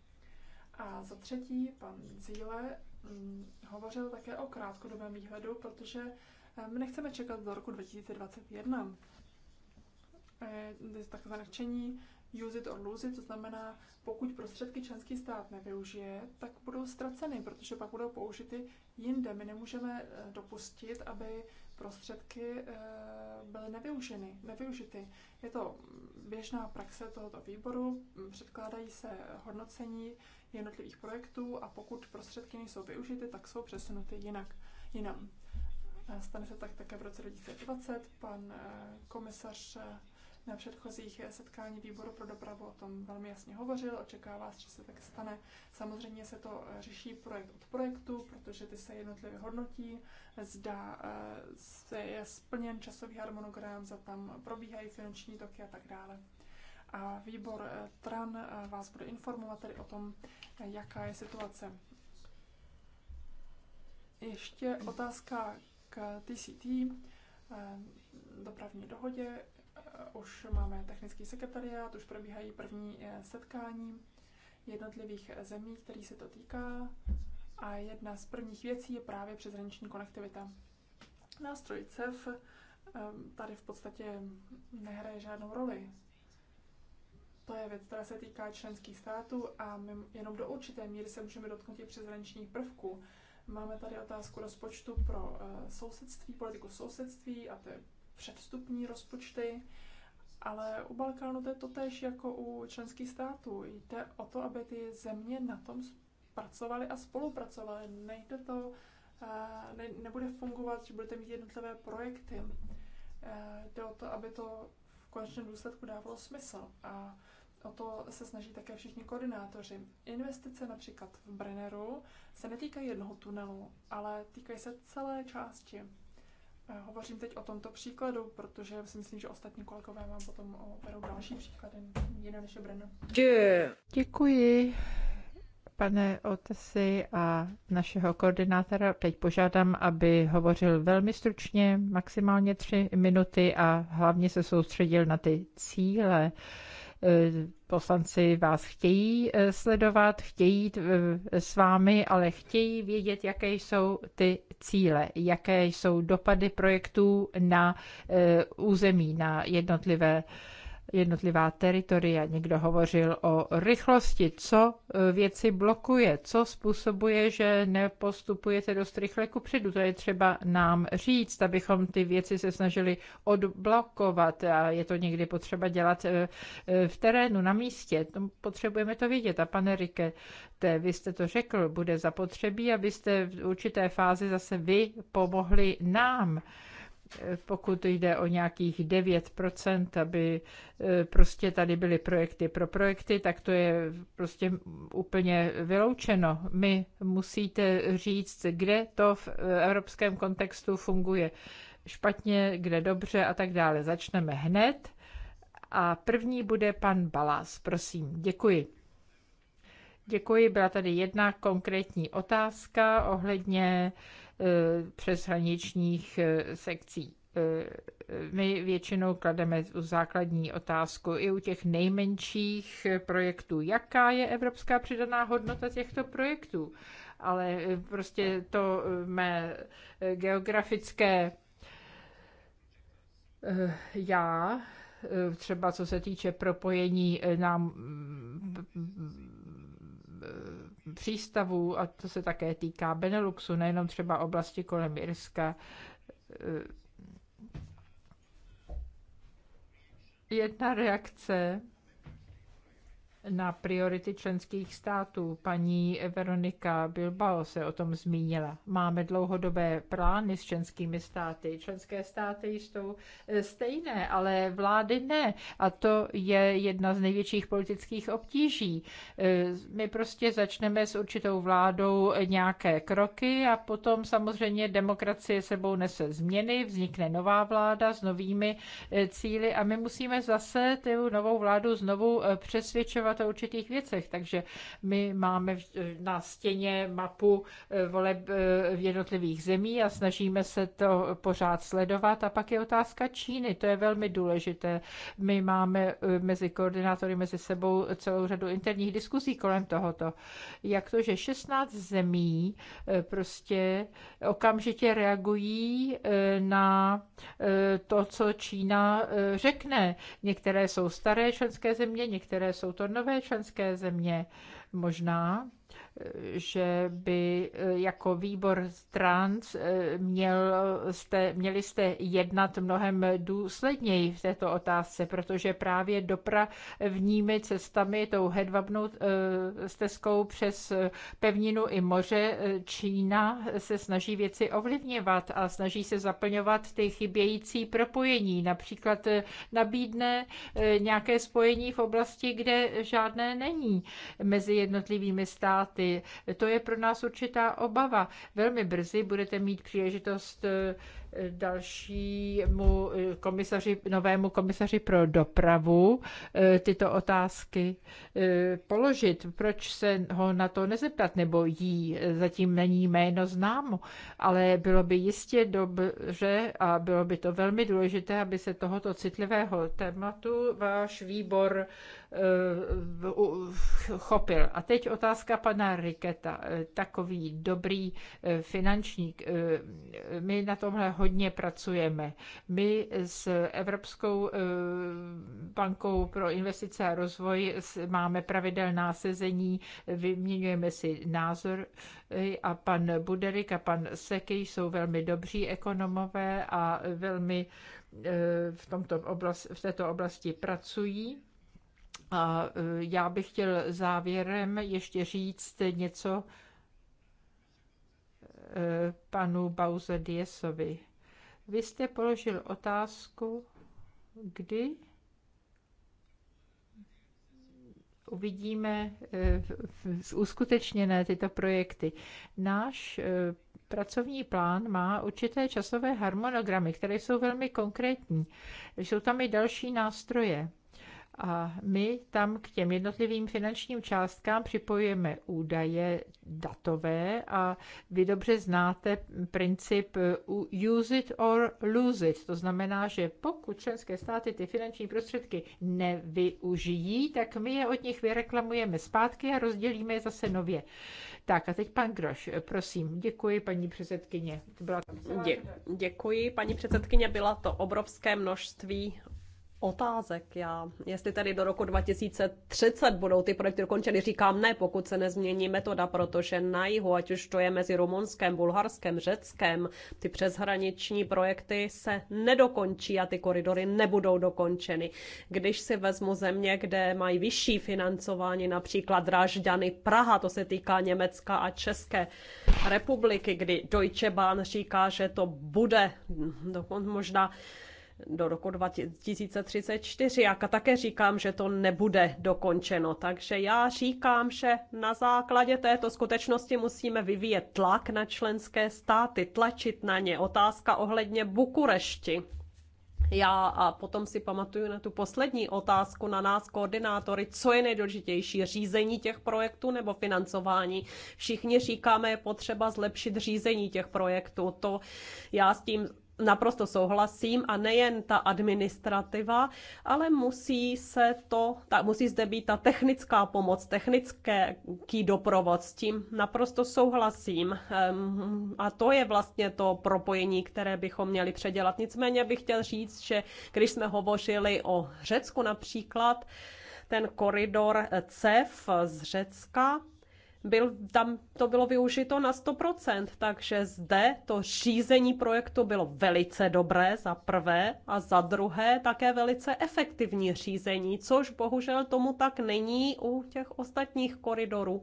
A za třetí, pan Zíle mm, hovořil také o krátkodobém výhledu, protože eh, my nechceme čekat do roku 2021. Eh, je takové nadšení use it or lose it, to znamená, pokud prostředky členský stát nevyužije, tak budou ztraceny, protože pak budou použity jinde. My nemůžeme dopustit, aby prostředky eh, byly nevyuženy, nevyužity. Je to běžná praxe tohoto výboru, předkládají se hodnocení jednotlivých projektů a pokud prostředky nejsou využity, tak jsou přesunuty jinak, jinam. Eh, stane se tak také v roce 2020. Pan eh, komisař na předchozích setkání výboru pro dopravu o tom velmi jasně hovořil, očekává se, že se tak stane. Samozřejmě se to eh, řeší projekt od projektu, protože ty se jednotlivě hodnotí, zda eh, se je splněn časový harmonogram, zda tam probíhají finanční toky a tak dále. A výbor eh, TRAN vás bude informovat tedy o tom, jaká je situace. Ještě otázka k TCT, dopravní dohodě. Eh, už máme technický sekretariát, už probíhají první eh, setkání jednotlivých eh, zemí, který se to týká. A jedna z prvních věcí je právě přeshraniční konektivita. Nástroj CEF tady v podstatě nehraje žádnou roli. To je věc, která se týká členských států a my jenom do určité míry se můžeme dotknout i přeshraničních prvků. Máme tady otázku rozpočtu pro sousedství, politiku sousedství a to je předstupní rozpočty, ale u Balkánu to je to tež jako u členských států. Jde o to, aby ty země na tom pracovaly a spolupracovaly. Nejde to, eh, ne, nebude fungovat, že budete mít jednotlivé projekty. Eh, jde o to, aby to v konečném důsledku dávalo smysl. A O to se snaží také všichni koordinátoři. Investice například v Brenneru se netýkají jednoho tunelu, ale týkají se celé části. Eh, hovořím teď o tomto příkladu, protože si myslím, že ostatní kolegové vám potom berou další příklady, jiné než je Brenna. Děkuji, pane Otesi a našeho koordinátora. Teď požádám, aby hovořil velmi stručně, maximálně tři minuty a hlavně se soustředil na ty cíle Eh, poslanci vás chtějí eh, sledovat, chtějí eh, s vámi, ale chtějí vědět, jaké jsou ty cíle, jaké jsou dopady projektů na území, na jednotlivé jednotlivá teritoria. Někdo hovořil o rychlosti, co e, věci blokuje, co způsobuje, že nepostupujete dost rychle ku předu. To je třeba nám říct, abychom ty věci se snažili odblokovat a je to někdy potřeba dělat e, e, v terénu, na místě. Potřebujeme to vidět. A pane Rike, te, vy jste to řekl, bude zapotřebí, abyste v určité fázi zase vy pomohli nám pokud jde o nějakých 9%, aby e, prostě tady byly projekty pro projekty, tak to je prostě úplně vyloučeno. My musíte říct, kde to v e, evropském kontextu funguje špatně, kde dobře a tak dále. Začneme hned a první bude pan Balas, prosím. Děkuji. Děkuji, byla tady jedna konkrétní otázka ohledně Eh, přeshraničních eh, sekcí eh, my většinou klademe tu základní otázku i u těch nejmenších projektů, jaká je evropská přidaná hodnota těchto projektů. Ale prostě to mé geografické já, třeba co se týče propojení nám přístavů a to se také týká Beneluxu, nejenom třeba oblasti kolem Irska. Eh, jedna reakce na priority členských států. Paní Veronika Bilbao se o tom zmínila. Máme dlouhodobé plány s členskými státy. Členské státy jsou eh, stejné, ale vlády ne. A to je jedna z největších politických obtíží. Eh, my prostě začneme s určitou vládou nějaké kroky a potom samozřejmě demokracie sebou nese změny, vznikne nová vláda s novými eh, cíly a my musíme zase tu novou vládu znovu přesvědčovat rozhodovat o určitých věcech. Takže my máme na stěně mapu eh, voleb eh, v jednotlivých zemí a snažíme se to pořád sledovat. A pak je otázka Číny, to je velmi důležité. My máme eh, mezi koordinátory mezi sebou celou řadu interních diskuzí kolem tohoto. Jak to, že 16 zemí prostě okamžitě reagují na to, co Čína řekne. Některé jsou staré členské země, některé jsou to nové členské země. Možná že by eh, jako výbor trans eh, měl jste, měli jste jednat mnohem důsledněji v této otázce, protože právě dopravními cestami, tou hedvabnou eh, stezkou přes pevninu i moře, Čína se snaží věci ovlivňovat a snaží se zaplňovat ty chybějící propojení. Například nabídne nějaké spojení v oblasti, kde žádné není mezi jednotlivými státy státy. To je pro nás určitá obava. Velmi brzy budete mít příležitost eh, dalšímu eh, komisaři, novému komisaři pro dopravu eh, tyto otázky eh, položit. Proč se ho na to nezeptat, nebo jí zatím není jméno známo, ale bylo by jistě dobře a bylo by to velmi důležité, aby se tohoto citlivého tématu váš výbor chopil. A teď otázka pana Riketa. Takový dobrý finančník. My na tomhle hodně pracujeme. My s Evropskou eh, bankou pro investice a rozvoj máme pravidelná sezení, vyměňujeme si názor eh, a pan Buderik a pan Seky jsou velmi dobří ekonomové a velmi eh, v, tomto oblast, v této oblasti pracují. A já bych chtěl závěrem ještě říct něco panu Bauze Diesovi. Vy jste položil otázku, kdy uvidíme eh, uskutečněné tyto projekty. Náš eh, pracovní plán má určité časové harmonogramy, které jsou velmi konkrétní. Jsou tam i další nástroje. A my tam k těm jednotlivým finančním částkám připojujeme údaje datové a vy dobře znáte princip uh, use it or lose it. To znamená, že pokud členské státy ty finanční prostředky nevyužijí, tak my je od nich vyreklamujeme zpátky a rozdělíme je zase nově. Tak a teď pan Groš, prosím. Děkuji, paní předsedkyně. Byla to... Dě- děkuji, paní předsedkyně. Byla to obrovské množství otázek. Já, jestli tady do roku 2030 budou ty projekty dokončeny, říkám ne, pokud se nezmění metoda, protože na jihu, ať už to je mezi Rumunskem, Bulharskem, Řeckem, ty přeshraniční projekty se nedokončí a ty koridory nebudou dokončeny. Když si vezmu země, kde mají vyšší financování, například Dražďany, Praha, to se týká Německa a České republiky, kdy Deutsche Bahn říká, že to bude, dokonce možná do roku 2034. Já také říkám, že to nebude dokončeno, takže já říkám, že na základě této skutečnosti musíme vyvíjet tlak na členské státy, tlačit na ně. Otázka ohledně Bukurešti. Já a potom si pamatuju na tu poslední otázku na nás, koordinátory, co je nejdůležitější, řízení těch projektů nebo financování. Všichni říkáme, je potřeba zlepšit řízení těch projektů. To já s tím naprosto souhlasím a nejen ta administrativa, ale musí se to, ta, musí zde být ta technická pomoc, technický doprovod, s tím naprosto souhlasím. Ehm, a to je vlastně to propojení, které bychom měli předělat. Nicméně bych chtěl říct, že když jsme hovořili o Řecku například, ten koridor CEF z Řecka, byl, tam to bylo využito na 100%, takže zde to řízení projektu bylo velice dobré za prvé a za druhé také velice efektivní řízení, což bohužel tomu tak není u těch ostatních koridorů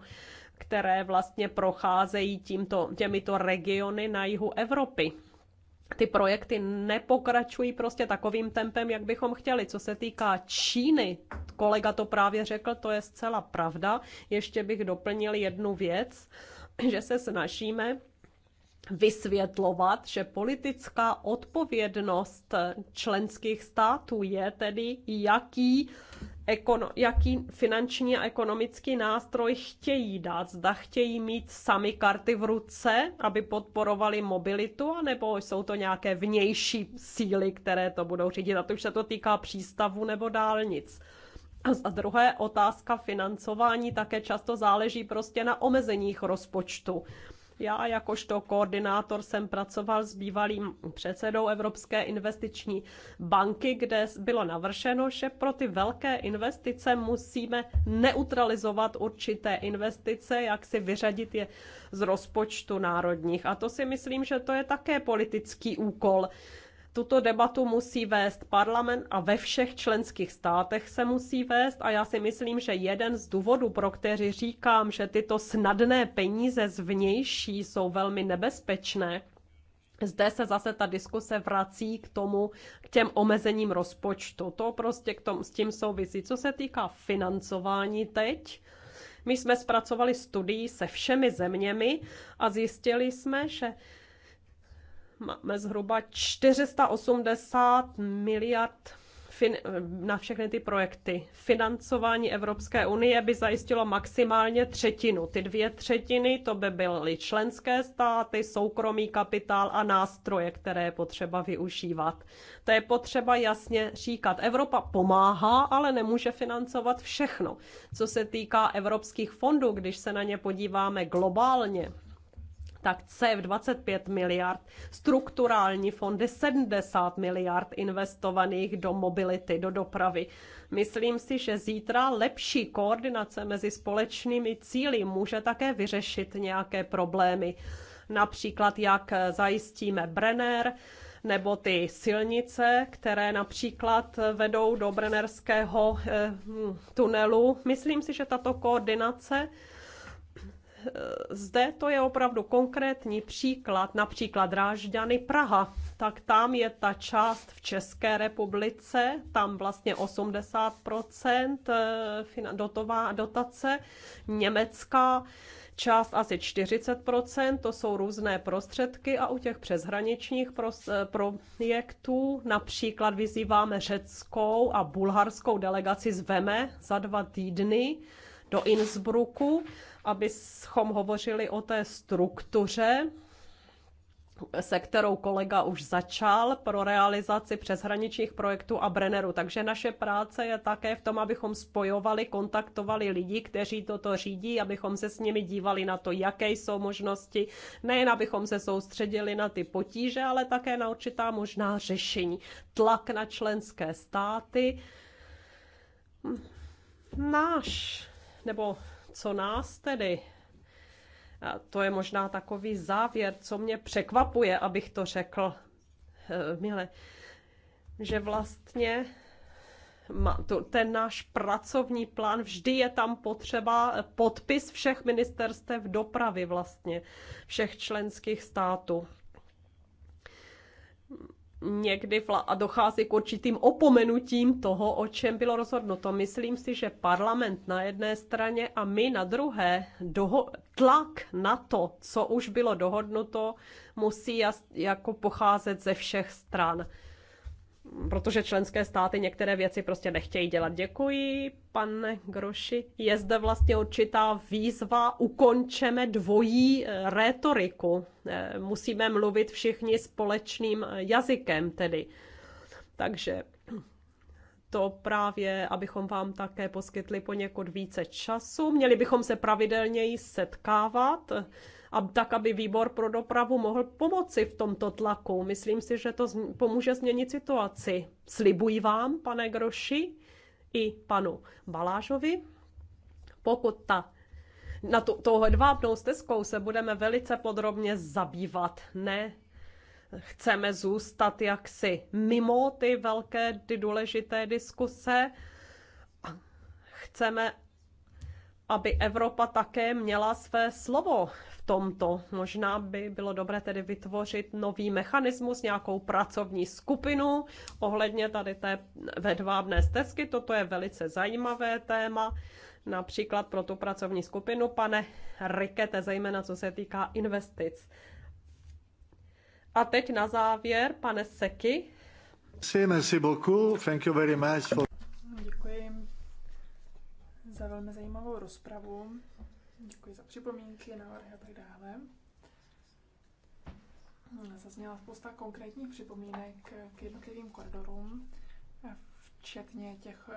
které vlastně procházejí tímto, těmito regiony na jihu Evropy ty projekty nepokračují prostě takovým tempem, jak bychom chtěli. Co se týká Číny, kolega to právě řekl, to je zcela pravda. Ještě bych doplnil jednu věc, že se snažíme vysvětlovat, že politická odpovědnost členských států je tedy, jaký jaký finanční a ekonomický nástroj chtějí dát. Zda chtějí mít sami karty v ruce, aby podporovali mobilitu, anebo jsou to nějaké vnější síly, které to budou řídit. A to už se to týká přístavu nebo dálnic. A za druhé, otázka financování také často záleží prostě na omezeních rozpočtu. Já jakožto koordinátor jsem pracoval s bývalým předsedou Evropské investiční banky, kde bylo navršeno, že pro ty velké investice musíme neutralizovat určité investice, jak si vyřadit je z rozpočtu národních. A to si myslím, že to je také politický úkol tuto debatu musí vést parlament a ve všech členských státech se musí vést a já si myslím, že jeden z důvodů, pro který říkám, že tyto snadné peníze zvnější jsou velmi nebezpečné, Zde se zase ta diskuse vrací k tomu, k těm omezením rozpočtu. To prostě k tom, s tím souvisí. Co se týká financování teď, my jsme zpracovali studii se všemi zeměmi a zjistili jsme, že máme zhruba 480 miliard na všechny ty projekty. Financování Evropské unie by zajistilo maximálně třetinu. Ty dvě třetiny to by byly členské státy, soukromý kapitál a nástroje, které je potřeba využívat. To je potřeba jasně říkat. Evropa pomáhá, ale nemůže financovat všechno. Co se týká evropských fondů, když se na ně podíváme globálně, tak CEF 25 miliard, strukturální fondy 70 miliard investovaných do mobility, do dopravy. Myslím si, že zítra lepší koordinace mezi společnými cíly může také vyřešit nějaké problémy. Například, jak zajistíme Brenner, nebo ty silnice, které například vedou do Brennerského eh, hm, tunelu. Myslím si, že tato koordinace zde to je opravdu konkrétní příklad, například Drážďany Praha, tak tam je ta část v České republice, tam vlastně 80% eh, dotová dotace, německá část asi 40%, to jsou různé prostředky a u těch přeshraničních eh, projektů například vyzýváme řeckou a bulharskou delegaci zveme za dva týdny do Innsbrucku, abychom hovořili o té struktuře, se kterou kolega už začal pro realizaci přeshraničních projektů a Brenneru. Takže naše práce je také v tom, abychom spojovali, kontaktovali lidi, kteří toto řídí, abychom se s nimi dívali na to, jaké jsou možnosti, nejen abychom se soustředili na ty potíže, ale také na určitá možná řešení. Tlak na členské státy. Hm, náš nebo co nás tedy a to je možná takový závěr, co mě překvapuje, abych to řekl, eh, milé, že vlastně ten náš pracovní plán, vždy je tam potřeba eh, podpis všech ministerstev dopravy vlastně, všech členských států někdy a dochází k určitým opomenutím toho, o čem bylo rozhodnuto. Myslím si, že parlament na jedné straně a my na druhé doho- tlak na to, co už bylo dohodnuto, musí jako pocházet ze všech stran protože členské státy některé věci prostě nechtějí dělat. Děkuji, pane Groši. Je zde vlastně určitá výzva, ukončeme dvojí eh, rétoriku. Eh, musíme mluvit všichni společným eh, jazykem tedy. Takže to právě, abychom vám také poskytli poněkud více času. Měli bychom se pravidelněji setkávat a tak, aby výbor pro dopravu mohl pomoci v tomto tlaku. Myslím si, že to pomůže změnit situaci. Slibuji vám, pane Groši, i panu Balážovi, pokud ta na tu, tou hedvábnou stezkou se budeme velice podrobně zabývat. Ne chceme zůstat jaksi mimo ty velké, ty důležité diskuse. Chceme, aby Evropa také měla své slovo v tomto. Možná by bylo dobré tedy vytvořit nový mechanismus, nějakou pracovní skupinu ohledně tady té vedvábné stezky. Toto je velice zajímavé téma. Například pro tu pracovní skupinu, pane Rikete, zejména co se týká investic. A teď na závěr, pane Seky. Merci, merci beaucoup. Thank you very much for za velmi zajímavou rozpravu. Děkuji za připomínky, návrhy a tak dále. Zazněla spousta konkrétních připomínek k jednotlivým koridorům, včetně těch,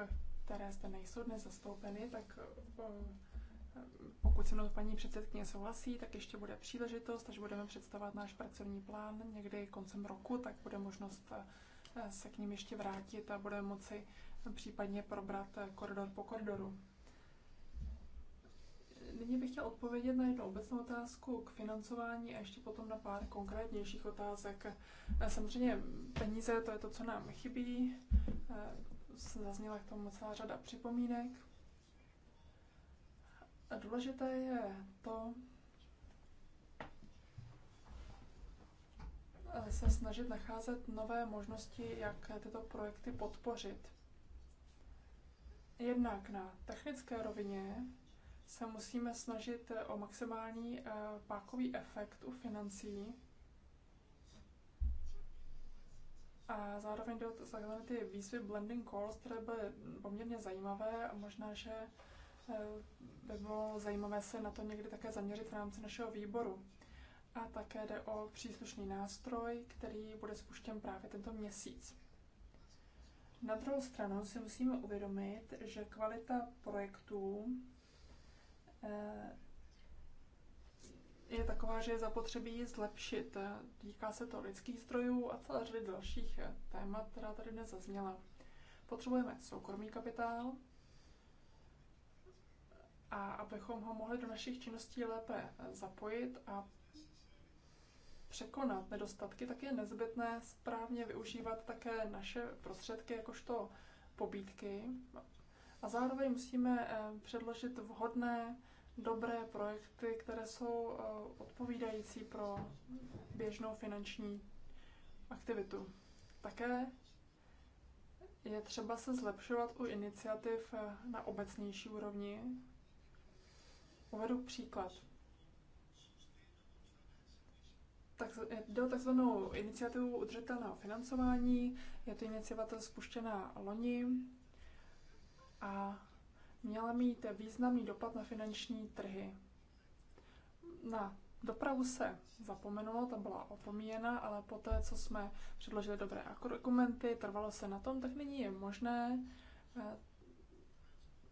které zde nejsou dnes zastoupeny, tak eh, pokud se mnou paní předsedkyně souhlasí, tak ještě bude příležitost, až budeme představovat náš pracovní plán někdy koncem roku, tak bude možnost eh, se k ním ještě vrátit a budeme moci případně probrat eh, koridor po koridoru. Nyní bych chtěl odpovědět na jednu obecnou otázku k financování a ještě potom na pár konkrétnějších otázek. Eh, samozřejmě peníze, to je to, co nám chybí. Eh, zazněla k tomu celá řada připomínek. A důležité je to, eh, se snažit nacházet nové možnosti, jak tyto projekty podpořit. Jednak na technické rovině se musíme snažit eh, o maximální eh, pákový efekt u financí a zároveň do takzvané ty výzvy blending calls, které byly poměrně zajímavé a možná, že eh, by bylo zajímavé se na to někdy také zaměřit v rámci našeho výboru. A také jde o příslušný nástroj, který bude spuštěn právě tento měsíc. Na druhou stranu si musíme uvědomit, že kvalita projektů Eh, je taková, že je zapotřebí ji zlepšit. Eh, týká se to lidských zdrojů a celé řady dalších eh, témat, která tady dnes zazněla. Potřebujeme soukromý kapitál a abychom ho mohli do našich činností lépe zapojit a překonat nedostatky, tak je nezbytné správně využívat také naše prostředky jakožto pobídky. A zároveň musíme předložit vhodné dobré projekty, které jsou eh, odpovídající pro běžnou finanční aktivitu. Také je třeba se zlepšovat u iniciativ eh, na obecnější úrovni. Uvedu příklad. Tak, eh, jde o takzvanou iniciativu udržitelného financování. Je to iniciativa spuštěná loni a měla mít významný dopad na finanční trhy. Na dopravu se zapomenulo, ta byla opomíjena, ale poté, co jsme předložili dobré argumenty, trvalo se na tom, tak nyní je možné eh,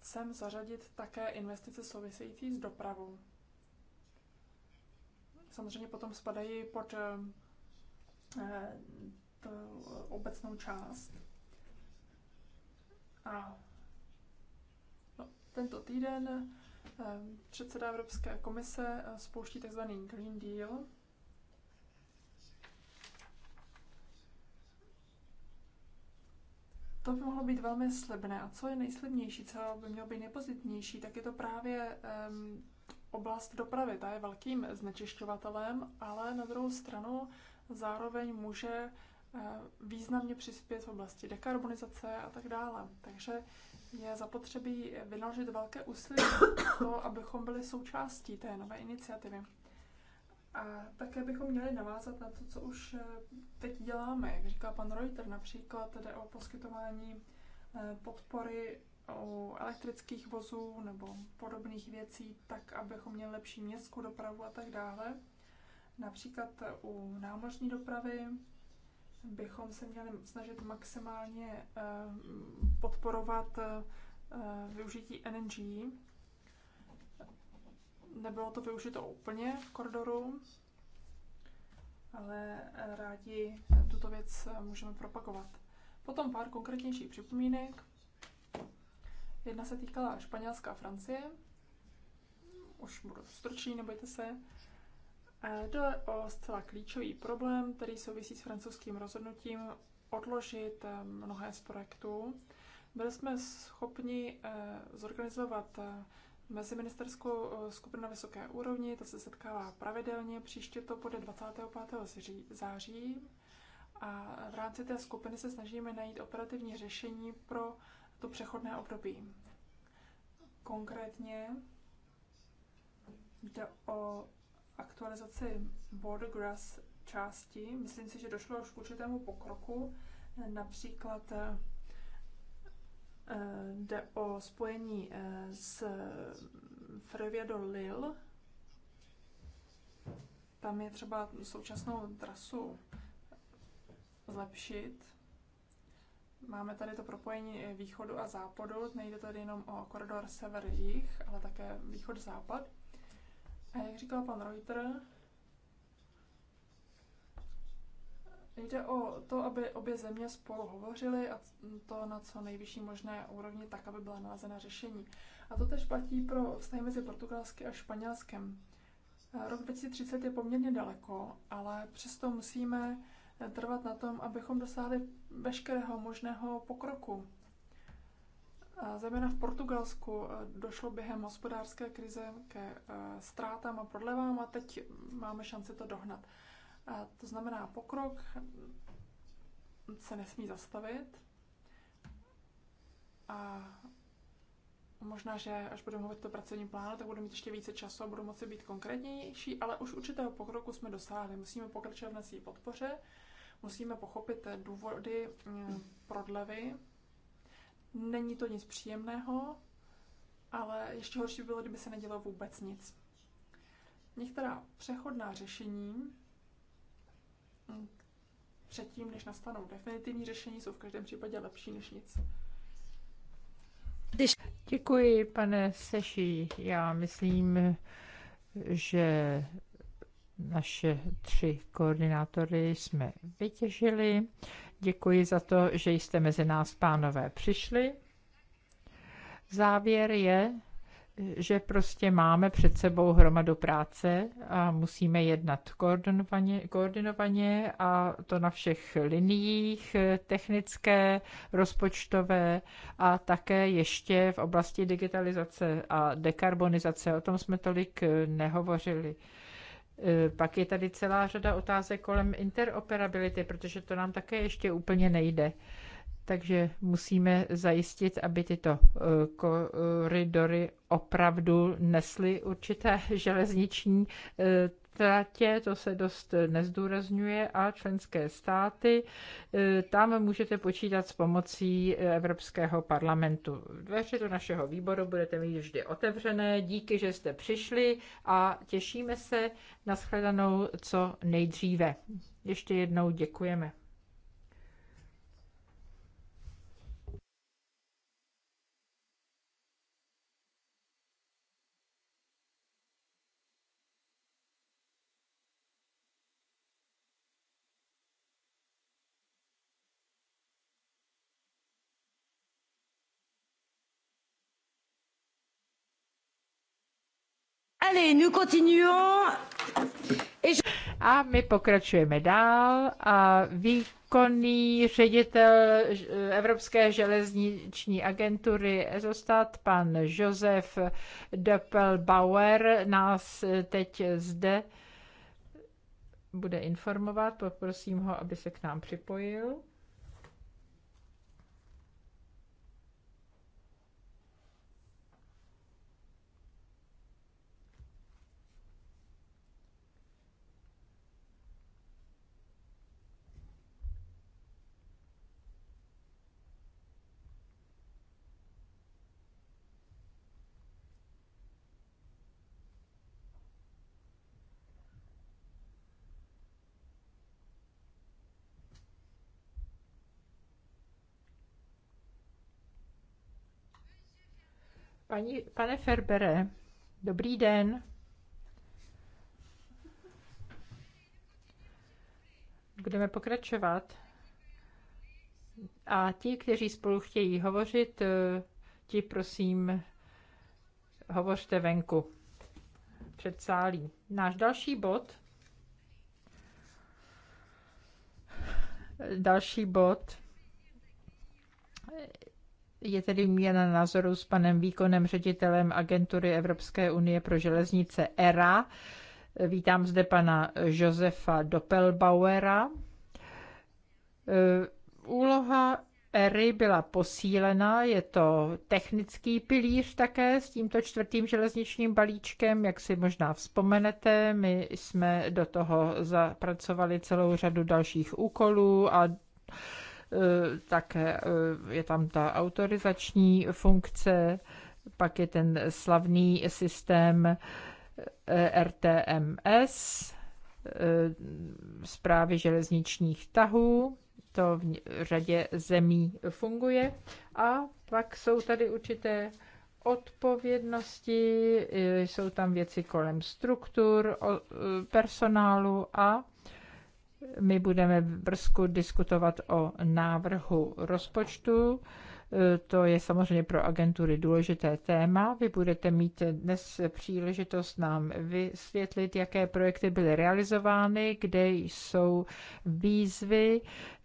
sem zařadit také investice související s dopravou. Samozřejmě potom spadají pod eh, eh, obecnou část. A tento týden eh, předseda Evropské komise eh, spouští tzv. Green Deal, To by mohlo být velmi slibné. A co je nejslibnější, co by mělo být nejpozitnější, tak je to právě um, oblast dopravy. Ta je velkým znečišťovatelem, ale na druhou stranu zároveň může uh, významně přispět v oblasti dekarbonizace a tak dále. Takže je zapotřebí vynaložit velké úsilí to, abychom byli součástí té nové iniciativy. A také bychom měli navázat na to, co už eh, teď děláme. Jak říká pan Reuter, například jde o poskytování eh, podpory u elektrických vozů nebo podobných věcí, tak abychom měli lepší městskou dopravu a tak dále. Například u námořní dopravy bychom se měli snažit maximálně eh, podporovat eh, využití NNG. Nebylo to využito úplně v koridoru, ale eh, rádi tuto věc můžeme propagovat. Potom pár konkrétnějších připomínek. Jedna se týkala Španělská a Francie. Už budu stručný, nebojte se. Jde o zcela klíčový problém, který souvisí s francouzským rozhodnutím odložit eh, mnohé z projektů. Byli jsme schopni eh, zorganizovat eh, meziministerskou skupinu na vysoké úrovni, ta se setkává pravidelně, příště to bude 25. září. A v rámci té skupiny se snažíme najít operativní řešení pro to přechodné období. Konkrétně jde o aktualizaci Bordergrass části. Myslím si, že došlo už k určitému pokroku. Například eh, eh, jde o spojení eh, s Frevia do Lille. Tam je třeba současnou trasu zlepšit. Máme tady to propojení východu a západu, nejde tady jenom o koridor sever-jih, ale také východ-západ. A jak říkal pan Reuter, jde o to, aby obě země spolu hovořily a to na co nejvyšší možné úrovni, tak, aby byla nalezena řešení. A to tež platí pro vztahy mezi Portugalsky a Španělskem. Rok 2030 je poměrně daleko, ale přesto musíme trvat na tom, abychom dosáhli veškerého možného pokroku. Zejména v Portugalsku eh, došlo během hospodářské krize ke eh, ztrátám a prodlevám a teď máme šanci to dohnat. A to znamená, pokrok se nesmí zastavit a možná, že až budeme mluvit o pracovním plánu, tak budu mít ještě více času a budu moci být konkrétnější, ale už určitého pokroku jsme dosáhli. Musíme pokračovat v naší podpoře, musíme pochopit důvody eh, prodlevy Není to nic příjemného, ale ještě horší by bylo, kdyby se nedělo vůbec nic. Některá přechodná řešení předtím, než nastanou definitivní řešení, jsou v každém případě lepší než nic. Děkuji, pane Seši. Já myslím, že naše tři koordinátory jsme vytěžili. Děkuji za to, že jste mezi nás, pánové, přišli. Závěr je, že prostě máme před sebou hromadu práce a musíme jednat koordinovaně, koordinovaně a to na všech liniích, technické, rozpočtové a také ještě v oblasti digitalizace a dekarbonizace. O tom jsme tolik nehovořili. Eh, pak je tady celá řada otázek kolem interoperability, protože to nám také ještě úplně nejde. Takže musíme zajistit, aby tyto eh, koridory opravdu nesly určité železniční eh, tratě, to se dost nezdůrazňuje, a členské státy. E, tam můžete počítat s pomocí Evropského parlamentu. Dveře do našeho výboru budete mít vždy otevřené. Díky, že jste přišli a těšíme se na shledanou co nejdříve. Ještě jednou děkujeme. nous continuons. Et je... A my pokračujeme dál a výkonný ředitel eh, Evropské železniční agentury Ezostat, pan Josef Doppelbauer, nás eh, teď zde bude informovat. Poprosím ho, aby se k nám připojil. Pani, pane Ferbere, dobrý den. Budeme pokračovat. A ti, kteří spolu chtějí hovořit, eh, ti prosím, hovořte venku před sálí. Náš další bod, další bod je tedy měna názoru s panem výkonem ředitelem agentury Evropské unie pro železnice ERA. Vítám zde pana Josefa Doppelbauera. Eh, úloha ERY byla posílena, je to technický pilíř také s tímto čtvrtým železničním balíčkem, jak si možná vzpomenete. My jsme do toho zapracovali celou řadu dalších úkolů a Eh, také eh, je tam ta autorizační funkce, pak je ten slavný systém eh, RTMS, zprávy železničních tahů, to v řadě zemí funguje. A pak jsou tady určité odpovědnosti, jsou tam věci kolem struktur, personálu a my budeme v Brzku diskutovat o návrhu rozpočtu. To je samozřejmě pro agentury důležité téma. Vy budete mít dnes příležitost nám vysvětlit, jaké projekty byly realizovány, kde jsou výzvy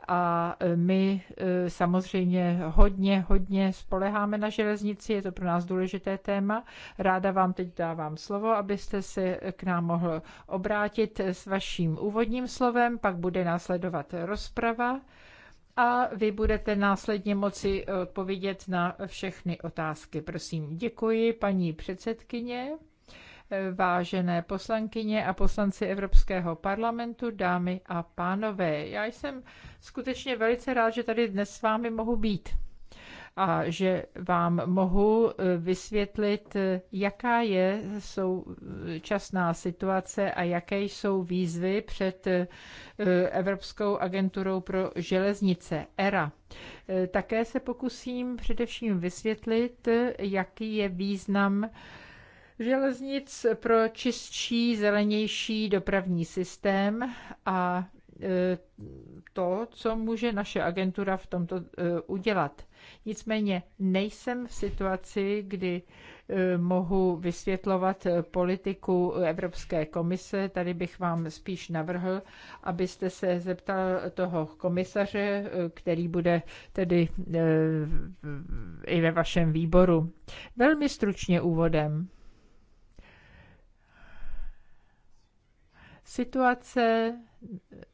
a my e, samozřejmě hodně, hodně spoleháme na železnici, je to pro nás důležité téma. Ráda vám teď dávám slovo, abyste se k nám mohl obrátit s vaším úvodním slovem, pak bude následovat rozprava a vy budete následně moci eh, odpovědět na všechny otázky. Prosím, děkuji paní předsedkyně, eh, vážené poslankyně a poslanci Evropského parlamentu, dámy a pánové. Já jsem skutečně velice rád, že tady dnes s vámi mohu být a že vám mohu eh, vysvětlit, eh, jaká je současná eh, situace a jaké jsou výzvy před Evropskou agenturou pro železnice ERA. Také se pokusím především vysvětlit, jaký je význam železnic pro čistší, zelenější dopravní systém a E, to, co může naše agentura v tomto e, udělat. Nicméně nejsem v situaci, kdy e, mohu vysvětlovat politiku Evropské komise. Tady bych vám spíš navrhl, abyste se zeptal toho komisaře, který bude tedy i ve vašem výboru. Velmi stručně úvodem. Situace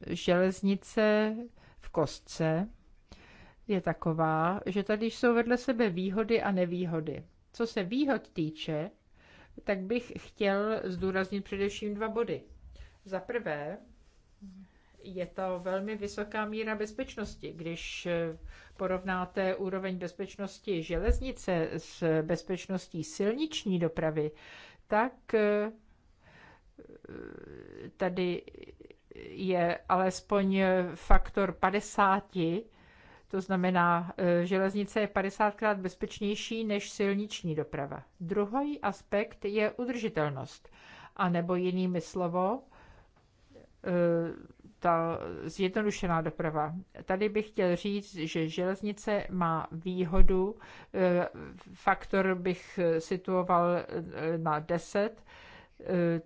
železnice v kostce je taková, že tady jsou vedle sebe výhody a nevýhody. Co se výhod týče, tak bych chtěl zdůraznit především dva body. Za prvé, je to velmi vysoká míra bezpečnosti. Když porovnáte úroveň bezpečnosti železnice s bezpečností silniční dopravy, tak tady je alespoň faktor 50, to znamená, eh, železnice je 50krát bezpečnější než silniční doprava. Druhý aspekt je udržitelnost, a nebo jinými slovo, eh, ta zjednodušená doprava. Tady bych chtěl říct, že železnice má výhodu, eh, faktor bych situoval na 10, Eh,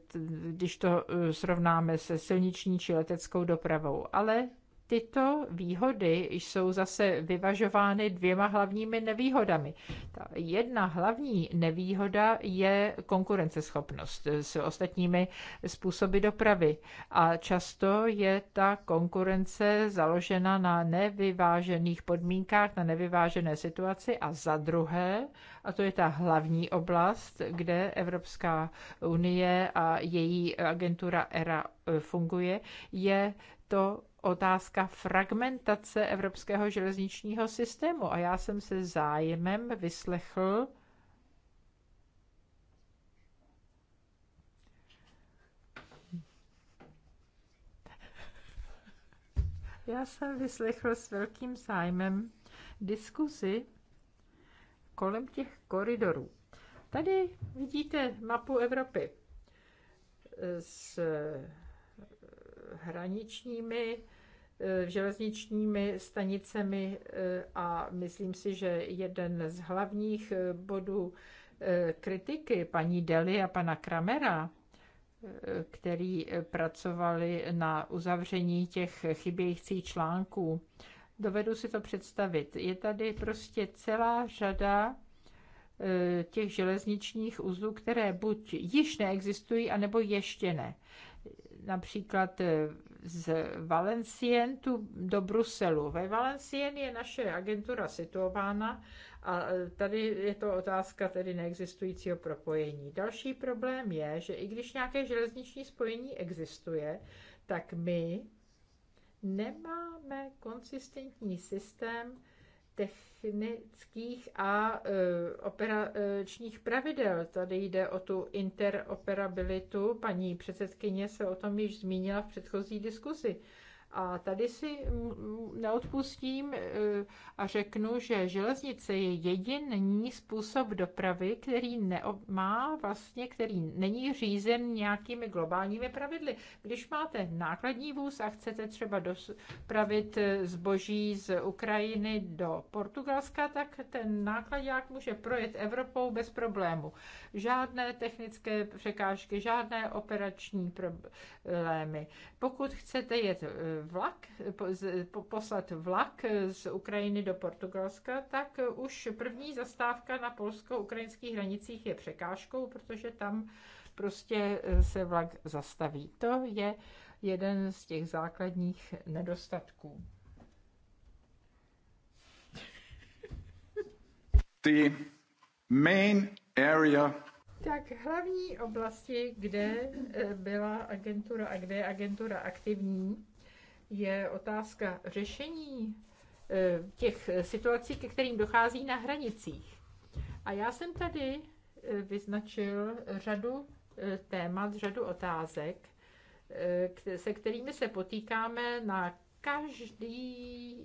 když to eh, srovnáme se silniční či leteckou dopravou. Ale tyto výhody jsou zase vyvažovány dvěma hlavními nevýhodami. Ta jedna hlavní nevýhoda je konkurenceschopnost s ostatními způsoby dopravy. A často je ta konkurence založena na nevyvážených podmínkách, na nevyvážené situaci. A za druhé, a to je ta hlavní oblast, kde Evropská unie a její agentura ERA funguje, je to otázka fragmentace evropského železničního systému. A já jsem se zájmem vyslechl Já jsem vyslechl s velkým zájmem diskuzi kolem těch koridorů. Tady vidíte mapu Evropy s hraničními eh, železničními stanicemi eh, a myslím si, že jeden z hlavních eh, bodů kritiky paní Deli a pana Kramera, který pracovali na uzavření těch chybějících článků, dovedu si to představit. Je tady prostě celá řada těch železničních uzlů, které buď již neexistují, anebo ještě ne například eh, z Valencien tu do Bruselu. Ve Valencien je naše agentura situována a eh, tady je to otázka tedy neexistujícího propojení. Další problém je, že i když nějaké železniční spojení existuje, tak my nemáme konsistentní systém technických a e, operačních pravidel. Tady jde o tu interoperabilitu. Paní předsedkyně se o tom již zmínila v předchozí diskusi. A tady si neodpustím e, a řeknu, že železnice je jediný způsob dopravy, který má vlastně, který není řízen nějakými globálními pravidly. Když máte nákladní vůz a chcete třeba dopravit e, zboží z Ukrajiny do Portugalska, tak ten nákladák může projet Evropou bez problému. Žádné technické překážky, žádné operační problémy. Pokud chcete jet e, vlak, poslat vlak z Ukrajiny do Portugalska, tak už první zastávka na polsko-ukrajinských hranicích je překážkou, protože tam prostě eh, se vlak zastaví. To je jeden z těch základních nedostatků. The main area tak hlavní oblasti, kde eh, byla agentura a kde je agentura aktivní, je otázka řešení eh, těch situací, ke kterým dochází na hranicích. A já jsem tady eh, vyznačil řadu eh, témat, řadu otázek, se kterými se potýkáme na, každý,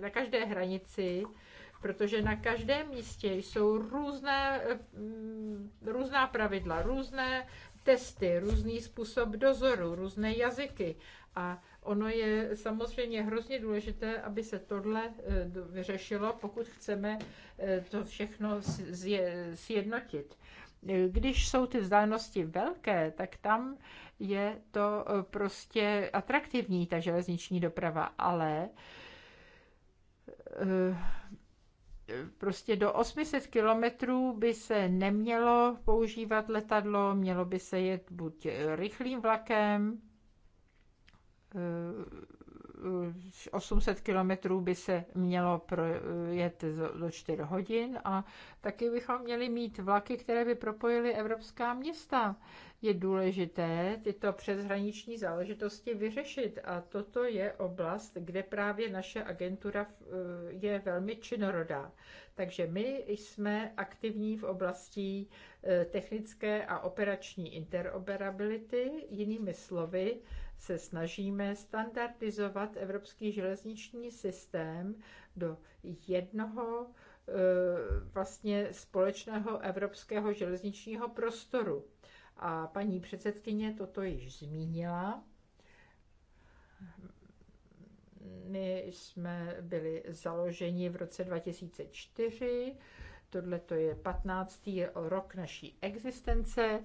na každé hranici, protože na každém místě jsou různé, mm, různá pravidla, různé testy, různý způsob dozoru, různé jazyky. A Ono je samozřejmě hrozně důležité, aby se tohle eh, vyřešilo, pokud chceme eh, to všechno sjednotit. Eh, když jsou ty vzdálenosti velké, tak tam je to prostě atraktivní, ta železniční doprava, ale prostě do 800 kilometrů by se nemělo používat letadlo, mělo by se jet buď rychlým vlakem, 800 kilometrů by se mělo projet do 4 hodin a taky bychom měli mít vlaky, které by propojily evropská města. Je důležité tyto přeshraniční záležitosti vyřešit a toto je oblast, kde právě naše agentura eh, je velmi činorodá. Takže my jsme aktivní v oblasti eh, technické a operační interoperability, jinými slovy, se snažíme standardizovat evropský železniční systém do jednoho e, vlastně společného evropského železničního prostoru. A paní předsedkyně toto již zmínila. My jsme byli založeni v roce 2004. Tohle to je 15. rok naší existence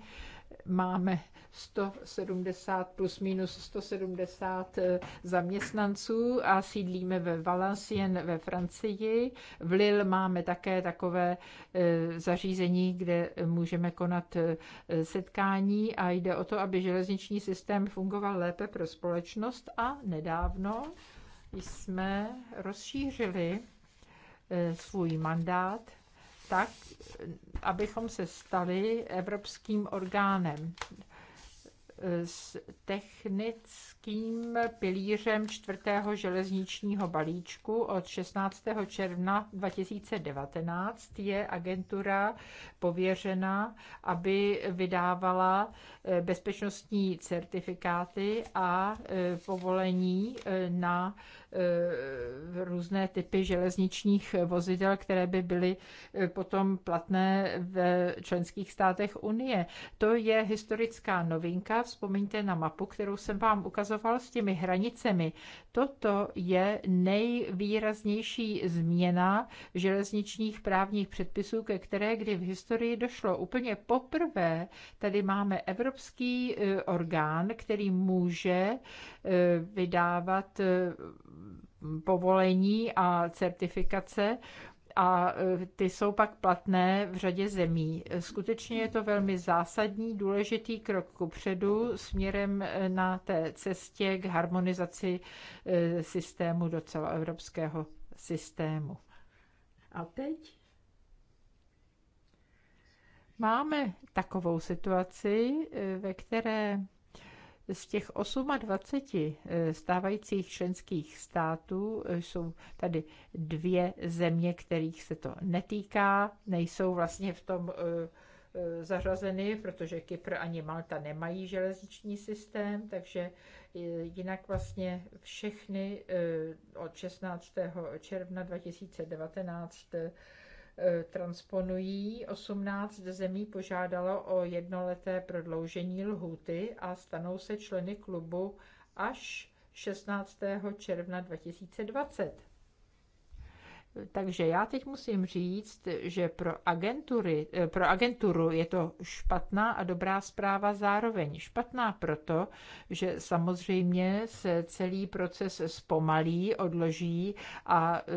máme 170 plus minus 170 eh, zaměstnanců a sídlíme ve Valenciennes ve Francii. V Lille máme také takové eh, zařízení, kde můžeme konat eh, setkání a jde o to, aby železniční systém fungoval lépe pro společnost a nedávno jsme rozšířili svůj mandát tak, abychom se stali evropským orgánem s technickým pilířem čtvrtého železničního balíčku od 16. června 2019 je agentura pověřena, aby vydávala eh, bezpečnostní certifikáty a eh, povolení eh, na Eh, různé typy železničních vozidel, které by byly eh, potom platné ve členských státech Unie. To je historická novinka. Vzpomeňte na mapu, kterou jsem vám ukazoval s těmi hranicemi. Toto je nejvýraznější změna železničních právních předpisů, ke které kdy v historii došlo. Úplně poprvé tady máme evropský eh, orgán, který může Eh, vydávat eh, povolení a certifikace a eh, ty jsou pak platné v řadě zemí. Skutečně je to velmi zásadní, důležitý krok kupředu směrem na té cestě k harmonizaci systému do celoevropského systému. A teď máme takovou situaci, ve které z těch 28 eh, stávajících členských států eh, jsou tady dvě země, kterých se to netýká, nejsou vlastně v tom eh, zařazeny, protože Kypr ani Malta nemají železniční systém, takže jinak vlastně všechny od 16. června 2019 E, transponují. 18 zemí požádalo o jednoleté prodloužení lhůty a stanou se členy klubu až 16. června 2020. Takže já teď musím říct, že pro, agentury, eh, pro agenturu je to špatná a dobrá zpráva zároveň. Špatná proto, že samozřejmě se celý proces zpomalí, odloží a eh,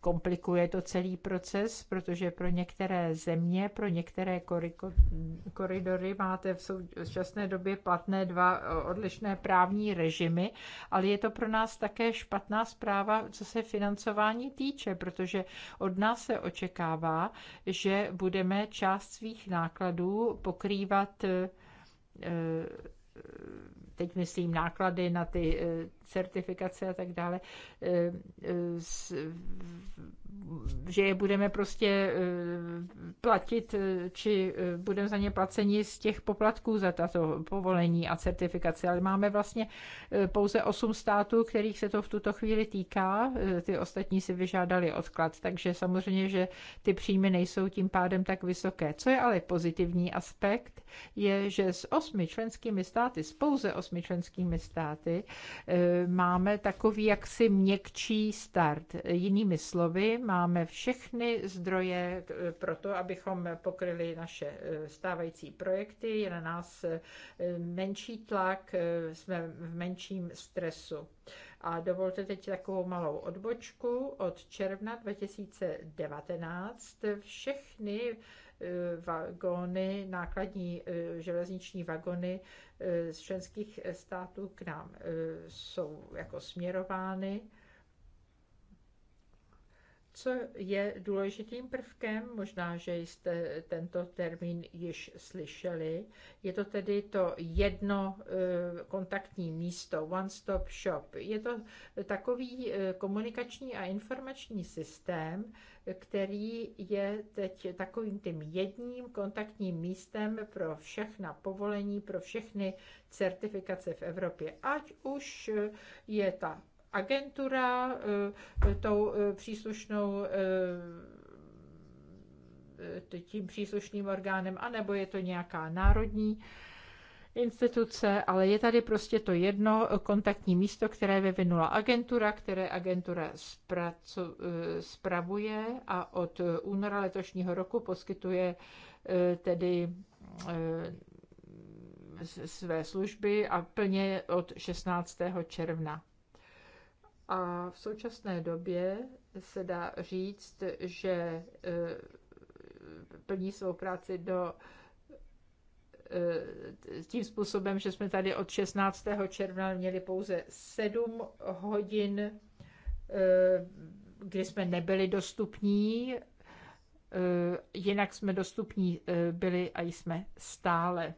komplikuje to celý proces, protože pro některé země, pro některé koridory máte v současné době platné dva eh, odlišné právní režimy, ale je to pro nás také špatná zpráva, co se financování daní týče, protože od nás se očekává, že budeme část svých nákladů pokrývat eh, teď myslím náklady na ty eh, certifikace a tak dále, eh, eh, že je budeme prostě platit, či budeme za ně placeni z těch poplatků za tato povolení a certifikace, ale máme vlastně pouze osm států, kterých se to v tuto chvíli týká, ty ostatní si vyžádali odklad, takže samozřejmě, že ty příjmy nejsou tím pádem tak vysoké. Co je ale pozitivní aspekt, je, že s osmi členskými státy, s pouze 28 členskými státy, e, máme takový jaksi měkčí start. Jinými slovy, máme všechny zdroje e, pro to, abychom pokryli naše e, stávající projekty. Je na nás menší tlak, jsme v menším stresu. A dovolte teď takovou malou odbočku. Od června 2019 všechny Eh, vagony, nákladní eh, železniční vagony eh, z členských států k nám jsou jako směrovány co je důležitým prvkem, možná, že jste tento termín již slyšeli, je to tedy to jedno eh, kontaktní místo, one-stop shop. Je to takový eh, komunikační a informační systém, který je teď takovým tím jedním kontaktním místem pro všechna povolení, pro všechny certifikace v Evropě. Ať už eh, je ta agentura, eh, tou eh, příslušnou eh, tím příslušným orgánem, anebo je to nějaká národní instituce, ale je tady prostě to jedno kontaktní místo, které vyvinula agentura, které agentura zpracu, spravuje a od února letošního roku poskytuje tedy své služby a plně od 16. června. A v současné době se dá říct, že e, plní svou práci do e, tím způsobem, že jsme tady od 16. června měli pouze 7 hodin, e, kdy jsme nebyli dostupní, jinak jsme dostupní byli a jsme stále.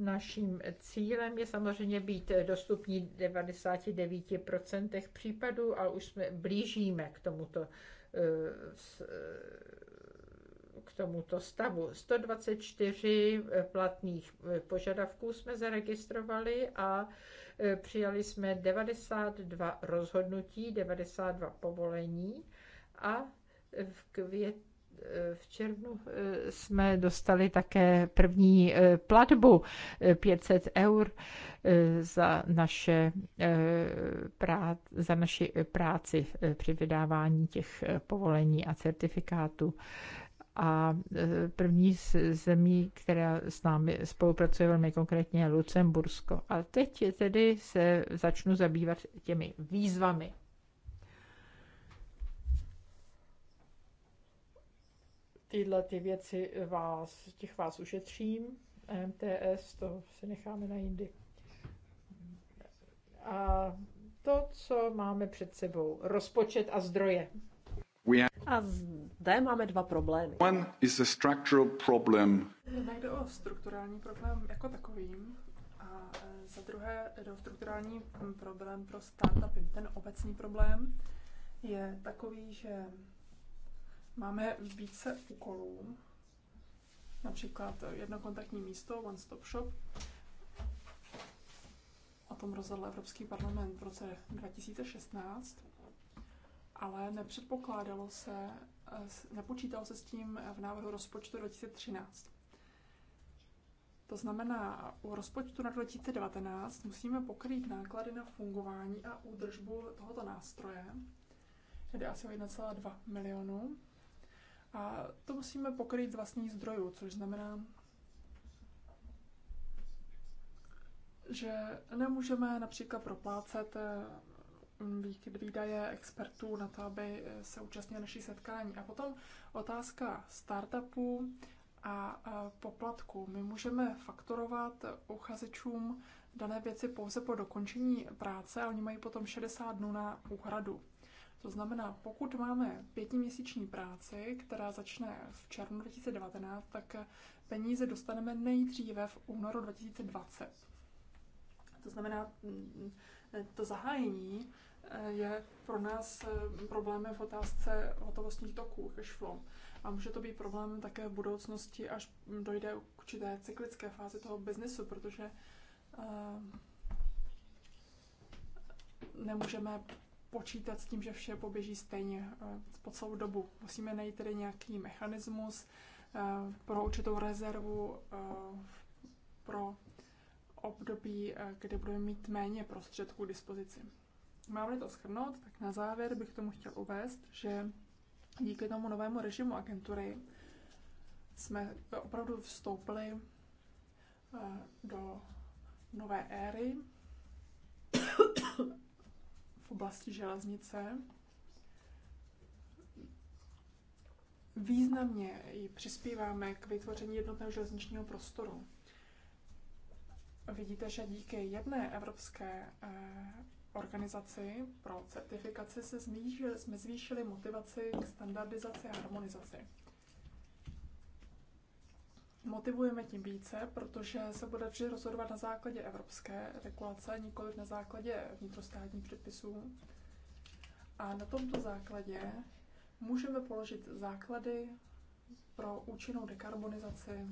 Naším cílem je samozřejmě být dostupní v 99% případů, a už jsme blížíme k tomuto, eh, eh, k tomuto stavu. 124 eh, platných požadavků jsme zaregistrovali a přijali jsme 92 rozhodnutí, 92 povolení a v květ v červnu eh, jsme dostali také první eh, platbu 500 eh, eur za, naše práci, za naši práci při vydávání těch povolení a certifikátů a první zemí, která s námi spolupracuje velmi konkrétně, je Lucembursko. A teď tedy se začnu zabývat těmi výzvami. Tyhle ty věci vás, těch vás ušetřím. MTS, to si necháme na jindy. A to, co máme před sebou, rozpočet a zdroje. A zde máme dva problémy. One is a structural problem. Nejde o strukturální problém jako takový a e, za druhé jde o strukturální problém pro startupy. Ten obecný problém je takový, že Máme více úkolů, například jedno kontaktní místo, One Stop Shop. O tom rozhodl Evropský parlament v roce 2016, ale nepředpokládalo se, eh, nepočítalo se s tím v návrhu rozpočtu 2013. To znamená, u rozpočtu na 2019 musíme pokrýt náklady na fungování a údržbu tohoto nástroje, tedy asi o 1,2 milionu. A to musíme pokrýt z vlastních zdrojů, což znamená, že nemůžeme například proplácet eh, výdaje expertů na to, aby eh, se účastnili naší setkání. A potom otázka startupů a poplatku. My můžeme fakturovat uchazečům dané věci pouze po dokončení práce a oni mají potom 60 dnů na úhradu. To znamená, pokud máme pětiměsíční práci, která začne v červnu 2019, tak peníze dostaneme nejdříve v únoru 2020. To znamená, mm, to zahájení eh, je pro nás eh, problémem v otázce hotovostních toků, cash flow. A může to být problém také v budoucnosti, až dojde k určité cyklické fázi toho biznesu, protože eh, nemůžeme počítat s tím, že vše poběží stejně eh, po celou dobu. Musíme najít tedy nějaký mechanismus eh, pro určitou rezervu eh, pro období, kdy budeme mít méně prostředků k dispozici. Máme to schrnout, tak na závěr bych tomu chtěl uvést, že díky tomu novému režimu agentury jsme opravdu vstoupili do nové éry oblasti železnice významně přispíváme k vytvoření jednotného železničního prostoru. Vidíte, že díky jedné evropské eh, organizaci pro certifikaci se zvýšili, jsme zvýšili motivaci k standardizaci a harmonizaci motivujeme tím více, protože se bude vždy rozhodovat na základě evropské regulace, nikoli na základě vnitrostátních předpisů. A na tomto základě můžeme položit základy pro účinnou dekarbonizaci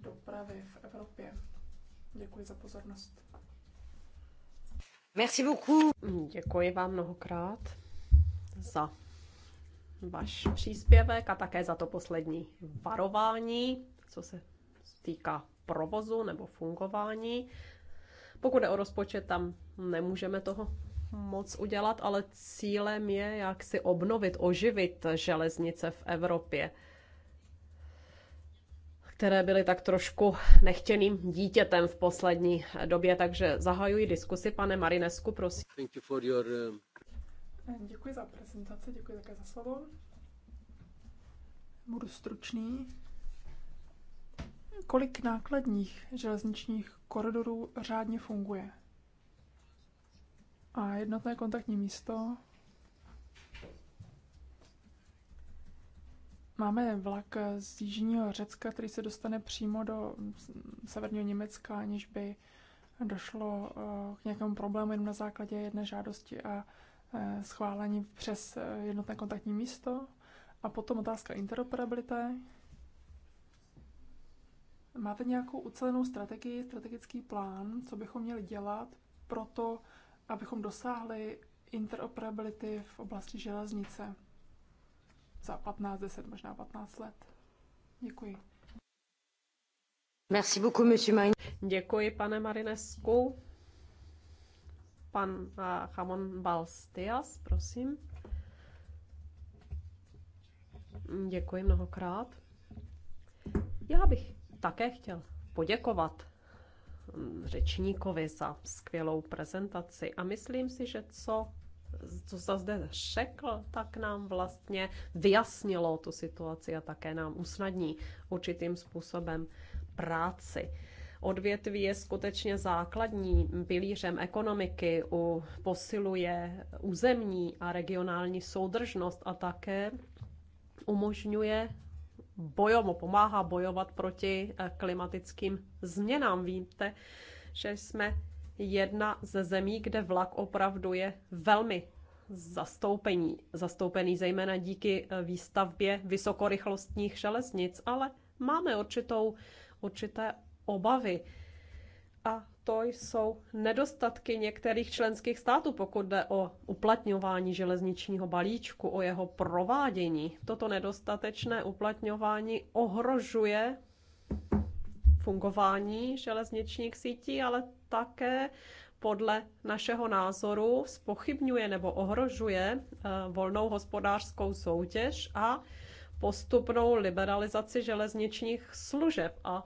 dopravy v Evropě. Děkuji za pozornost. Merci beaucoup. Děkuji vám mnohokrát za váš příspěvek a také za to poslední varování co se týká provozu nebo fungování. Pokud je o rozpočet, tam nemůžeme toho moc udělat, ale cílem je, jak si obnovit, oživit železnice v Evropě, které byly tak trošku nechtěným dítětem v poslední době. Takže zahajuji diskusi. Pane Marinesku, prosím. You um, děkuji za prezentaci, děkuji také za slovo. Budu stručný kolik nákladních železničních koridorů řádně funguje. A jednotné kontaktní místo. Máme vlak z jižního Řecka, který se dostane přímo do severního Německa, aniž by došlo eh, k nějakému problému jenom na základě jedné žádosti a eh, schválení přes eh, jednotné kontaktní místo. A potom otázka interoperability, Máte nějakou ucelenou strategii, strategický plán, co bychom měli dělat pro to, abychom dosáhli interoperability v oblasti železnice za 15, 10, možná 15 let? Děkuji. Merci beaucoup, monsieur Marine. Děkuji, pane Marinesku. Pan uh, Balstias, prosím. Děkuji mnohokrát. Já bych také chtěl poděkovat mm, řečníkovi za skvělou prezentaci a myslím si, že co co se zde řekl, tak nám vlastně vyjasnilo tu situaci a také nám usnadní určitým způsobem práci. Odvětví je skutečně základní pilířem ekonomiky, u, posiluje územní a regionální soudržnost a také umožňuje bojomu, pomáhá bojovat proti eh, klimatickým změnám. Víte, že jsme jedna ze zemí, kde vlak opravdu je velmi zastoupení, zastoupený zejména díky eh, výstavbě vysokorychlostních železnic, ale máme určitou, určité obavy. A to jsou nedostatky některých členských států, pokud jde o uplatňování železničního balíčku, o jeho provádění. Toto nedostatečné uplatňování ohrožuje fungování železničních sítí, ale také podle našeho názoru spochybňuje nebo ohrožuje eh, volnou hospodářskou soutěž a postupnou liberalizaci železničních služeb. A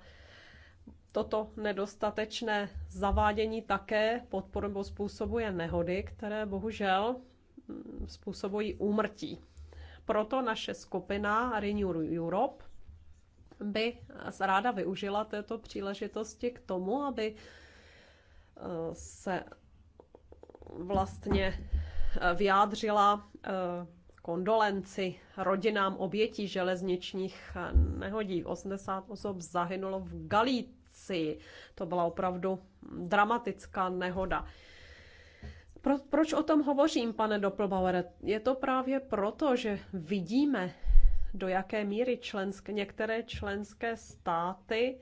Toto nedostatečné zavádění také podporou způsobuje nehody, které bohužel mm, způsobují úmrtí. Proto naše skupina Renew Europe by ráda využila této příležitosti k tomu, aby eh, se vlastně eh, vyjádřila eh, kondolenci rodinám obětí železničních nehodí. 80 osob zahynulo v Galí Francii. To byla opravdu dramatická nehoda. Pro, proč o tom hovořím, pane Doppelbauer? Je to právě proto, že vidíme, do jaké míry členské, některé členské státy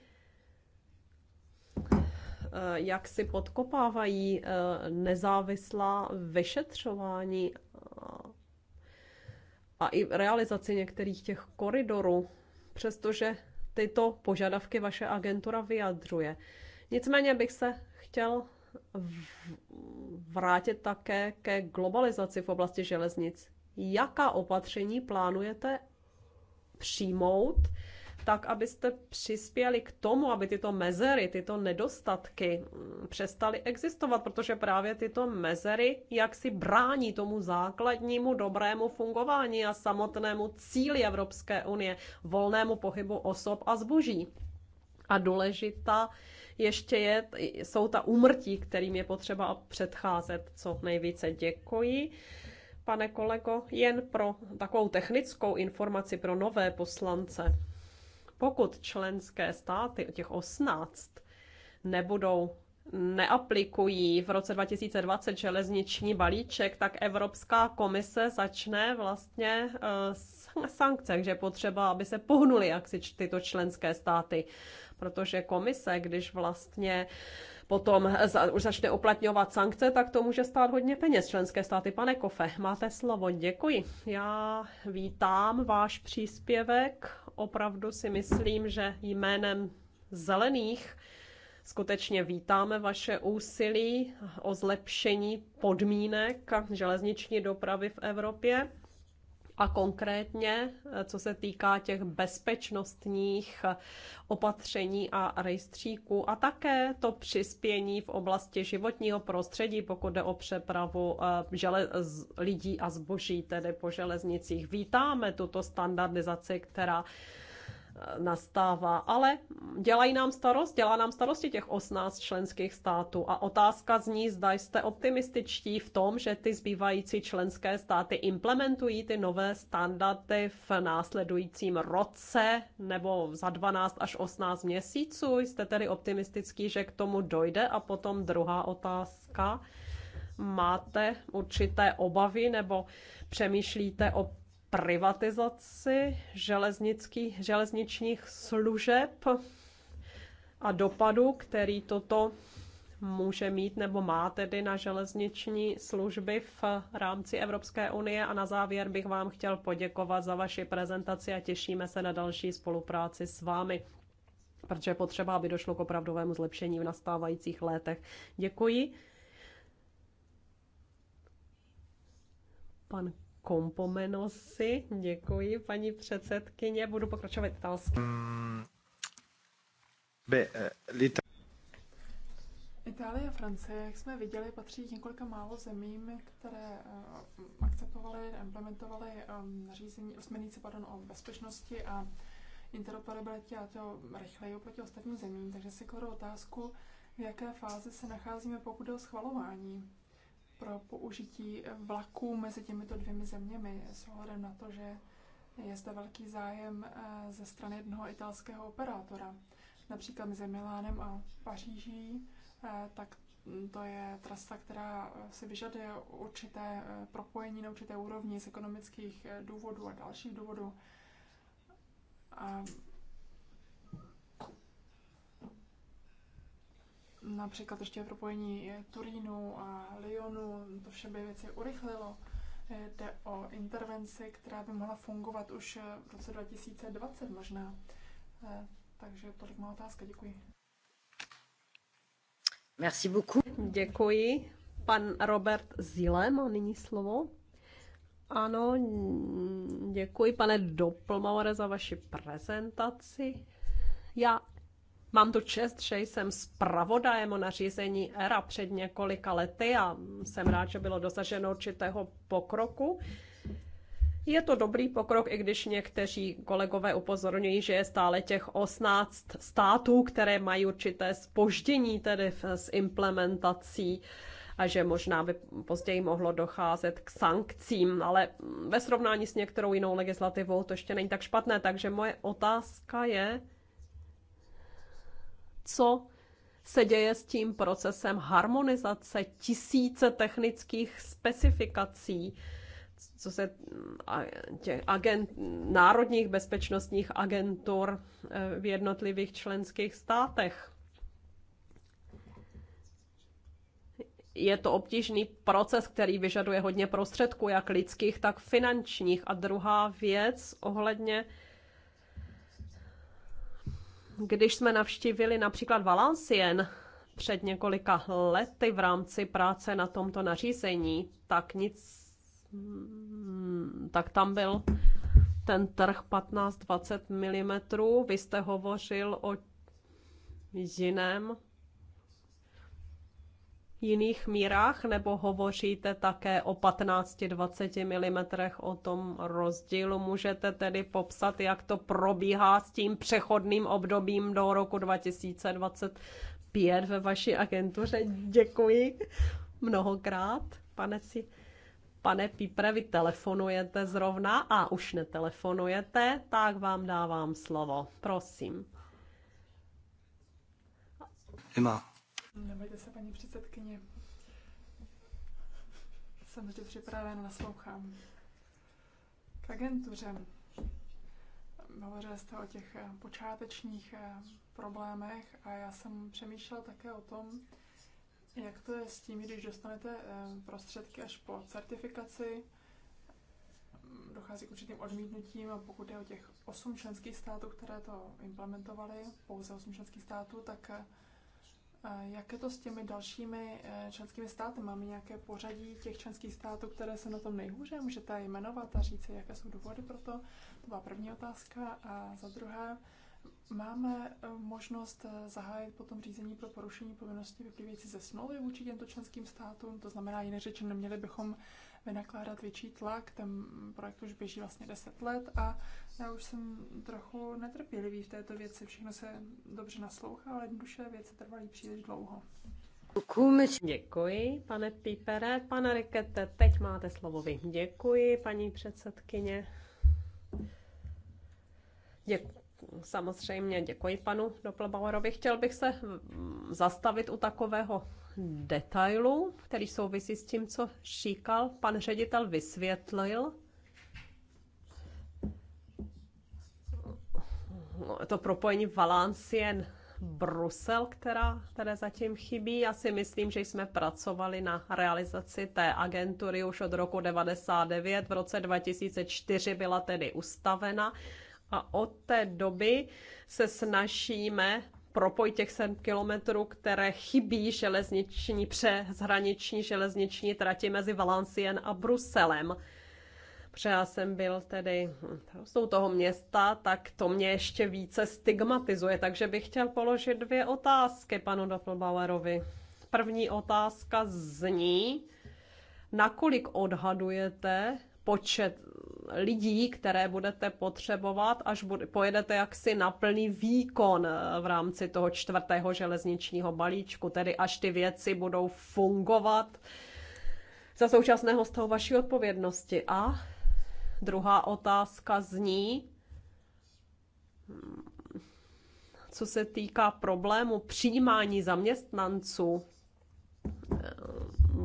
eh, jak si podkopávají eh, nezávislá vyšetřování a i realizaci některých těch koridorů, přestože tyto požadavky vaše agentura vyjadřuje. Nicméně bych se chtěl vrátit také ke globalizaci v oblasti železnic. Jaká opatření plánujete přijmout tak abyste přispěli k tomu, aby tyto mezery, tyto nedostatky mm, přestaly existovat, protože právě tyto mezery jak si brání tomu základnímu dobrému fungování a samotnému cíli Evropské unie, volnému pohybu osob a zboží. A důležitá ještě je, jsou ta úmrtí, kterým je potřeba předcházet co nejvíce. Děkuji pane kolego, jen pro takovou technickou informaci pro nové poslance. Pokud členské státy, těch 18, nebudou neaplikují v roce 2020 železniční balíček, tak Evropská komise začne vlastně eh, s sankce, je potřeba, aby se pohnuli jaksi tyto členské státy, protože komise, když vlastně potom za, už začne uplatňovat sankce, tak to může stát hodně peněz. Členské státy, pane Kofe, máte slovo, děkuji. Já vítám váš příspěvek opravdu si myslím, že jménem zelených skutečně vítáme vaše úsilí o zlepšení podmínek železniční dopravy v Evropě. A konkrétně, eh, co se týká těch bezpečnostních eh, opatření a rejstříků a také to přispění v oblasti životního prostředí, pokud jde o přepravu eh, želez lidí a zboží, tedy po železnicích. Vítáme tuto standardizaci, která nastává. Ale dělají nám starost, dělá nám starosti těch 18 členských států a otázka zní, zda jste optimističtí v tom, že ty zbývající členské státy implementují ty nové standardy v následujícím roce nebo za 12 až 18 měsíců. Jste tedy optimistický, že k tomu dojde? A potom druhá otázka. Máte určité obavy nebo přemýšlíte o privatizaci železničních služeb a dopadu, který toto může mít nebo má tedy na železniční služby v rámci Evropské unie. A na závěr bych vám chtěl poděkovat za vaši prezentaci a těšíme se na další spolupráci s vámi protože potřeba, aby došlo k opravdovému zlepšení v nastávajících létech. Děkuji. Pan Kompomenosi. Děkuji, paní předsedkyně. Budu pokračovat italsky. Mm, eh, Itálie a Francie, jak jsme viděli, patří k několika málo zemím, které eh, akceptovaly a implementovaly nařízení eh, směrnice pardon, o bezpečnosti a interoperabilitě a to rychleji oproti ostatním zemím. Takže si kladu otázku, v jaké fázi se nacházíme, pokud jde o schvalování pro použití vlaků mezi těmito dvěmi zeměmi s ohledem na to, že je zde velký zájem eh, ze strany jednoho italského operátora. Například mezi Milánem a Paříží, eh, tak to je trasa, která si vyžaduje určité eh, propojení na určité úrovni z ekonomických důvodů a dalších důvodů. A například ještě propojení Turínu a Lyonu, to vše by věci urychlilo. Jde o intervenci, která by mohla fungovat už v roce 2020 možná. Eh, takže tolik má otázka, děkuji. Merci beaucoup. Děkuji. Pan Robert Zile má nyní slovo. Ano, děkuji pane Doppelmauer za vaši prezentaci. Mám tu čest, že jsem zpravodajem o nařízení ERA před několika lety a jsem rád, že bylo dosaženo určitého pokroku. Je to dobrý pokrok, i když někteří kolegové upozorňují, že je stále těch 18 států, které mají určité spoždění tedy s implementací a že možná by později mohlo docházet k sankcím, ale ve srovnání s některou jinou legislativou to ještě není tak špatné. Takže moje otázka je, co se děje s tím procesem harmonizace tisíce technických specifikací, co se těch agent, národních bezpečnostních agentur e, v jednotlivých členských státech. Je to obtížný proces, který vyžaduje hodně prostředků, jak lidských, tak finančních. A druhá věc ohledně když jsme navštívili například Valencien před několika lety v rámci práce na tomto nařízení, tak nic, hmm, tak tam byl ten trh 15-20 mm. Vy jste hovořil o jiném jiných mírách, nebo hovoříte také o 15-20 mm o tom rozdílu? Můžete tedy popsat, jak to probíhá s tím přechodným obdobím do roku 2025 ve vaší agentuře? Děkuji mnohokrát, pane si. Pane Pípre, vy telefonujete zrovna a už netelefonujete, tak vám dávám slovo. Prosím. Emma, Nebojte se, paní předsedkyně. Jsem vždy připraven, naslouchám. K agentuře. Hovořili jste o těch eh, počátečních eh, problémech a já jsem přemýšlela také o tom, jak to je s tím, když dostanete eh, prostředky až po certifikaci, dochází k určitým odmítnutím a pokud je o těch osm členských států, které to implementovaly, pouze osm členských států, tak jak je to s těmi dalšími eh, členskými státy? Máme nějaké pořadí těch členských států, které se na tom nejhůře? Můžete jmenovat a říct, jaké jsou důvody pro to? To byla první otázka. A za druhé, máme eh, možnost eh, zahájit potom řízení pro porušení povinnosti vyplývající ze smlouvy vůči těmto členským státům? To znamená, jiné řečeno, neměli bychom vynakládat větší tlak. Ten projekt už běží vlastně 10 let a já už jsem trochu netrpělivý v této věci. Všechno se dobře naslouchá, ale jednoduše věci trvají příliš dlouho. Děkuji, pane Pípere. Pane Rikete, teď máte slovo vy. Děkuji, paní předsedkyně. Děkuji. Samozřejmě děkuji panu Doplbauerovi. Chtěl bych se mm, zastavit u takového detailu, který souvisí s tím, co říkal. Pan ředitel vysvětlil, no, to propojení Valencien Brusel, která, které zatím chybí. Já si myslím, že jsme pracovali na realizaci té agentury už od roku 99. V roce 2004 byla tedy ustavena a od té doby se snažíme propoj těch 7 kilometrů, které chybí železniční, přeshraniční železniční trati mezi Valencien a Bruselem. Protože já jsem byl tedy no, jsou toho města, tak to mě ještě více stigmatizuje. Takže bych chtěl položit dvě otázky panu Doppelbauerovi. První otázka zní, nakolik odhadujete počet lidí, které budete potřebovat, až pojedete jaksi na plný výkon eh, v rámci toho čtvrtého železničního balíčku, tedy až ty věci budou fungovat za současného stavu vaší odpovědnosti. A druhá otázka zní, hmm, co se týká problému přijímání zaměstnanců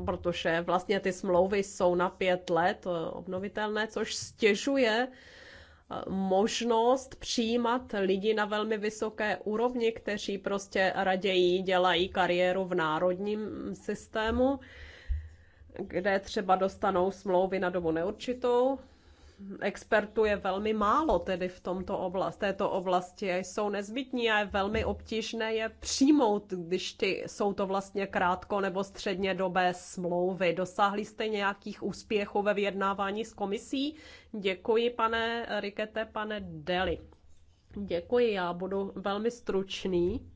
protože vlastně ty smlouvy jsou na pět let eh, obnovitelné, což stěžuje eh, možnost přijímat lidi na velmi vysoké úrovni, kteří prostě raději dělají kariéru v národním systému, kde třeba dostanou smlouvy na dobu neurčitou, expertů je velmi málo tedy v tomto oblast, této oblasti jsou nezbytní a je velmi obtížné je přijmout, když ty, jsou to vlastně krátko nebo středně dobé smlouvy. Dosáhli jste nějakých úspěchů ve vyjednávání s komisí? Děkuji, pane Rikete, pane Deli. Děkuji, já budu velmi stručný.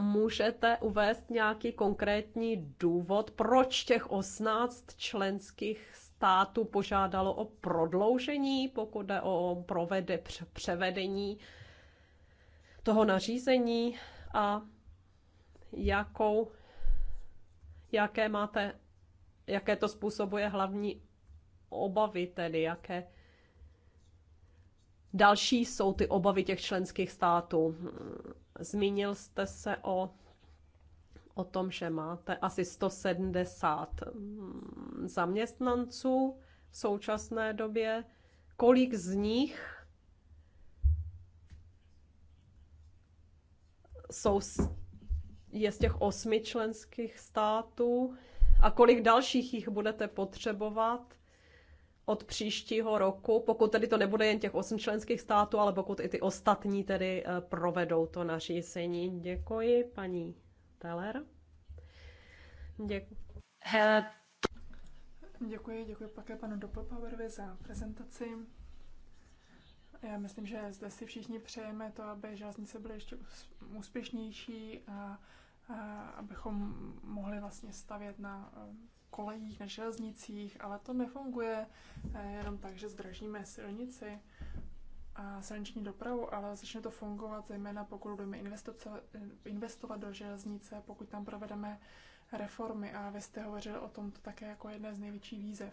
Můžete uvést nějaký konkrétní důvod, proč těch 18 členských Státu požádalo o prodloužení, pokud jde o provede, převedení toho nařízení a jakou, jaké máte, jaké to způsobuje hlavní obavy, tedy jaké další jsou ty obavy těch členských států. Zmínil jste se o o tom, že máte asi 170 mm, zaměstnanců v současné době. Kolik z nich jsou z, je z těch osmi členských států a kolik dalších jich budete potřebovat od příštího roku, pokud tedy to nebude jen těch osm členských států, ale pokud i ty ostatní tedy eh, provedou to nařízení. Děkuji, paní Teller. Děkuji. Děkuji, děkuji také panu Doppelpowerovi za prezentaci. Já myslím, že zde si všichni přejeme to, aby železnice byly ještě úspěšnější a, a abychom mohli vlastně stavět na um, kolejích, na železnicích, ale to nefunguje eh, jenom tak, že zdražíme silnici a silniční dopravu, ale začne to fungovat zejména pokud budeme investovat do železnice, pokud tam provedeme reformy a vy jste hovořil o tom, to také jako jedné z největších výzev.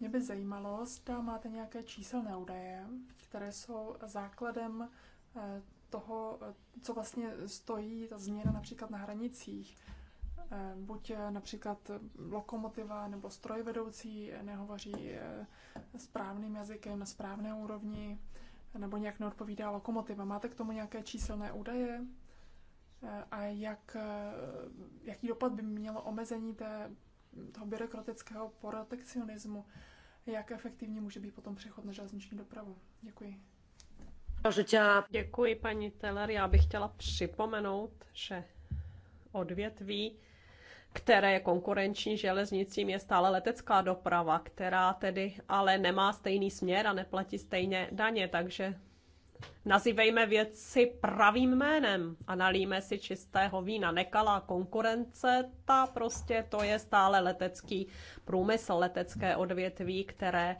Mě by zajímalo, zda máte nějaké číselné údaje, které jsou základem eh, toho, co vlastně stojí ta změna například na hranicích. Eh, buď eh, například lokomotiva nebo strojvedoucí nehovoří správným jazykem na správné úrovni, nebo nějak neodpovídá lokomotiva. Máte k tomu nějaké číselné údaje? E, a jak, e, jaký dopad by mělo omezení té, toho byrokratického protekcionismu? Jak efektivní může být potom přechod na železniční dopravu? Děkuji. Děkuji, paní Teller. Já bych chtěla připomenout, že odvětví které je konkurenční železnicím, je stále letecká doprava, která tedy ale nemá stejný směr a neplatí stejně daně, takže nazývejme věci pravým jménem a nalíme si čistého vína. Nekalá konkurence, ta prostě to je stále letecký průmysl, letecké odvětví, které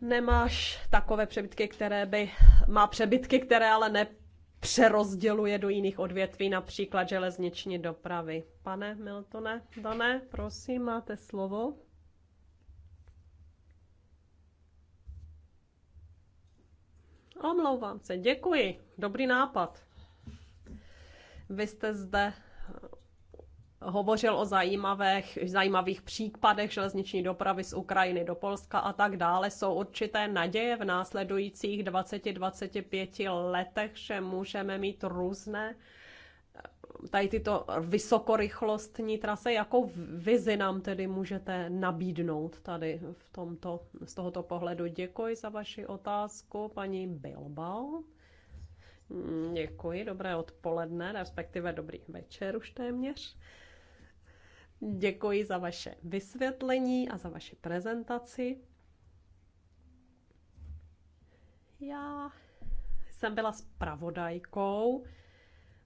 nemáš takové přebytky, které by, má přebytky, které ale ne, přerozděluje do jiných odvětví, například železniční dopravy. Pane Miltone, Dané, prosím, máte slovo. Omlouvám se, děkuji, dobrý nápad. Vy jste zde hovořil o zajímavých, zajímavých případech železniční dopravy z Ukrajiny do Polska a tak dále. Jsou určité naděje v následujících 20-25 letech, že můžeme mít různé eh, tady tyto vysokorychlostní trasy, jakou vizi nám tedy můžete nabídnout tady v tomto, z tohoto pohledu? Děkuji za vaši otázku, paní Bilbao. Mm, děkuji, dobré odpoledne, respektive dobrý večer už téměř. Děkuji za vaše vysvětlení a za vaši prezentaci. Já jsem byla spravodajkou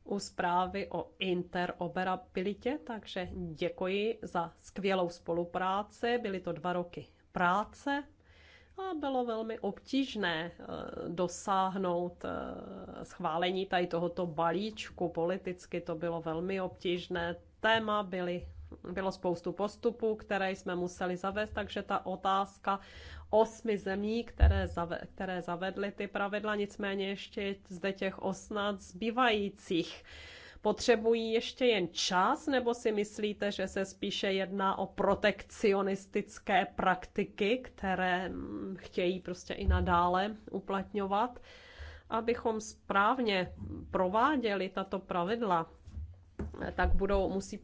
u zprávy o interoperabilitě, takže děkuji za skvělou spolupráci. Byly to dva roky práce a bylo velmi obtížné eh, dosáhnout eh, schválení tady tohoto balíčku. Politicky to bylo velmi obtížné. Téma byly bylo spoustu postupů, které jsme museli zavést, takže ta otázka osmi zemí, které, zave, které zavedly ty pravidla, nicméně ještě zde těch osmnáct zbývajících. Potřebují ještě jen čas, nebo si myslíte, že se spíše jedná o protekcionistické praktiky, které mm, chtějí prostě i nadále uplatňovat? Abychom správně prováděli tato pravidla, tak budou, musí,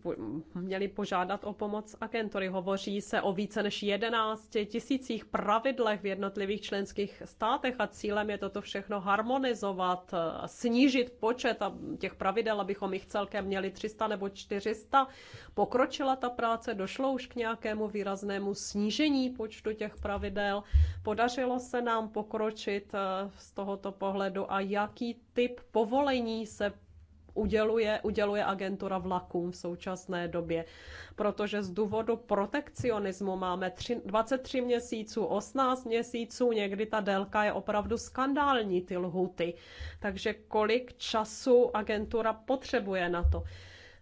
měli požádat o pomoc agentury. Hovoří se o více než 11 tisících pravidlech v jednotlivých členských státech a cílem je toto všechno harmonizovat, eh, snížit počet těch pravidel, abychom jich celkem měli 300 nebo 400. Pokročila ta práce, došlo už k nějakému výraznému snížení počtu těch pravidel. Podařilo se nám pokročit eh, z tohoto pohledu a jaký typ povolení se uděluje, uděluje agentura vlakům v současné době. Protože z důvodu protekcionismu máme tři, 23 měsíců, 18 měsíců, někdy ta délka je opravdu skandální, ty lhuty. Takže kolik času agentura potřebuje na to?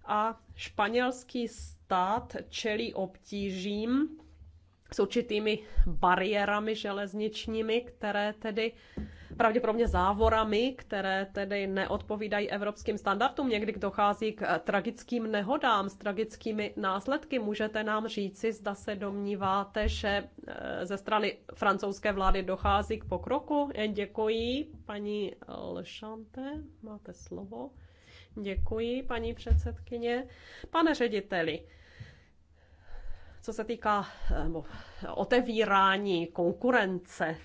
A španělský stát čelí obtížím s určitými bariérami železničními, které tedy uh, pravděpodobně závorami, které tedy neodpovídají evropským standardům. Někdy dochází k eh, tragickým nehodám s tragickými následky. Můžete nám říci, zda se domníváte, že eh, ze strany francouzské vlády dochází k pokroku? Eh, děkuji, paní Lešante, máte slovo. Děkuji, paní předsedkyně. Pane řediteli, co se týká nebo, otevírání konkurence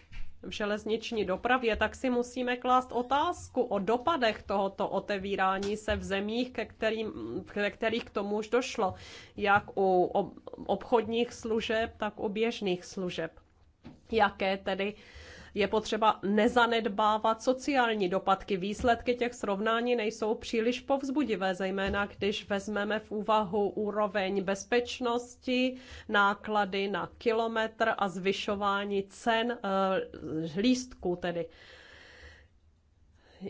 v železniční dopravě, tak si musíme klást otázku o dopadech tohoto otevírání se v zemích, ke, kterým, ke kterých k tomu už došlo, jak u obchodních služeb, tak u běžných služeb. Jaké tedy je potřeba nezanedbávat sociální dopadky. Výsledky těch srovnání nejsou příliš povzbudivé, zejména když vezmeme v úvahu úroveň bezpečnosti, náklady na kilometr a zvyšování cen eh, lístků tedy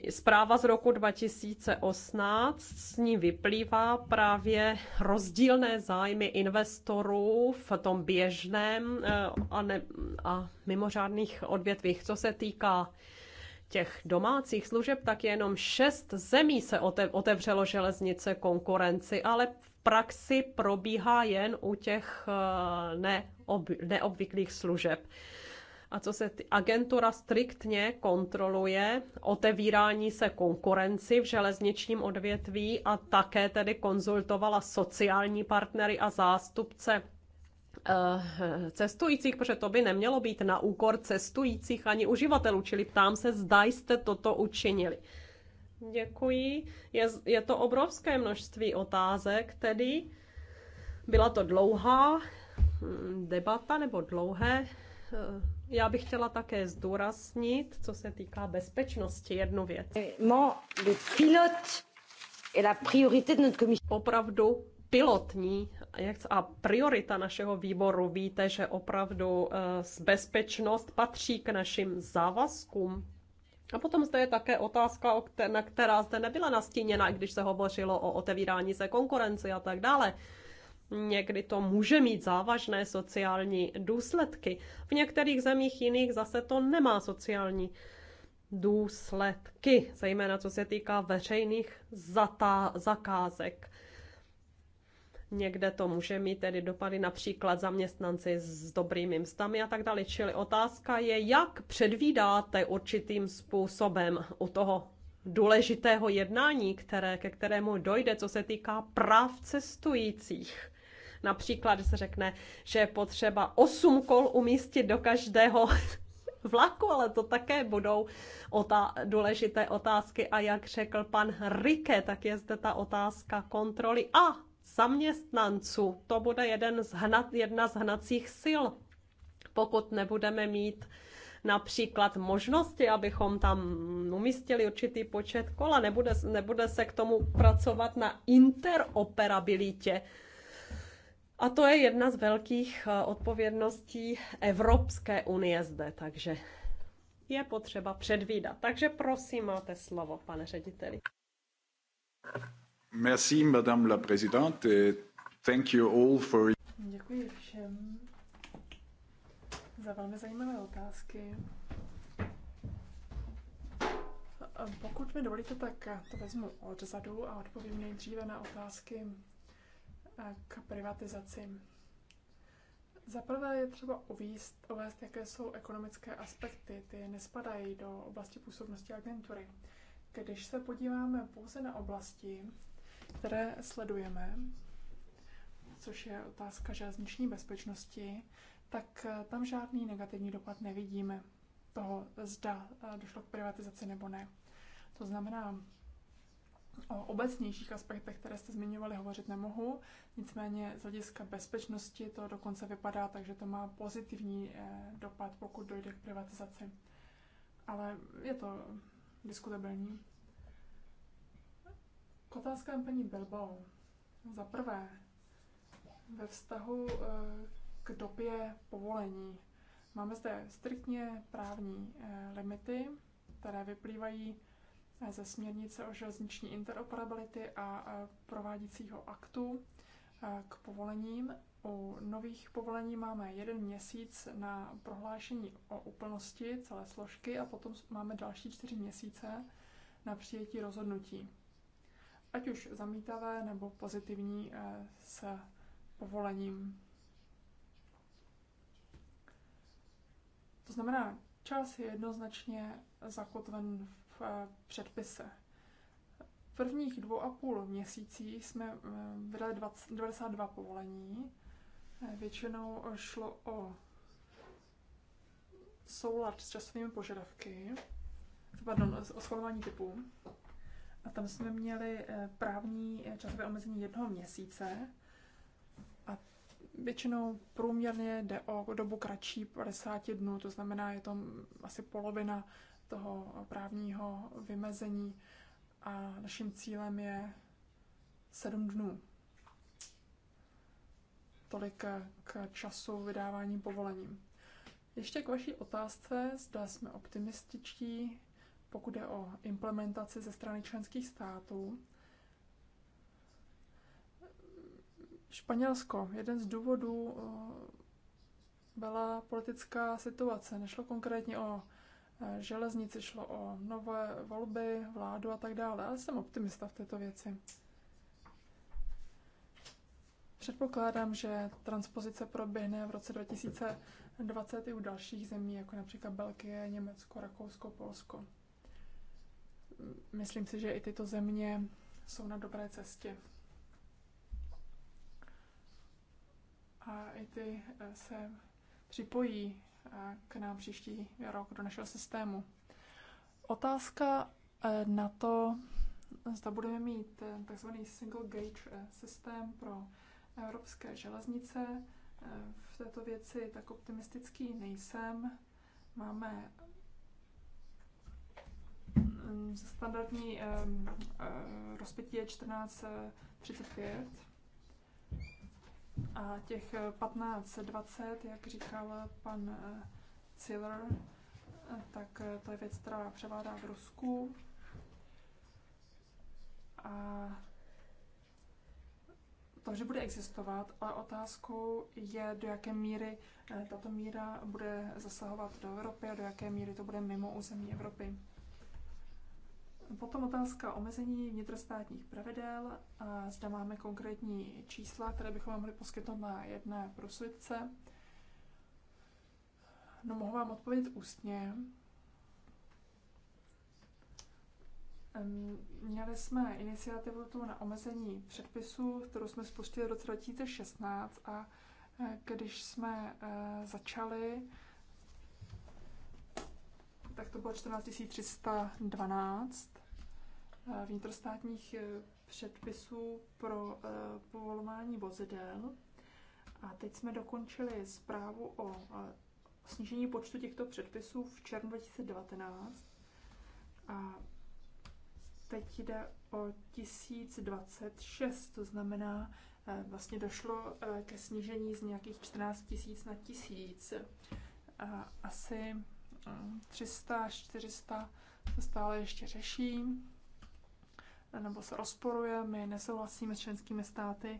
Zpráva z roku 2018 s ní vyplývá právě rozdílné zájmy investorů v tom běžném eh, a, ne, a mimořádných odvětvích. Co se týká těch domácích služeb, tak jenom šest zemí se otevřelo železnice konkurenci, ale v praxi probíhá jen u těch eh, neob, neobvyklých služeb. A co se agentura striktně kontroluje otevírání se konkurenci v železničním odvětví a také tedy konzultovala sociální partnery a zástupce eh, cestujících, protože to by nemělo být na úkor cestujících ani uživatelů, čili ptám se, zda jste toto učinili. Děkuji. Je, je to obrovské množství otázek, tedy byla to dlouhá hm, debata nebo dlouhé eh, já bych chtěla také zdůraznit, co se týká bezpečnosti, jednu věc. Opravdu pilotní a priorita našeho výboru. Víte, že opravdu eh, bezpečnost patří k našim závazkům. A potom zde je také otázka, na která zde nebyla nastíněna, když se hovořilo o otevírání se konkurenci a tak dále. Někdy to může mít závažné sociální důsledky. V některých zemích jiných zase to nemá sociální důsledky, zejména co se týká veřejných zatá- zakázek. Někde to může mít tedy dopady například zaměstnanci s dobrými mstami a tak dále. Čili otázka je, jak předvídáte určitým způsobem u toho důležitého jednání, které, ke kterému dojde, co se týká práv cestujících. Například se řekne, že je potřeba 8 kol umístit do každého vlaku, ale to také budou otá- důležité otázky. A jak řekl pan Rike, tak je zde ta otázka kontroly a zaměstnanců. To bude jeden z hnat- jedna z hnacích sil, pokud nebudeme mít například možnosti, abychom tam umístili určitý počet kola. Nebude, nebude se k tomu pracovat na interoperabilitě a to je jedna z velkých eh, odpovědností Evropské unie zde, takže je potřeba předvídat. Takže prosím, máte slovo, pane řediteli. Merci, madame la présidente. Thank you all for... Děkuji všem za velmi zajímavé otázky. Pokud mi dovolíte, tak to vezmu odzadu a odpovím nejdříve na otázky k privatizaci. Za prvé je třeba uvíst, uvést, jaké jsou ekonomické aspekty. Ty nespadají do oblasti působnosti agentury. Když se podíváme pouze na oblasti, které sledujeme, což je otázka železniční bezpečnosti, tak eh, tam žádný negativní dopad nevidíme toho, zda eh, došlo k privatizaci nebo ne. To znamená, O obecnějších aspektech, které jste zmiňovali, hovořit nemohu. Nicméně z hlediska bezpečnosti to dokonce vypadá tak, že to má pozitivní eh, dopad, pokud dojde k privatizaci. Ale je to diskutabilní. K otázkám paní Bilbao. Za prvé, ve vztahu eh, k době povolení. Máme zde striktně právní eh, limity, které vyplývají ze směrnice o železniční interoperability a prováděcího aktu k povolením. U nových povolení máme jeden měsíc na prohlášení o úplnosti celé složky a potom máme další čtyři měsíce na přijetí rozhodnutí. Ať už zamítavé nebo pozitivní e, s povolením. To znamená, čas je jednoznačně zakotven v Eh, předpise. V prvních dvou a půl měsících jsme eh, vydali 20, 92 povolení. Eh, většinou šlo o soulad s časovými požadavky, pardon, o schvalování typů. A tam jsme měli právní časové omezení jednoho měsíce. A většinou průměrně jde o dobu kratší 50 dnů, to znamená, je to asi polovina toho právního vymezení a naším cílem je sedm dnů. Tolik k času vydávání povolením. Ještě k vaší otázce, zda jsme optimističtí, pokud je o implementaci ze strany členských států. Španělsko, jeden z důvodů eh, byla politická situace. Nešlo konkrétně o Eh, železnici, šlo o nové volby, vládu a tak dále. Ale jsem optimista v této věci. Předpokládám, že transpozice proběhne v roce 2020 i u dalších zemí, jako například Belgie, Německo, Rakousko, Polsko. Myslím si, že i tyto země jsou na dobré cestě. A i ty eh, se připojí k nám příští rok do našeho systému. Otázka eh, na to, zda budeme mít eh, tzv. single gauge eh, systém pro evropské železnice. V této věci tak optimistický nejsem. Máme mm, standardní rozpětí je 1435 a těch 15-20, eh, jak říkal pan eh, Ciller, eh, tak to je věc, která převládá v Rusku. A to, že bude existovat, ale otázkou je, do jaké míry tato míra bude zasahovat do Evropy a do jaké míry to bude mimo území Evropy. Potom otázka omezení vnitrostátních pravidel. A zda máme konkrétní čísla, které bychom mohli poskytnout na jedné prosvědce. No, mohu vám odpovědět ústně. Měli jsme iniciativu tu na omezení předpisů, kterou jsme spustili v roce 2016 a eh, když jsme eh, začali, tak to bylo 14 312 Eh, vnitrostátních eh, předpisů pro eh, povolování vozidel. A teď jsme dokončili zprávu o snížení počtu těchto předpisů v červnu 2019. A teď jde o 1026, to znamená, vlastně došlo ke snížení z nějakých 14 tisíc na tisíc. Asi 300 až 400 se stále ještě řeší nebo se rozporuje. My nesouhlasíme s členskými státy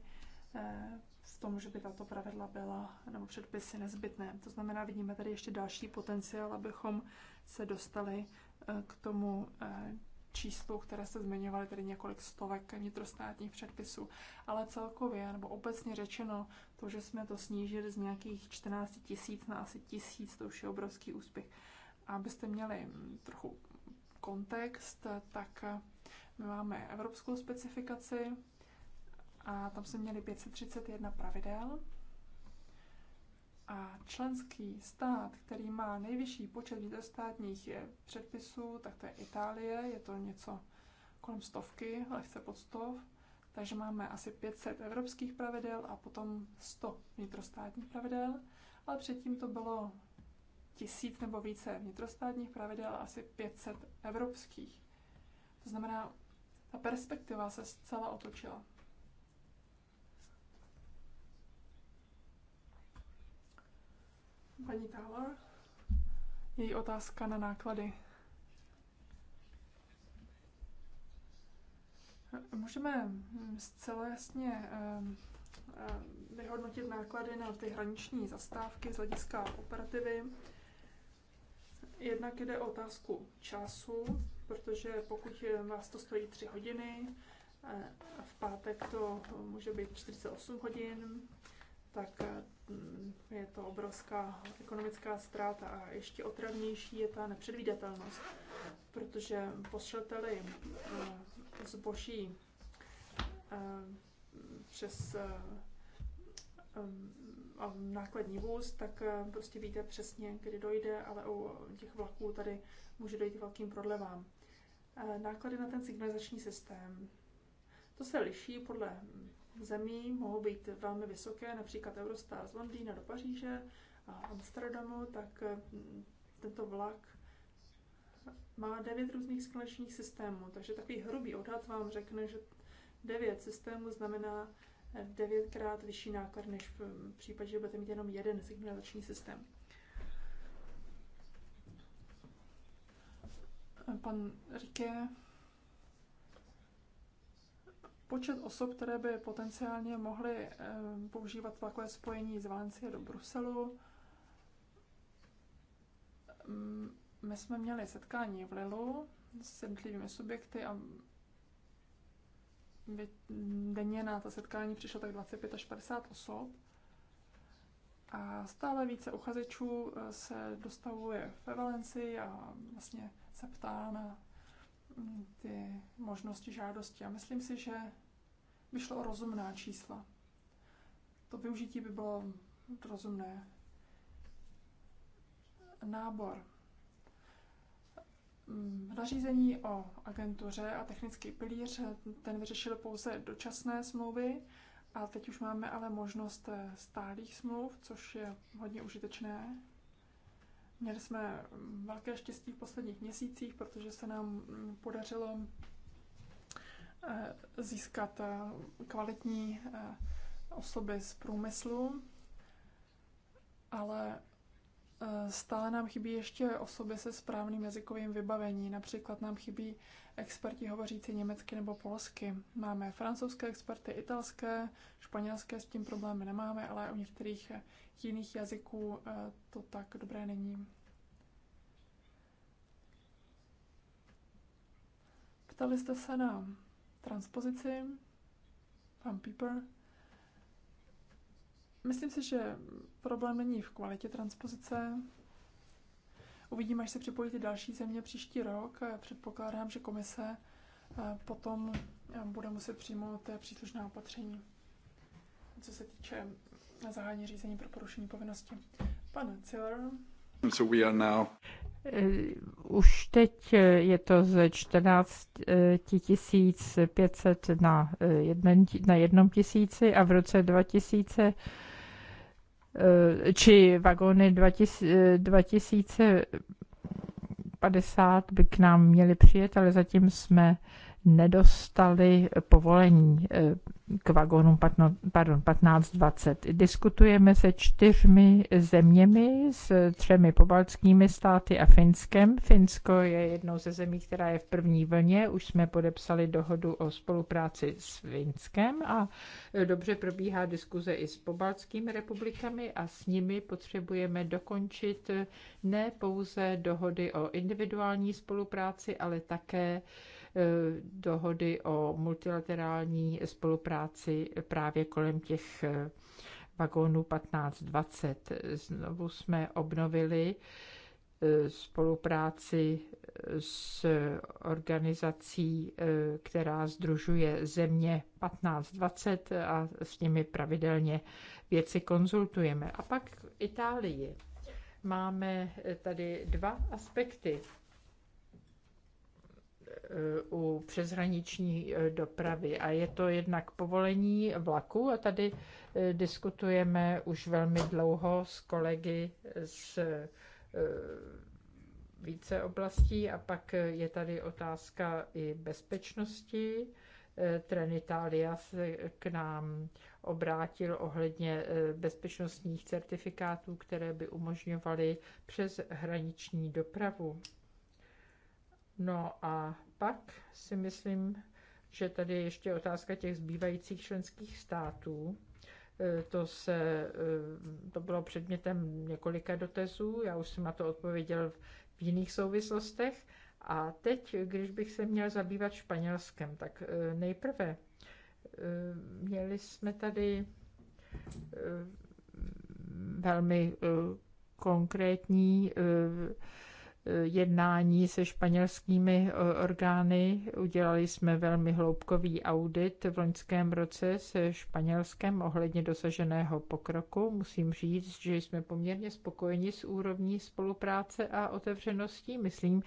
eh, s tom, že by tato pravidla byla nebo předpisy nezbytné. To znamená, vidíme tady ještě další potenciál, abychom se dostali eh, k tomu eh, číslu, které se zmiňovaly, tedy několik stovek vnitrostátních předpisů. Ale celkově, nebo obecně řečeno, to, že jsme to snížili z nějakých 14 tisíc na asi tisíc, to už je obrovský úspěch. Abyste měli mm, trochu kontext, tak my máme evropskou specifikaci a tam jsme měli 531 pravidel. A členský stát, který má nejvyšší počet vnitrostátních předpisů, tak to je Itálie, je to něco kolem stovky, lehce pod stov. Takže máme asi 500 evropských pravidel a potom 100 vnitrostátních pravidel, ale předtím to bylo tisíc nebo více vnitrostátních pravidel a asi 500 evropských. To znamená, ta perspektiva se zcela otočila. Paní Taylor, její otázka na náklady. Můžeme hm, zcela jasně hm, hm, vyhodnotit náklady na ty hraniční zastávky z hlediska operativy. Jednak jde o otázku času, protože pokud vás to stojí 3 hodiny, v pátek to může být 48 hodin, tak mm, je to obrovská ekonomická ztráta a ještě otravnější je ta nepředvídatelnost, protože pošleteli zboží přes nákladní vůz, tak prostě víte přesně, kdy dojde, ale u těch vlaků tady může dojít k velkým prodlevám. Eh, náklady na ten signalizační systém. To se liší podle zemí, mohou být velmi vysoké, například Eurostar z Londýna do Paříže a Amsterdamu, tak eh, tento vlak má devět různých signalizačních systémů, takže takový hrubý odhad vám řekne, že devět systémů znamená devětkrát vyšší náklad, než v případě, že budete mít jenom jeden signalizační systém. pan Rike, počet osob, které by potenciálně mohly eh, používat takové spojení z Valencie do Bruselu. Mm, my jsme měli setkání v Lilu s jednotlivými subjekty a mm, denně na ta setkání přišlo tak 25 až 50 osob. A stále více uchazečů eh, se dostavuje ve Valencii a vlastně se ptá na mm, ty možnosti žádosti. A myslím si, že by šlo o rozumná čísla. To využití by bylo rozumné. Nábor. Mm, nařízení o agentuře a technický pilíř, ten vyřešil pouze dočasné smlouvy a teď už máme ale možnost eh, stálých smluv, což je hodně užitečné. Měli jsme velké štěstí v posledních měsících, protože se nám podařilo eh, získat eh, kvalitní eh, osoby z průmyslu, ale Stále nám chybí ještě osoby se správným jazykovým vybavením. Například nám chybí experti hovořící německy nebo polsky. Máme francouzské experty, italské, španělské, s tím problémy nemáme, ale u některých jiných jazyků eh, to tak dobré není. Ptali jste se na transpozici, pan Pieper. Myslím si, že Problém není v kvalitě transpozice. Uvidíme, až se připojí ty další země příští rok. Předpokládám, že komise eh, potom eh, bude muset přijmout příslušná opatření, co se týče eh, zahájení řízení pro porušení povinnosti. Pane Ciller. So we are now... Už teď je to ze 14 500 na, jednom, na jednom tisíci a v roce 2000 Eh, či vagony 2050 eh, by k nám měly přijet, ale zatím jsme nedostali povolení eh, k vagónu 1520. Diskutujeme se čtyřmi zeměmi, s třemi pobaltskými státy a Finskem. Finsko je jednou ze zemí, která je v první vlně. Už jsme podepsali dohodu o spolupráci s Finskem a eh, dobře probíhá diskuze i s pobaltskými republikami a s nimi potřebujeme dokončit eh, ne pouze dohody o individuální spolupráci, ale také Eh, dohody o multilaterální spolupráci právě kolem těch eh, vagónů 1520. Znovu jsme obnovili eh, spolupráci s organizací, která združuje země 1520 a s nimi pravidelně věci konzultujeme. A pak Itálii. Máme tady dva aspekty u přeshraniční e, dopravy. A je to jednak povolení vlaku a tady e, diskutujeme už velmi dlouho s kolegy z e, více oblastí a pak je tady otázka i bezpečnosti. Trenitalia se k nám obrátil ohledně bezpečnostních certifikátů, které by umožňovaly přes hraniční dopravu. No a pak si myslím, že tady je ještě otázka těch zbývajících členských států. E, to, se, e, to bylo předmětem několika dotazů, já už jsem na to odpověděl v jiných souvislostech. A teď, když bych se měl zabývat Španělskem, tak e, nejprve měli jsme tady velmi konkrétní jednání se španělskými eh, orgány. Udělali jsme velmi hloubkový audit v loňském roce se Španělskem ohledně dosaženého pokroku. Musím říct, že jsme poměrně spokojeni s úrovní spolupráce a otevřeností. Myslím,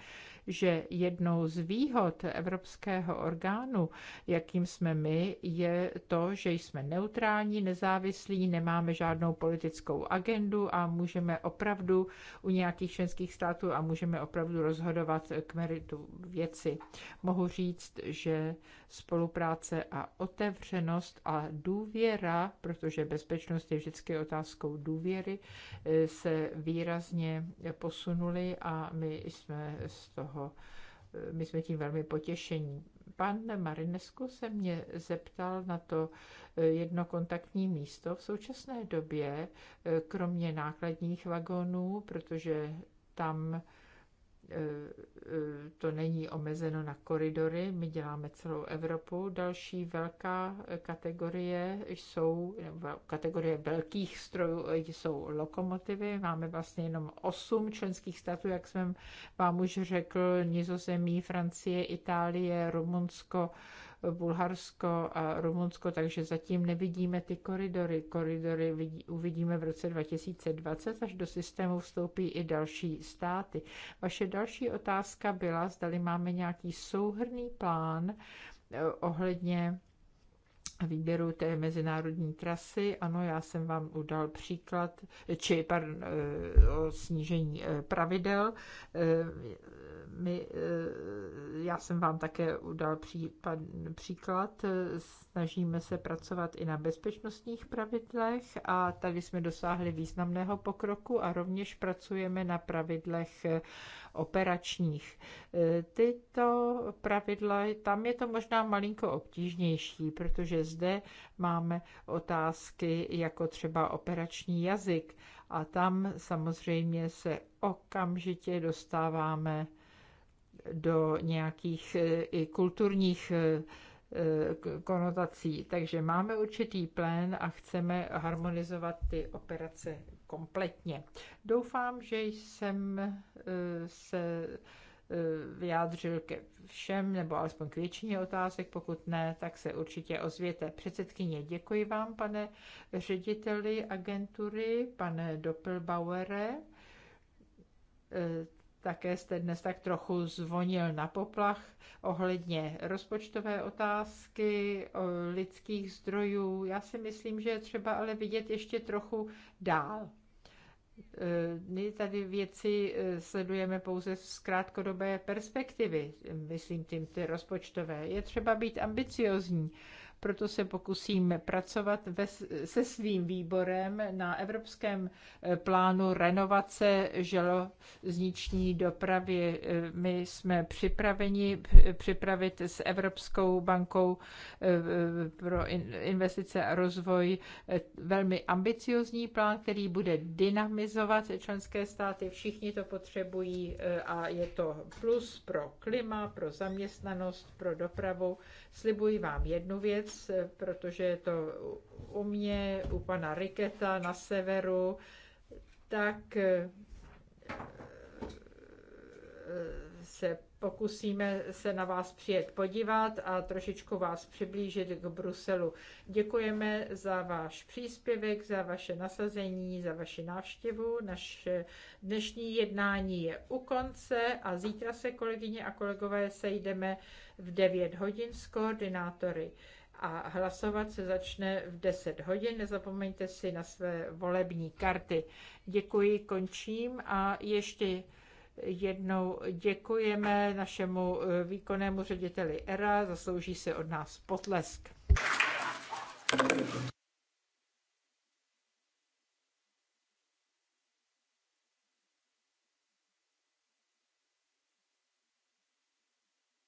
že jednou z výhod evropského orgánu, jakým jsme my, je to, že jsme neutrální, nezávislí, nemáme žádnou politickou agendu a můžeme opravdu u nějakých členských států a můžeme můžeme opravdu rozhodovat k meritu věci. Mohu říct, že spolupráce a otevřenost a důvěra, protože bezpečnost je vždycky otázkou důvěry, se výrazně posunuly a my jsme z toho my jsme tím velmi potěšení. Pan Marinesku se mě zeptal na to jedno kontaktní místo. V současné době, kromě nákladních vagónů, protože tam E, to není omezeno na koridory, my děláme celou Evropu. Další velká kategorie jsou, kategorie velkých strojů e, jsou lokomotivy. Máme vlastně jenom osm členských států, jak jsem vám už řekl, Nizozemí, Francie, Itálie, Rumunsko, Bulharsko a Rumunsko, takže zatím nevidíme ty koridory. Koridory vidí, uvidíme v roce 2020, až do systému vstoupí i další státy. Vaše další otázka byla, zdali máme nějaký souhrný plán eh, ohledně výběru té mezinárodní trasy. Ano, já jsem vám udal příklad, eh, či pardon, eh, o snížení pravidel my, eh, já jsem vám také udal případ, příklad, snažíme se pracovat i na bezpečnostních pravidlech a tady jsme dosáhli významného pokroku a rovněž pracujeme na pravidlech eh, operačních. Eh, tyto pravidla, tam je to možná malinko obtížnější, protože zde máme otázky jako třeba operační jazyk a tam samozřejmě se okamžitě dostáváme do nějakých e, i kulturních e, e, konotací. Takže máme určitý plán a chceme harmonizovat ty operace kompletně. Doufám, že jsem se vyjádřil ke všem, nebo alespoň k většině otázek. Pokud ne, tak se určitě ozvěte. Předsedkyně, děkuji vám, pane řediteli agentury, pane Doppelbauere. Také jste dnes tak trochu zvonil na poplach ohledně rozpočtové otázky, lidských zdrojů. Já si myslím, že je třeba ale vidět ještě trochu dál. E, my tady věci e, sledujeme pouze z krátkodobé perspektivy, myslím tím ty rozpočtové. Je třeba být ambiciozní proto se pokusíme pracovat ve, se svým výborem na evropském eh, plánu renovace železniční dopravy. Eh, my jsme připraveni připravit s Evropskou bankou eh, pro investice a rozvoj velmi ambiciozní plán, který bude dynamizovat členské státy. Všichni to potřebují a je to plus pro klima, pro zaměstnanost, pro dopravu. Slibuji vám jednu věc, věc, protože je to u mě, u pana Riketa na severu, tak eh, se pokusíme se na vás přijet podívat a trošičku vás přiblížit k Bruselu. Děkujeme za váš příspěvek, za vaše nasazení, za vaši návštěvu. Naše dnešní jednání je u konce a zítra se kolegyně a kolegové sejdeme v 9 hodin s koordinátory a hlasovat se začne v 10 hodin. Nezapomeňte si na své volební karty. Děkuji, končím a ještě jednou děkujeme našemu eh, výkonnému řediteli ERA, zaslouží se od nás potlesk.